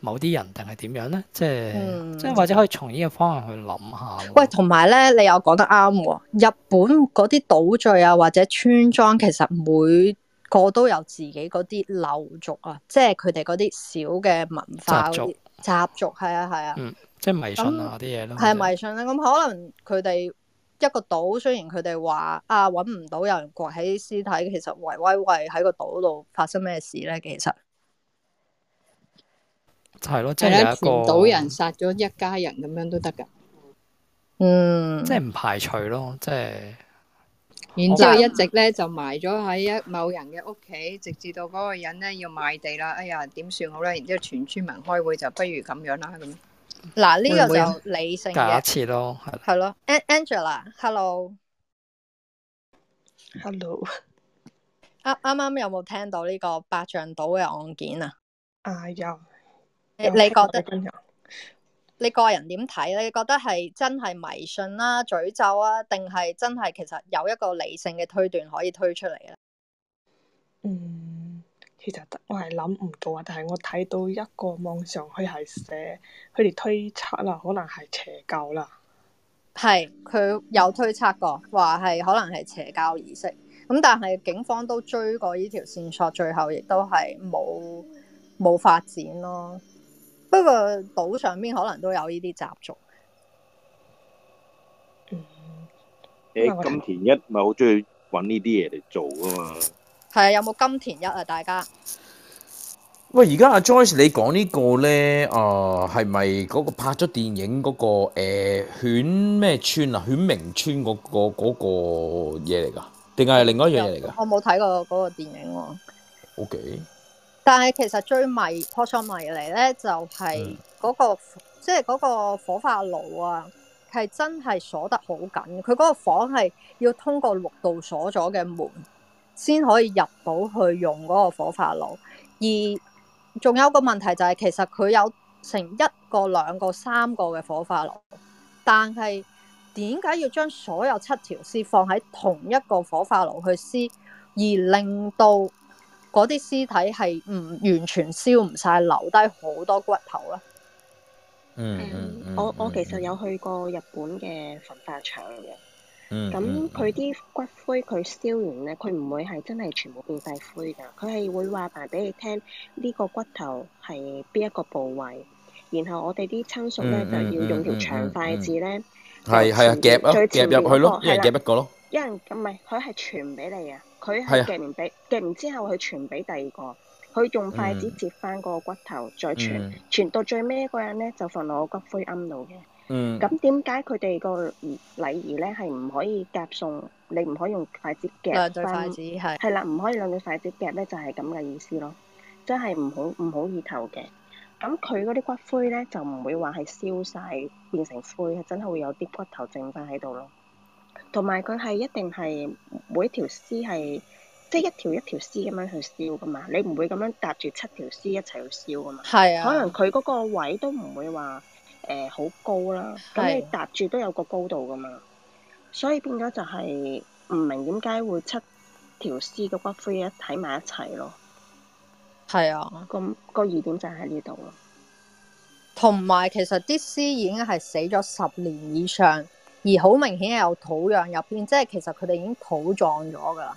某啲人，定係點樣咧？即係、嗯，即係或者可以從呢個方向去諗下、嗯。喂，同埋咧，你又講得啱喎。日本嗰啲島嶼啊，或者村莊，其實每個都有自己嗰啲陋俗啊，即係佢哋嗰啲小嘅文化，習俗係啊係啊。即係迷信啊啲嘢咯，係、嗯、迷信咧、啊。咁、嗯、可能佢哋一個島，雖然佢哋話啊搵唔到有人掘起屍體，其實喂喂喂喺個島度發生咩事咧？其實就係、是、咯，即、就、係、是、一個島人殺咗一家人咁樣都得噶。嗯，即係唔排除咯，即係、嗯。然之後一直咧就埋咗喺一某人嘅屋企，直至到嗰個人咧要賣地啦。哎呀，點算好咧？然之後全村民開會，就不如咁樣啦咁。嗱、啊，呢、這個就理性嘅，會會假設咯，係咯。Angela，hello，hello，啱啱、啊、有冇聽到呢個百丈島嘅案件啊？啊有，你你覺得、yeah. 你個人點睇咧？你覺得係真係迷信啦、啊、詛咒啊，定係真係其實有一個理性嘅推斷可以推出嚟咧？嗯、mm.。其實我係諗唔到啊，但係我睇到一個網上佢係寫，佢哋推測啦，可能係邪教啦。係，佢有推測過，話係可能係邪教儀式。咁但係警方都追過呢條線索，最後亦都係冇冇發展咯。不過島上邊可能都有呢啲習俗。嗯，誒，金田一咪好中意搵呢啲嘢嚟做㗎嘛。係啊，有冇金田一啊？大家喂，而家阿 Joyce，你講呢個咧，誒、呃，係咪嗰個拍咗電影嗰、那個誒、欸、犬咩村啊？犬鳴村嗰、那個嗰、那個嘢嚟噶？定係另外一樣嘢嚟噶？我冇睇過嗰個電影喎、啊。OK，但係其實最迷撲朔迷嚟咧、那個，就係嗰個即係嗰個火化爐啊，係真係鎖得好緊。佢嗰個房係要通過六度鎖咗嘅門。先可以入到去用嗰個火化爐，而仲有個問題就係、是，其實佢有成一個兩個三個嘅火化爐，但係點解要將所有七條屍放喺同一個火化爐去撕，而令到嗰啲屍體係唔完全燒唔晒留低好多骨頭咧、嗯嗯嗯嗯嗯。嗯，我我其實有去過日本嘅焚化場嘅。咁佢啲骨灰佢燒完咧，佢唔會係真係全部變晒灰噶，佢係會話埋俾你聽呢個骨頭係邊一個部位，然後我哋啲親屬咧就要用條長筷子咧，係係啊夾啊夾入去咯，一人夾一個咯，一人咁咪，佢係傳俾你啊，佢係夾完俾夾完之後佢傳俾第二個，佢用筷子接翻個骨頭、嗯、再傳、嗯，傳到最尾一個人咧就放落個骨灰甕度嘅。嗯，咁點解佢哋個禮儀咧係唔可以夾餸，你唔可以用筷子夾筷子，係、啊、啦，唔可以兩對筷子夾咧，就係咁嘅意思咯。即係唔好唔好意頭嘅。咁佢嗰啲骨灰咧就唔會話係燒曬變成灰，真係會有啲骨頭剩翻喺度咯。同埋佢係一定係每一條絲係即係一條一條絲咁樣去燒噶嘛，你唔會咁樣搭住七條絲一齊去燒噶嘛。係啊，可能佢嗰個位都唔會話。誒、呃、好高啦，咁你搭住都有個高度噶嘛、啊，所以變咗就係唔明點解會七條屍嘅骨灰一睇埋一齊咯。係啊，咁、個疑點就喺呢度咯。同埋其實啲屍已經係死咗十年以上，而好明顯有土壤入邊，即係其實佢哋已經土葬咗㗎。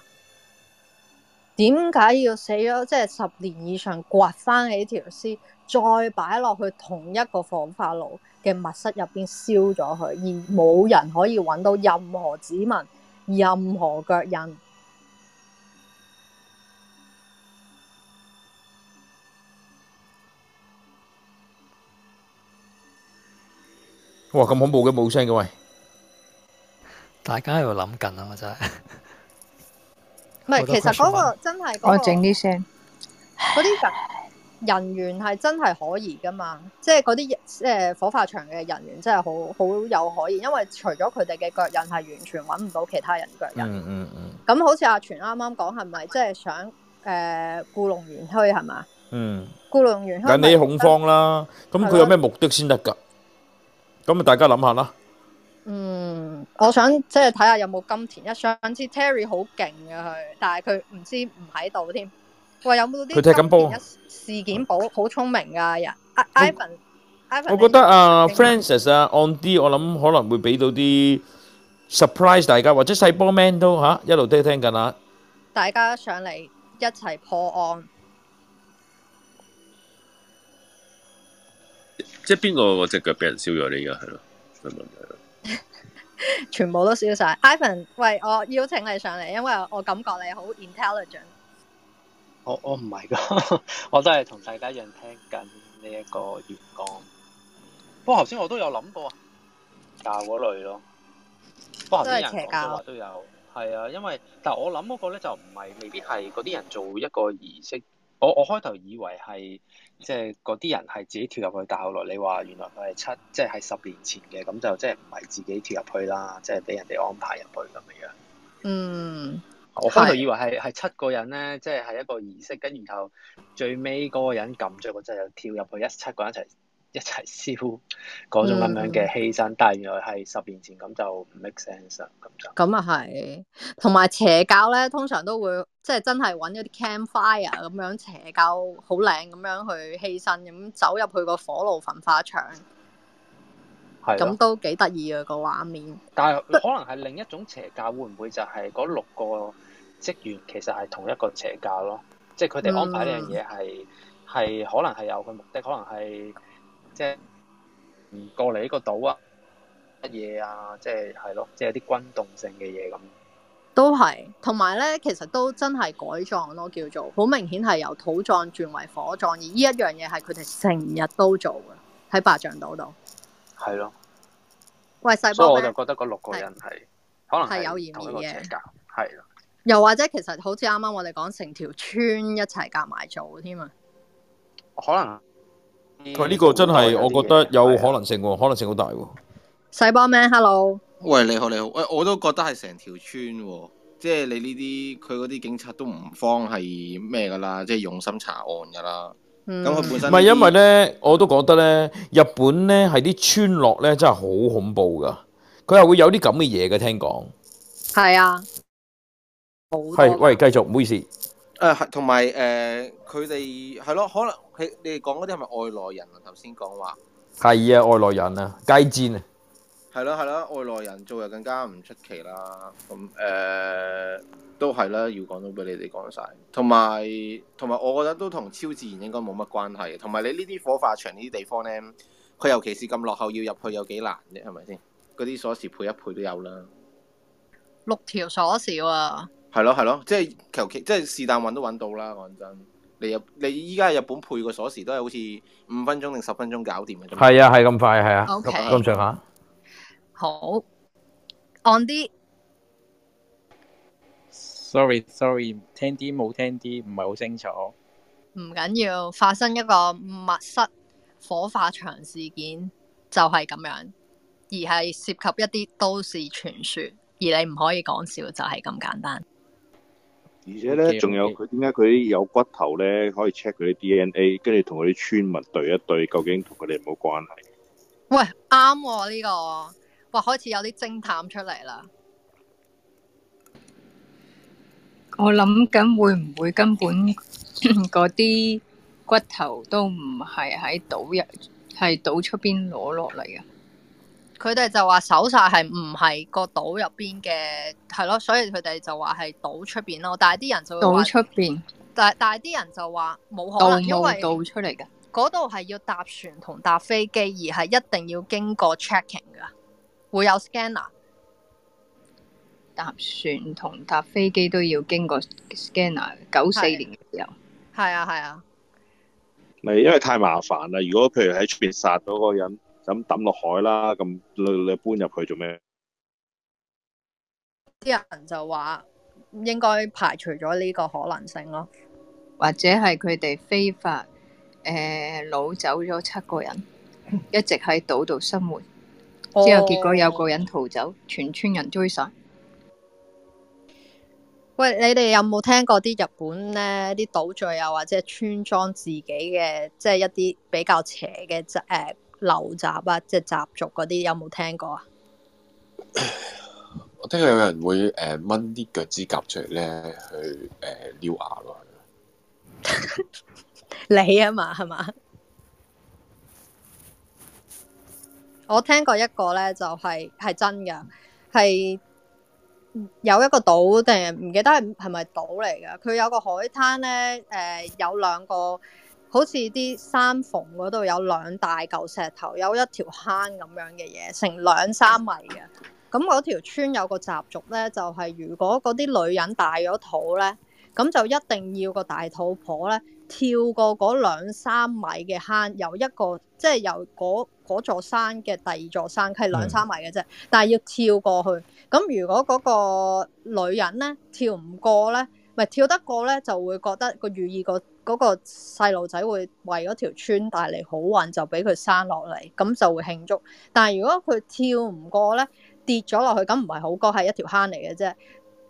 點解要死咗？即係十年以上刮翻起條屍，再擺落去同一個火化爐嘅密室入邊燒咗佢，而冇人可以揾到任何指紋、任何腳印。哇！咁恐怖嘅叫聲嘅喂，大家喺度諗緊啊！我真係。唔係，其實嗰個真係嗰、嗰個、我整啲聲。嗰啲人員係真係可疑噶嘛？即係嗰啲，即係火化場嘅人員真係好好有可疑，因為除咗佢哋嘅腳印係完全揾唔到其他人腳印。嗯嗯咁好似阿全啱啱講，係咪即係想誒故弄玄虛係嘛？嗯。故、嗯呃、弄玄虛。但你、嗯、恐慌啦，咁佢有咩目的先得噶？咁啊，大家諗下啦。嗯，我想即係睇下有冇金田一。想知 Terry。Terry 好勁嘅佢，但係佢唔知唔喺度添。喂，有冇啲金田一事件簿好聰明嘅人？Ivan，Ivan 我覺得啊 Francis 啊、嗯、，On D，我諗可能會俾到啲 surprise 大家，或者細波 man 都吓、啊，一路都係聽緊啦。大家上嚟一齊破案，即係邊、邊個隻腳俾人燒咗？呢個係咯，唔全部都燒晒，Ivan，喂，我邀請你上嚟，因為我我感覺你好 intelligent。我我唔係噶，我都係同大家一樣聽緊呢一個月光。不過頭先我都有諗過教嗰類咯，不過邪教嘅話都有，係啊，因為但係我諗嗰個咧就唔係，未必係嗰啲人做一個儀式。我我開頭以為係即係嗰啲人係自己跳入去，但後來，你話原來佢係七，即係喺十年前嘅，咁就即係唔係自己跳入去啦，即係俾人哋安排入去咁樣。嗯，我開頭以為係係七個人咧，即係係一個儀式，跟然後最尾嗰個人撳著個掣又跳入去，一七個人一齊。一齊燒嗰種咁樣嘅犧牲，嗯、但係原來係十年前咁就唔 make sense 啦，咁就咁啊，係同埋邪教咧，通常都會即係真係揾一啲 camp fire 咁樣邪教好靚咁樣去犧牲，咁走入去個火爐焚化場，係咁都幾得意啊個畫面。但係可能係另一種邪教，會唔會就係嗰六個職員其實係同一個邪教咯？即係佢哋安排呢樣嘢係係可能係有佢目的，可能係。即係唔過嚟呢個島啊，乜嘢啊？即係係咯，即係啲軍動性嘅嘢咁。都係，同埋咧，其實都真係改葬咯，叫做好明顯係由土葬轉為火葬，而呢一樣嘢係佢哋成日都做嘅喺白象島度。係咯，喂，細波，所以我就覺得嗰六個人係可能係有嫌疑一個嘅，格，係咯。又或者其實好似啱啱我哋講，成條村一齊夾埋做添啊？可能。佢、這、呢個真係，我覺得有可能性，可能性好大。細波咩？Hello，喂，你好，你好。誒、就是就是嗯，我都覺得係成條村，即係你呢啲，佢嗰啲警察都唔慌係咩噶啦，即係用心查案噶啦。咁佢本身唔係因為咧，我都覺得咧，日本咧係啲村落咧真係好恐怖噶，佢係會有啲咁嘅嘢嘅，聽講。係啊，好。係喂，繼續，唔好意思。誒、啊，同埋誒，佢哋係咯，可能佢你哋講嗰啲係咪外來人啊？頭先講話係啊，外來人啊，街戰啊，係咯係咯，外來人做又更加唔出奇啦。咁誒、呃，都係啦，要講都俾你哋講晒。同埋同埋，我覺得都同超自然應該冇乜關係。同埋你呢啲火化場呢啲地方咧，佢尤其是咁落後，要入去有幾難啫，係咪先？嗰啲鎖匙配一配都有啦，六條鎖匙啊！係咯，係咯，即係求其，即係是但揾都揾到啦。講真，你日你依家日本配個鎖匙都係好似五分鐘定十分鐘搞掂嘅啫。係啊，係咁快，係啊，咁上下好。按啲，sorry，sorry，聽啲冇聽啲，唔係好清楚。唔緊要，發生一個密室火化場事件就係咁樣，而係涉及一啲都市傳說，而你唔可以講笑，就係咁簡單。而且咧，仲有佢點解佢有骨頭咧？可以 check 佢啲 DNA，跟住同佢啲村民對一對，究竟同佢哋有冇關係？喂，啱喎呢個，哇，開始有啲偵探出嚟啦！我諗緊會唔會根本嗰啲 骨頭都唔係喺島入，係島出邊攞落嚟啊？佢哋就話搜晒係唔係個島入邊嘅係咯，所以佢哋就話係島出邊咯。但係啲人就話島出邊，但係但係啲人就話冇可能，島島因為島出嚟嘅嗰度係要搭船同搭飛機，而係一定要經過 checking 噶，會有 scanner。搭船同搭飛機都要經過 scanner。九四年嘅時候，係啊係啊。咪、啊、因為太麻煩啦！如果譬如喺出邊殺咗個人。咁抌落海啦，咁你你搬入去做咩？啲人就話應該排除咗呢個可能性咯，或者係佢哋非法誒擄、呃、走咗七個人， 一直喺島度生活，之後結果有個人逃走，oh. 全村人追上。喂，你哋有冇聽過啲日本咧、啊？啲島嶼又或者村莊自己嘅，即、就、係、是、一啲比較邪嘅，誒、呃。流習啊，即係習俗嗰啲有冇聽過啊？我聽過有人會誒掹啲腳趾甲出嚟咧，去誒撩、呃、牙咯。 你啊嘛，係嘛？我聽過一個咧，就係、係、係真嘅，係有一個島定係唔記得係係咪島嚟㗎？佢有個海灘咧，誒、呃、有兩個。好似啲山峯嗰度有兩大嚿石頭，有一條坑咁樣嘅嘢，成兩三米嘅。咁嗰條村有個習俗咧，就係、是、如果嗰啲女人大咗肚咧，咁就一定要個大肚婆咧跳過嗰兩三米嘅坑。由一個即係由嗰嗰座山嘅第二座山，係兩三米嘅啫。嗯、但係要跳過去。咁如果嗰個女人咧跳唔過咧？咪跳得過咧，就會覺得個寓意個嗰個細路仔會為嗰條村帶嚟好運，就俾佢生落嚟，咁就會慶祝。但係如果佢跳唔過咧，跌咗落去，咁唔係好過，係一條坑嚟嘅啫。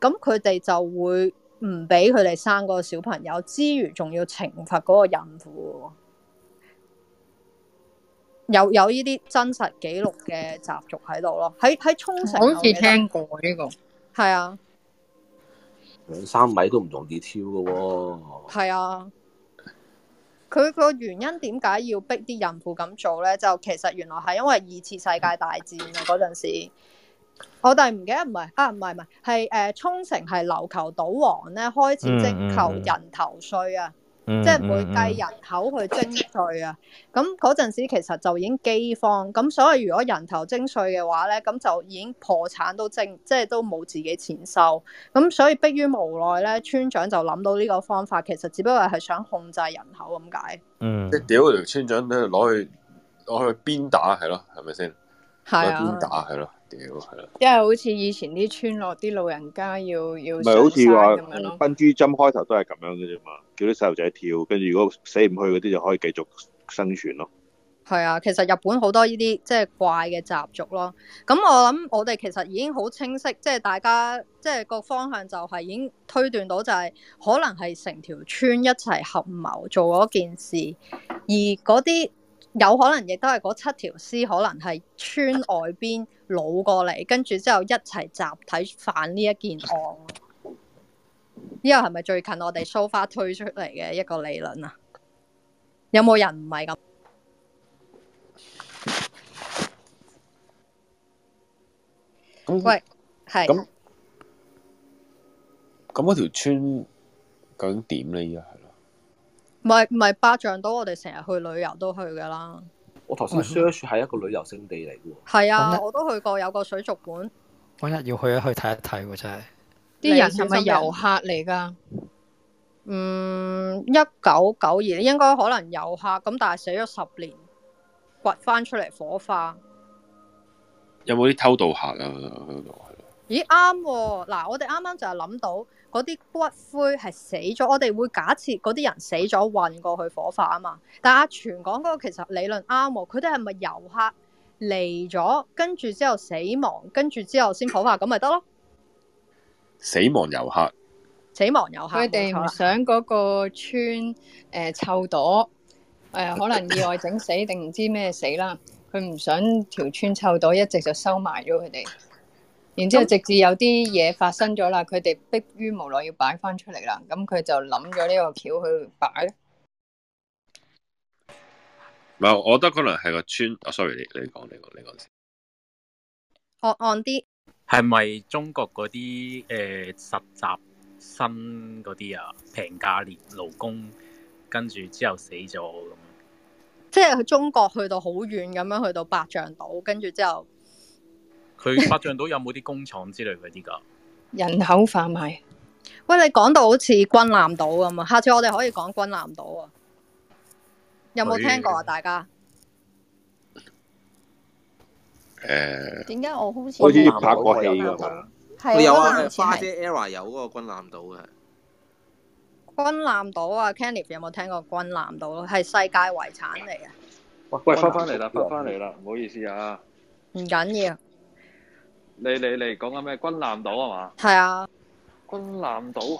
咁佢哋就會唔俾佢哋生嗰個小朋友，之餘仲要懲罰嗰個孕婦。有有呢啲真實記錄嘅習俗喺度咯，喺喺沖繩好似聽過呢個，係啊。兩三米都唔容易挑嘅喎，係啊！佢個原因點解要逼啲孕婦咁做咧？就其實原來係因為二次世界大戰啊嗰陣時，我哋唔記得唔係啊唔係唔係係誒沖繩係琉球島王咧開始徵求人頭稅啊！嗯嗯嗯嗯嗯嗯、即係唔會計人口去徵稅啊，咁嗰陣時其實就已經饑荒，咁所以如果人頭徵稅嘅話咧，咁就已經破產都徵，即係都冇自己錢收，咁所以迫於無奈咧，村長就諗到呢個方法，其實只不過係想控制人口咁解。嗯，即係屌條村長攞去攞去鞭打係咯，係咪先？係啊，鞭打係咯。因為好似以前啲村落啲老人家要要唔係好似話分豬針開頭都係咁樣嘅啫嘛，叫啲細路仔跳，跟住如果死唔去嗰啲就可以繼續生存咯。係啊，其實日本好多呢啲即係怪嘅習俗咯。咁我諗我哋其實已經好清晰，即係大家即係個方向就係已經推斷到，就係可能係成條村一齊合謀做嗰件事，而嗰啲。有可能亦都係嗰七條屍可能係村外邊老過嚟，跟住之後一齊集體犯呢一件案件。呢個係咪最近我哋蘇花推出嚟嘅一個理論啊？有冇人唔係咁？喂，係咁咁嗰條村究竟點呢？依家係？唔係唔係，八丈島我哋成日去旅遊都去噶啦。我頭先 search 係一個旅遊勝地嚟嘅。係啊，我都去過，有個水族館。嗰日，要去一去睇一睇，真係。啲人係咪遊客嚟噶？嗯，一九九二應該可能遊客，咁但係死咗十年，掘翻出嚟火化。有冇啲偷渡客啊？咦啱喎！嗱、哦，我哋啱啱就係諗到。嗰啲骨灰係死咗，我哋會假設嗰啲人死咗運過去火化啊嘛。但阿全講嗰個其實理論啱喎，佢哋係咪遊客嚟咗，跟住之後死亡，跟住之後先火化咁咪得咯？死亡遊客，死亡遊客，佢哋唔想嗰個村誒、呃、臭朵誒、呃，可能意外整死定唔 知咩死啦。佢唔想條村臭朵，一直就收埋咗佢哋。然之後，直至有啲嘢發生咗啦，佢哋迫於無奈要擺翻出嚟啦。咁佢就諗咗呢個橋去擺。唔、嗯、係，我覺得可能係個村。啊、oh，sorry，你你講，你講，你講先。我按啲係咪中國嗰啲誒實習生嗰啲啊，平價列勞工，跟住之後死咗咁。即係佢中國去到好遠咁樣，去到百丈島，跟住之後。佢發象島有冇啲工廠之類嗰啲噶？ 人口販賣。喂，你講到好似軍艦島咁啊！下次我哋可以講軍艦島啊！有冇聽過啊？欸、大家？誒、欸。點解我好似拍過戲噉？係啊，啊，花姐 Era 有嗰個軍艦島嘅。軍艦島啊 k e n d y 有冇聽過軍艦島咯？係世界遺產嚟啊！喂，返翻嚟啦，返翻嚟啦，唔、啊、好意思啊。唔緊要。你你你講緊咩？軍艦島啊？嘛？係啊，軍艦島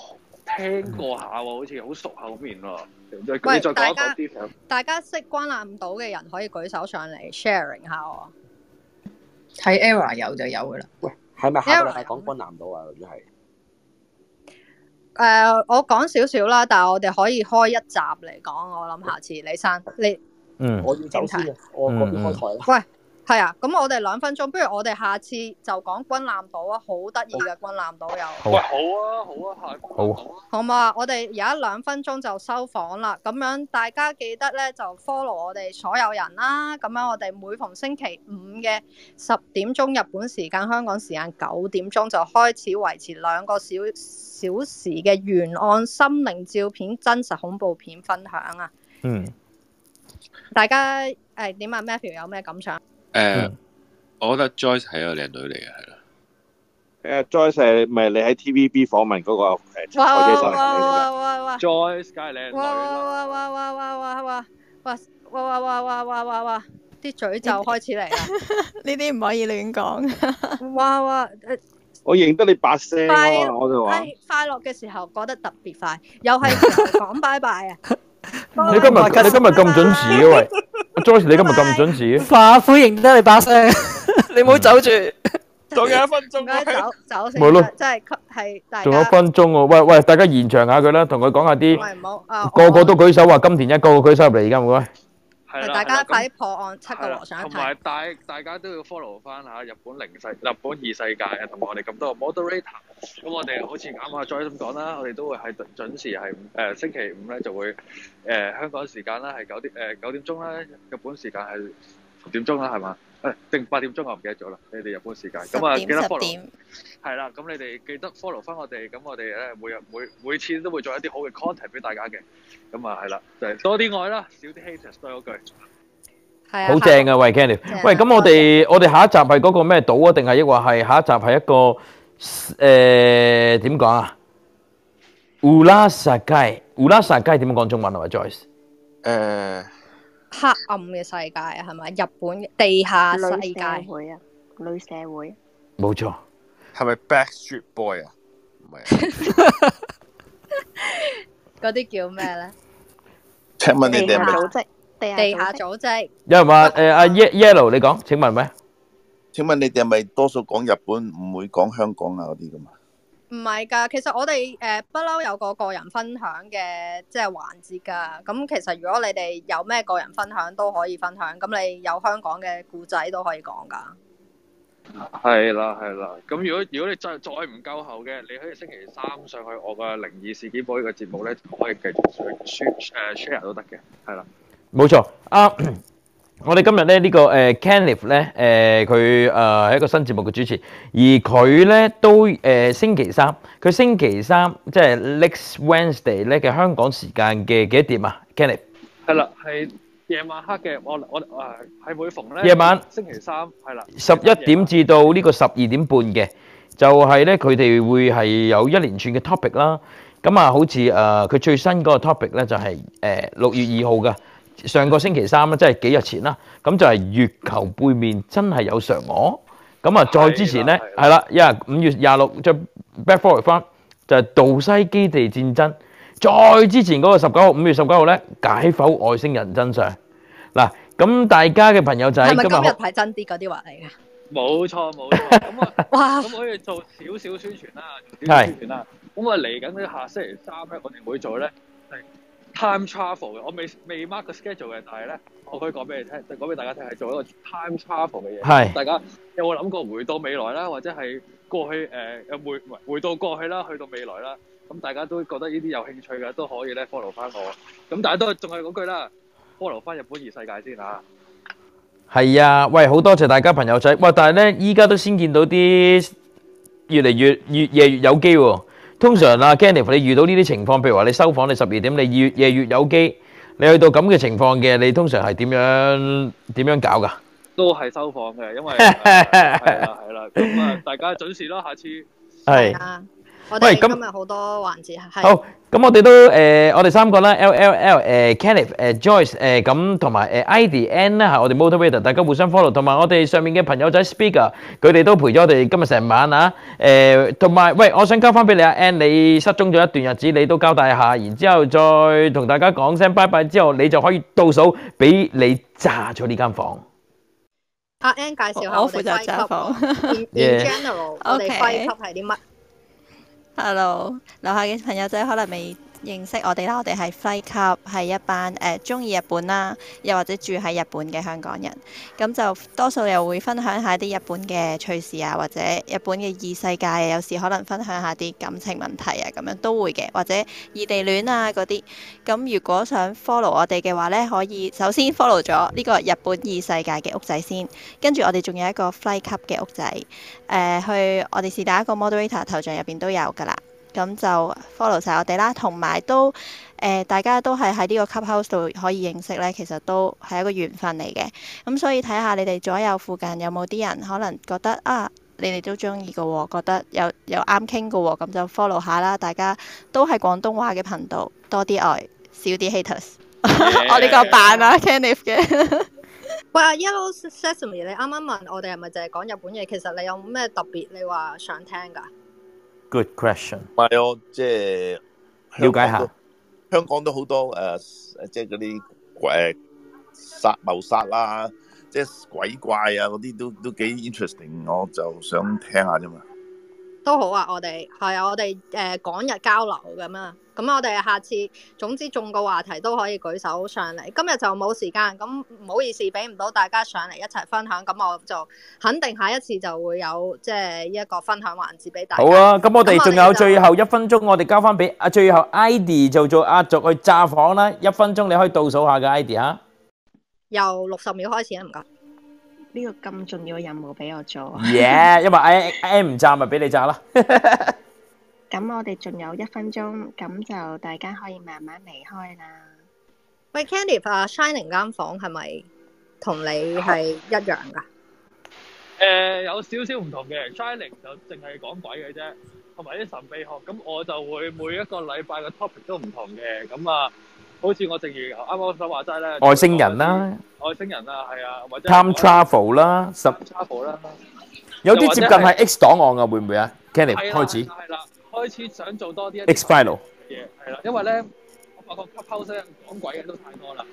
聽過下喎，好似好熟口面喎。你再講啲，大家,大家識軍艦島嘅人可以舉手上嚟 sharing 下我。睇 Era 有就有噶啦。喂，係咪下個？係講軍艦島啊？或者係，誒、呃，我講少少啦，但係我哋可以開一集嚟講。我諗下次李生，你,嗯,你嗯，我要走先，我嗰邊開台啦、嗯。喂。係啊，咁我哋兩分鐘，不如我哋下次就講軍艦島啊，好得意嘅軍艦島有啊，好啊，好啊，下好好啊，我哋而家兩分鐘就收房啦。咁樣大家記得咧就 follow 我哋所有人啦。咁樣我哋每逢星期五嘅十點鐘日本時間，香港時間九點鐘就開始維持兩個小小時嘅沿岸心靈照片真實恐怖片分享啊。嗯，大家誒點啊，Matthew 有咩感想？誒、嗯 uh，我覺得 Joyce 係個靚女嚟嘅，係、yes. 啦、uh, 那個。誒，Joyce 係咪你喺 TVB 訪問嗰個誒？哇哇哇哇哇！Joyce 梗係靚女啦。哇哇哇哇哇哇哇哇哇哇哇哇哇哇！啲嘴就開始嚟啦，呢啲唔可以亂講。哇哇！我認得你把聲、啊，我就話。係 快樂嘅時候過得特別快，又係講拜拜啊！ 你今日我拍 awl 你，今 你今日咁準時嘅喂？ 阿 Jo 你今日咁唔準時啊！化灰認得你把聲， 你唔好走住。仲、嗯、 有一分鐘，大家走走成日，真係吸係。仲有一分鐘喎，喂喂，大家延長下佢啦，同佢講下啲。唔好、啊，個個都舉手話金田一，個個，個舉手入嚟，而家唔該。係大家快啲破案，七個和尚，同埋大大家都要 follow 翻嚇日本零世、日本二世界啊，同埋我哋咁多 moderator。咁我哋好似啱啱阿 Jo 咁講啦，我哋都會係準時係誒、呃、星期五咧就會誒、呃、香港時間啦係九點誒九、呃、點鐘啦，日本時間係十點鐘啦，係嘛？定八點鐘我唔記得咗啦，你哋日本時間。咁啊，記得 follow，係啦。咁你哋記得 follow 翻我哋，咁我哋咧每日每每次都會做一啲好嘅 content 俾大家嘅。咁啊係啦，就係多啲愛啦，少啲 hater。s 多一句，係、啊、好正啊。喂 Kenley 喂，咁我哋我哋下一集係嗰個咩島啊？定係抑或係下一集係一個誒點講啊？烏拉沙雞，烏拉沙雞點講中文啊？Joyce，誒、呃。黑暗嘅世界啊，係咪？日本地下世界，女社會啊，女社會。冇錯，係咪 Backstreet Boy 啊？唔係，嗰啲叫咩咧？請問你哋係咪組織？地下組織。有人話誒，阿 Yellow，你講，請問咩？請問你哋係咪多數講日本，唔會講香港啊嗰啲噶嘛？唔係噶，其實我哋誒不嬲有個個人分享嘅即係環節噶。咁其實如果你哋有咩個人分享都可以分享。咁你有香港嘅故仔都可以講噶。係啦，係啦。咁如果如果你再再唔夠喉嘅，你可以星期三上去我嘅《靈異事件簿》呢個節目咧，就可以繼續去宣誒 share 都得嘅。係啦，冇錯，啱。 我哋今日咧呢、這個誒 Kenneth 咧誒佢、呃、誒係一個新節目嘅主持，而佢咧都誒、呃、星期三，佢星期三即係 next Wednesday 咧嘅香港時間嘅幾多點啊？Kenneth 係啦，係夜晚黑嘅，我我誒係每逢咧夜晚星期三係啦，十一點至到呢個十二點半嘅，就係咧佢哋會係有一連串嘅 topic 啦。咁啊，好似誒佢最新嗰個 topic 咧就係誒六月二號嘅。上個星期三啦，即係幾日前啦，咁就係月球背面真係有嫦娥。咁啊，再之前咧，係啦，因為五月廿六就 back fall 翻，就係道西基地戰爭。再之前嗰個十九號，五月十九號咧，解剖外星人真相。嗱，咁大家嘅朋友仔，係係今日排真啲嗰啲話嚟嘅。冇錯冇錯。哇！咁 可以做少少宣傳啦， 少少宣傳啦。咁啊，嚟緊呢下星期三咧，我哋會做咧。Time travel 嘅，我未未 mark 個 schedule 嘅，但係咧，我可以講俾你聽，就講俾大家聽，係做一個 time travel 嘅嘢。係，大家有冇諗過回到未來啦，或者係過去誒誒、呃、回回到過去啦，去到未來啦？咁、嗯、大家都覺得呢啲有興趣嘅，都可以咧 follow 翻我。咁大家都仲係嗰句啦，follow 翻日本異世界先嚇、啊。係啊，喂，好多謝大家朋友仔。喂，但係咧，依家都先見到啲越嚟越越，越夜越有機喎。通常啊，Kenneth，你遇到呢啲情況，譬如話你收房，你十二點，你越夜越有機，你去到咁嘅情況嘅，你通常係點樣點樣搞㗎？都係收房嘅，因為係啦係啦，咁啊大家準時咯，下次係。喂，今日好多環節係。好，咁我哋都誒，我哋三個啦，L L L，誒 Kenneth，誒 Joyce，誒咁同埋誒 I D N 啦，嚇我哋 Motivator，大家互相 follow，同埋我哋上面嘅朋友仔 Speaker，佢哋都陪咗我哋今日成晚啊。誒同埋，喂，我想交翻俾你啊，N，你失蹤咗一段日子，你都交代下，然之後再同大家講聲拜拜之後，你就可以倒數俾你炸咗呢間房。阿 N 介紹下我哋。我負責揸房。In general，我哋輝級係啲乜？Hello，樓下嘅朋友仔可能未認識我哋啦，我哋係 Fly cup，係一班誒中意日本啦，又或者住喺日本嘅香港人。咁就多數又會分享下啲日本嘅趣事啊，或者日本嘅異世界啊。有時可能分享下啲感情問題啊，咁樣都會嘅，或者異地戀啊嗰啲。咁如果想 follow 我哋嘅話呢，可以首先 follow 咗呢個日本異世界嘅屋仔先，跟住我哋仲有一個 Fly cup 嘅屋仔，呃、去我哋是第一個 moderator 頭像入面都有噶啦。咁就 follow 曬我哋啦，同埋都誒、呃，大家都係喺呢個 clubhouse 度可以認識呢，其實都係一個緣分嚟嘅。咁所以睇下你哋左右附近有冇啲人，可能覺得啊，你哋都中意嘅喎，覺得有又啱傾嘅喎，咁就 follow 下啦。大家都係廣東話嘅頻道，多啲愛，少啲 haters。Yeah, yeah, yeah. 我呢個扮啊 Kenneth 嘅。哇 ，Yellow Sesame，你啱啱問我哋係咪淨係講日本嘢，其實你有咩特別？你話想聽㗎？Good question，唔係即係了解下。香港都好多誒，即係嗰啲誒殺謀殺啦，即係鬼怪啊嗰啲，都都幾 interesting，我就想聽下啫嘛。都好啊，我哋係啊，我哋誒港日交流咁啊。咁我哋下次，總之中個話題都可以舉手上嚟。今日就冇時間，咁唔好意思俾唔到大家上嚟一齊分享。咁我就肯定下一次就會有即係一個分享環節俾大家。好啊，咁我哋仲有最後一分鐘，我哋交翻俾阿最後 Idy 就做壓軸去炸房啦。一分鐘你可以倒數下嘅 Idy 啊，由六十秒開始啦，唔該。呢個咁重要嘅任務俾我做，耶！因為 I M 唔炸咪俾你炸啦。咁我哋仲有一分鐘，咁就大家可以慢慢離開啦。喂，Candice 啊，Shining 間房係咪同你係一樣噶？誒，有少少唔同嘅，Shining 就淨係講鬼嘅啫，同埋啲神秘學。咁我就會每一個禮拜嘅 topic 都唔同嘅。咁啊，好似我正如啱啱所話齋啦，外星人啦，外星人啊，係啊，或者 time travel 啦，time travel 啦，有啲接近係 X 檔案啊，會唔會啊？Candice 開始。開始想做多啲 X final 嘢，係啦，因為咧，我發覺 p r 聲講鬼嘅都太多啦。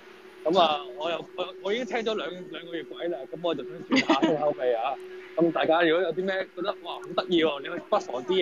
咁啊，我又我我已經聽咗兩兩個月鬼啦，咁我就想轉下啲口味啊。咁大家如果有啲咩覺得哇好得意喎，你可以不傻啲。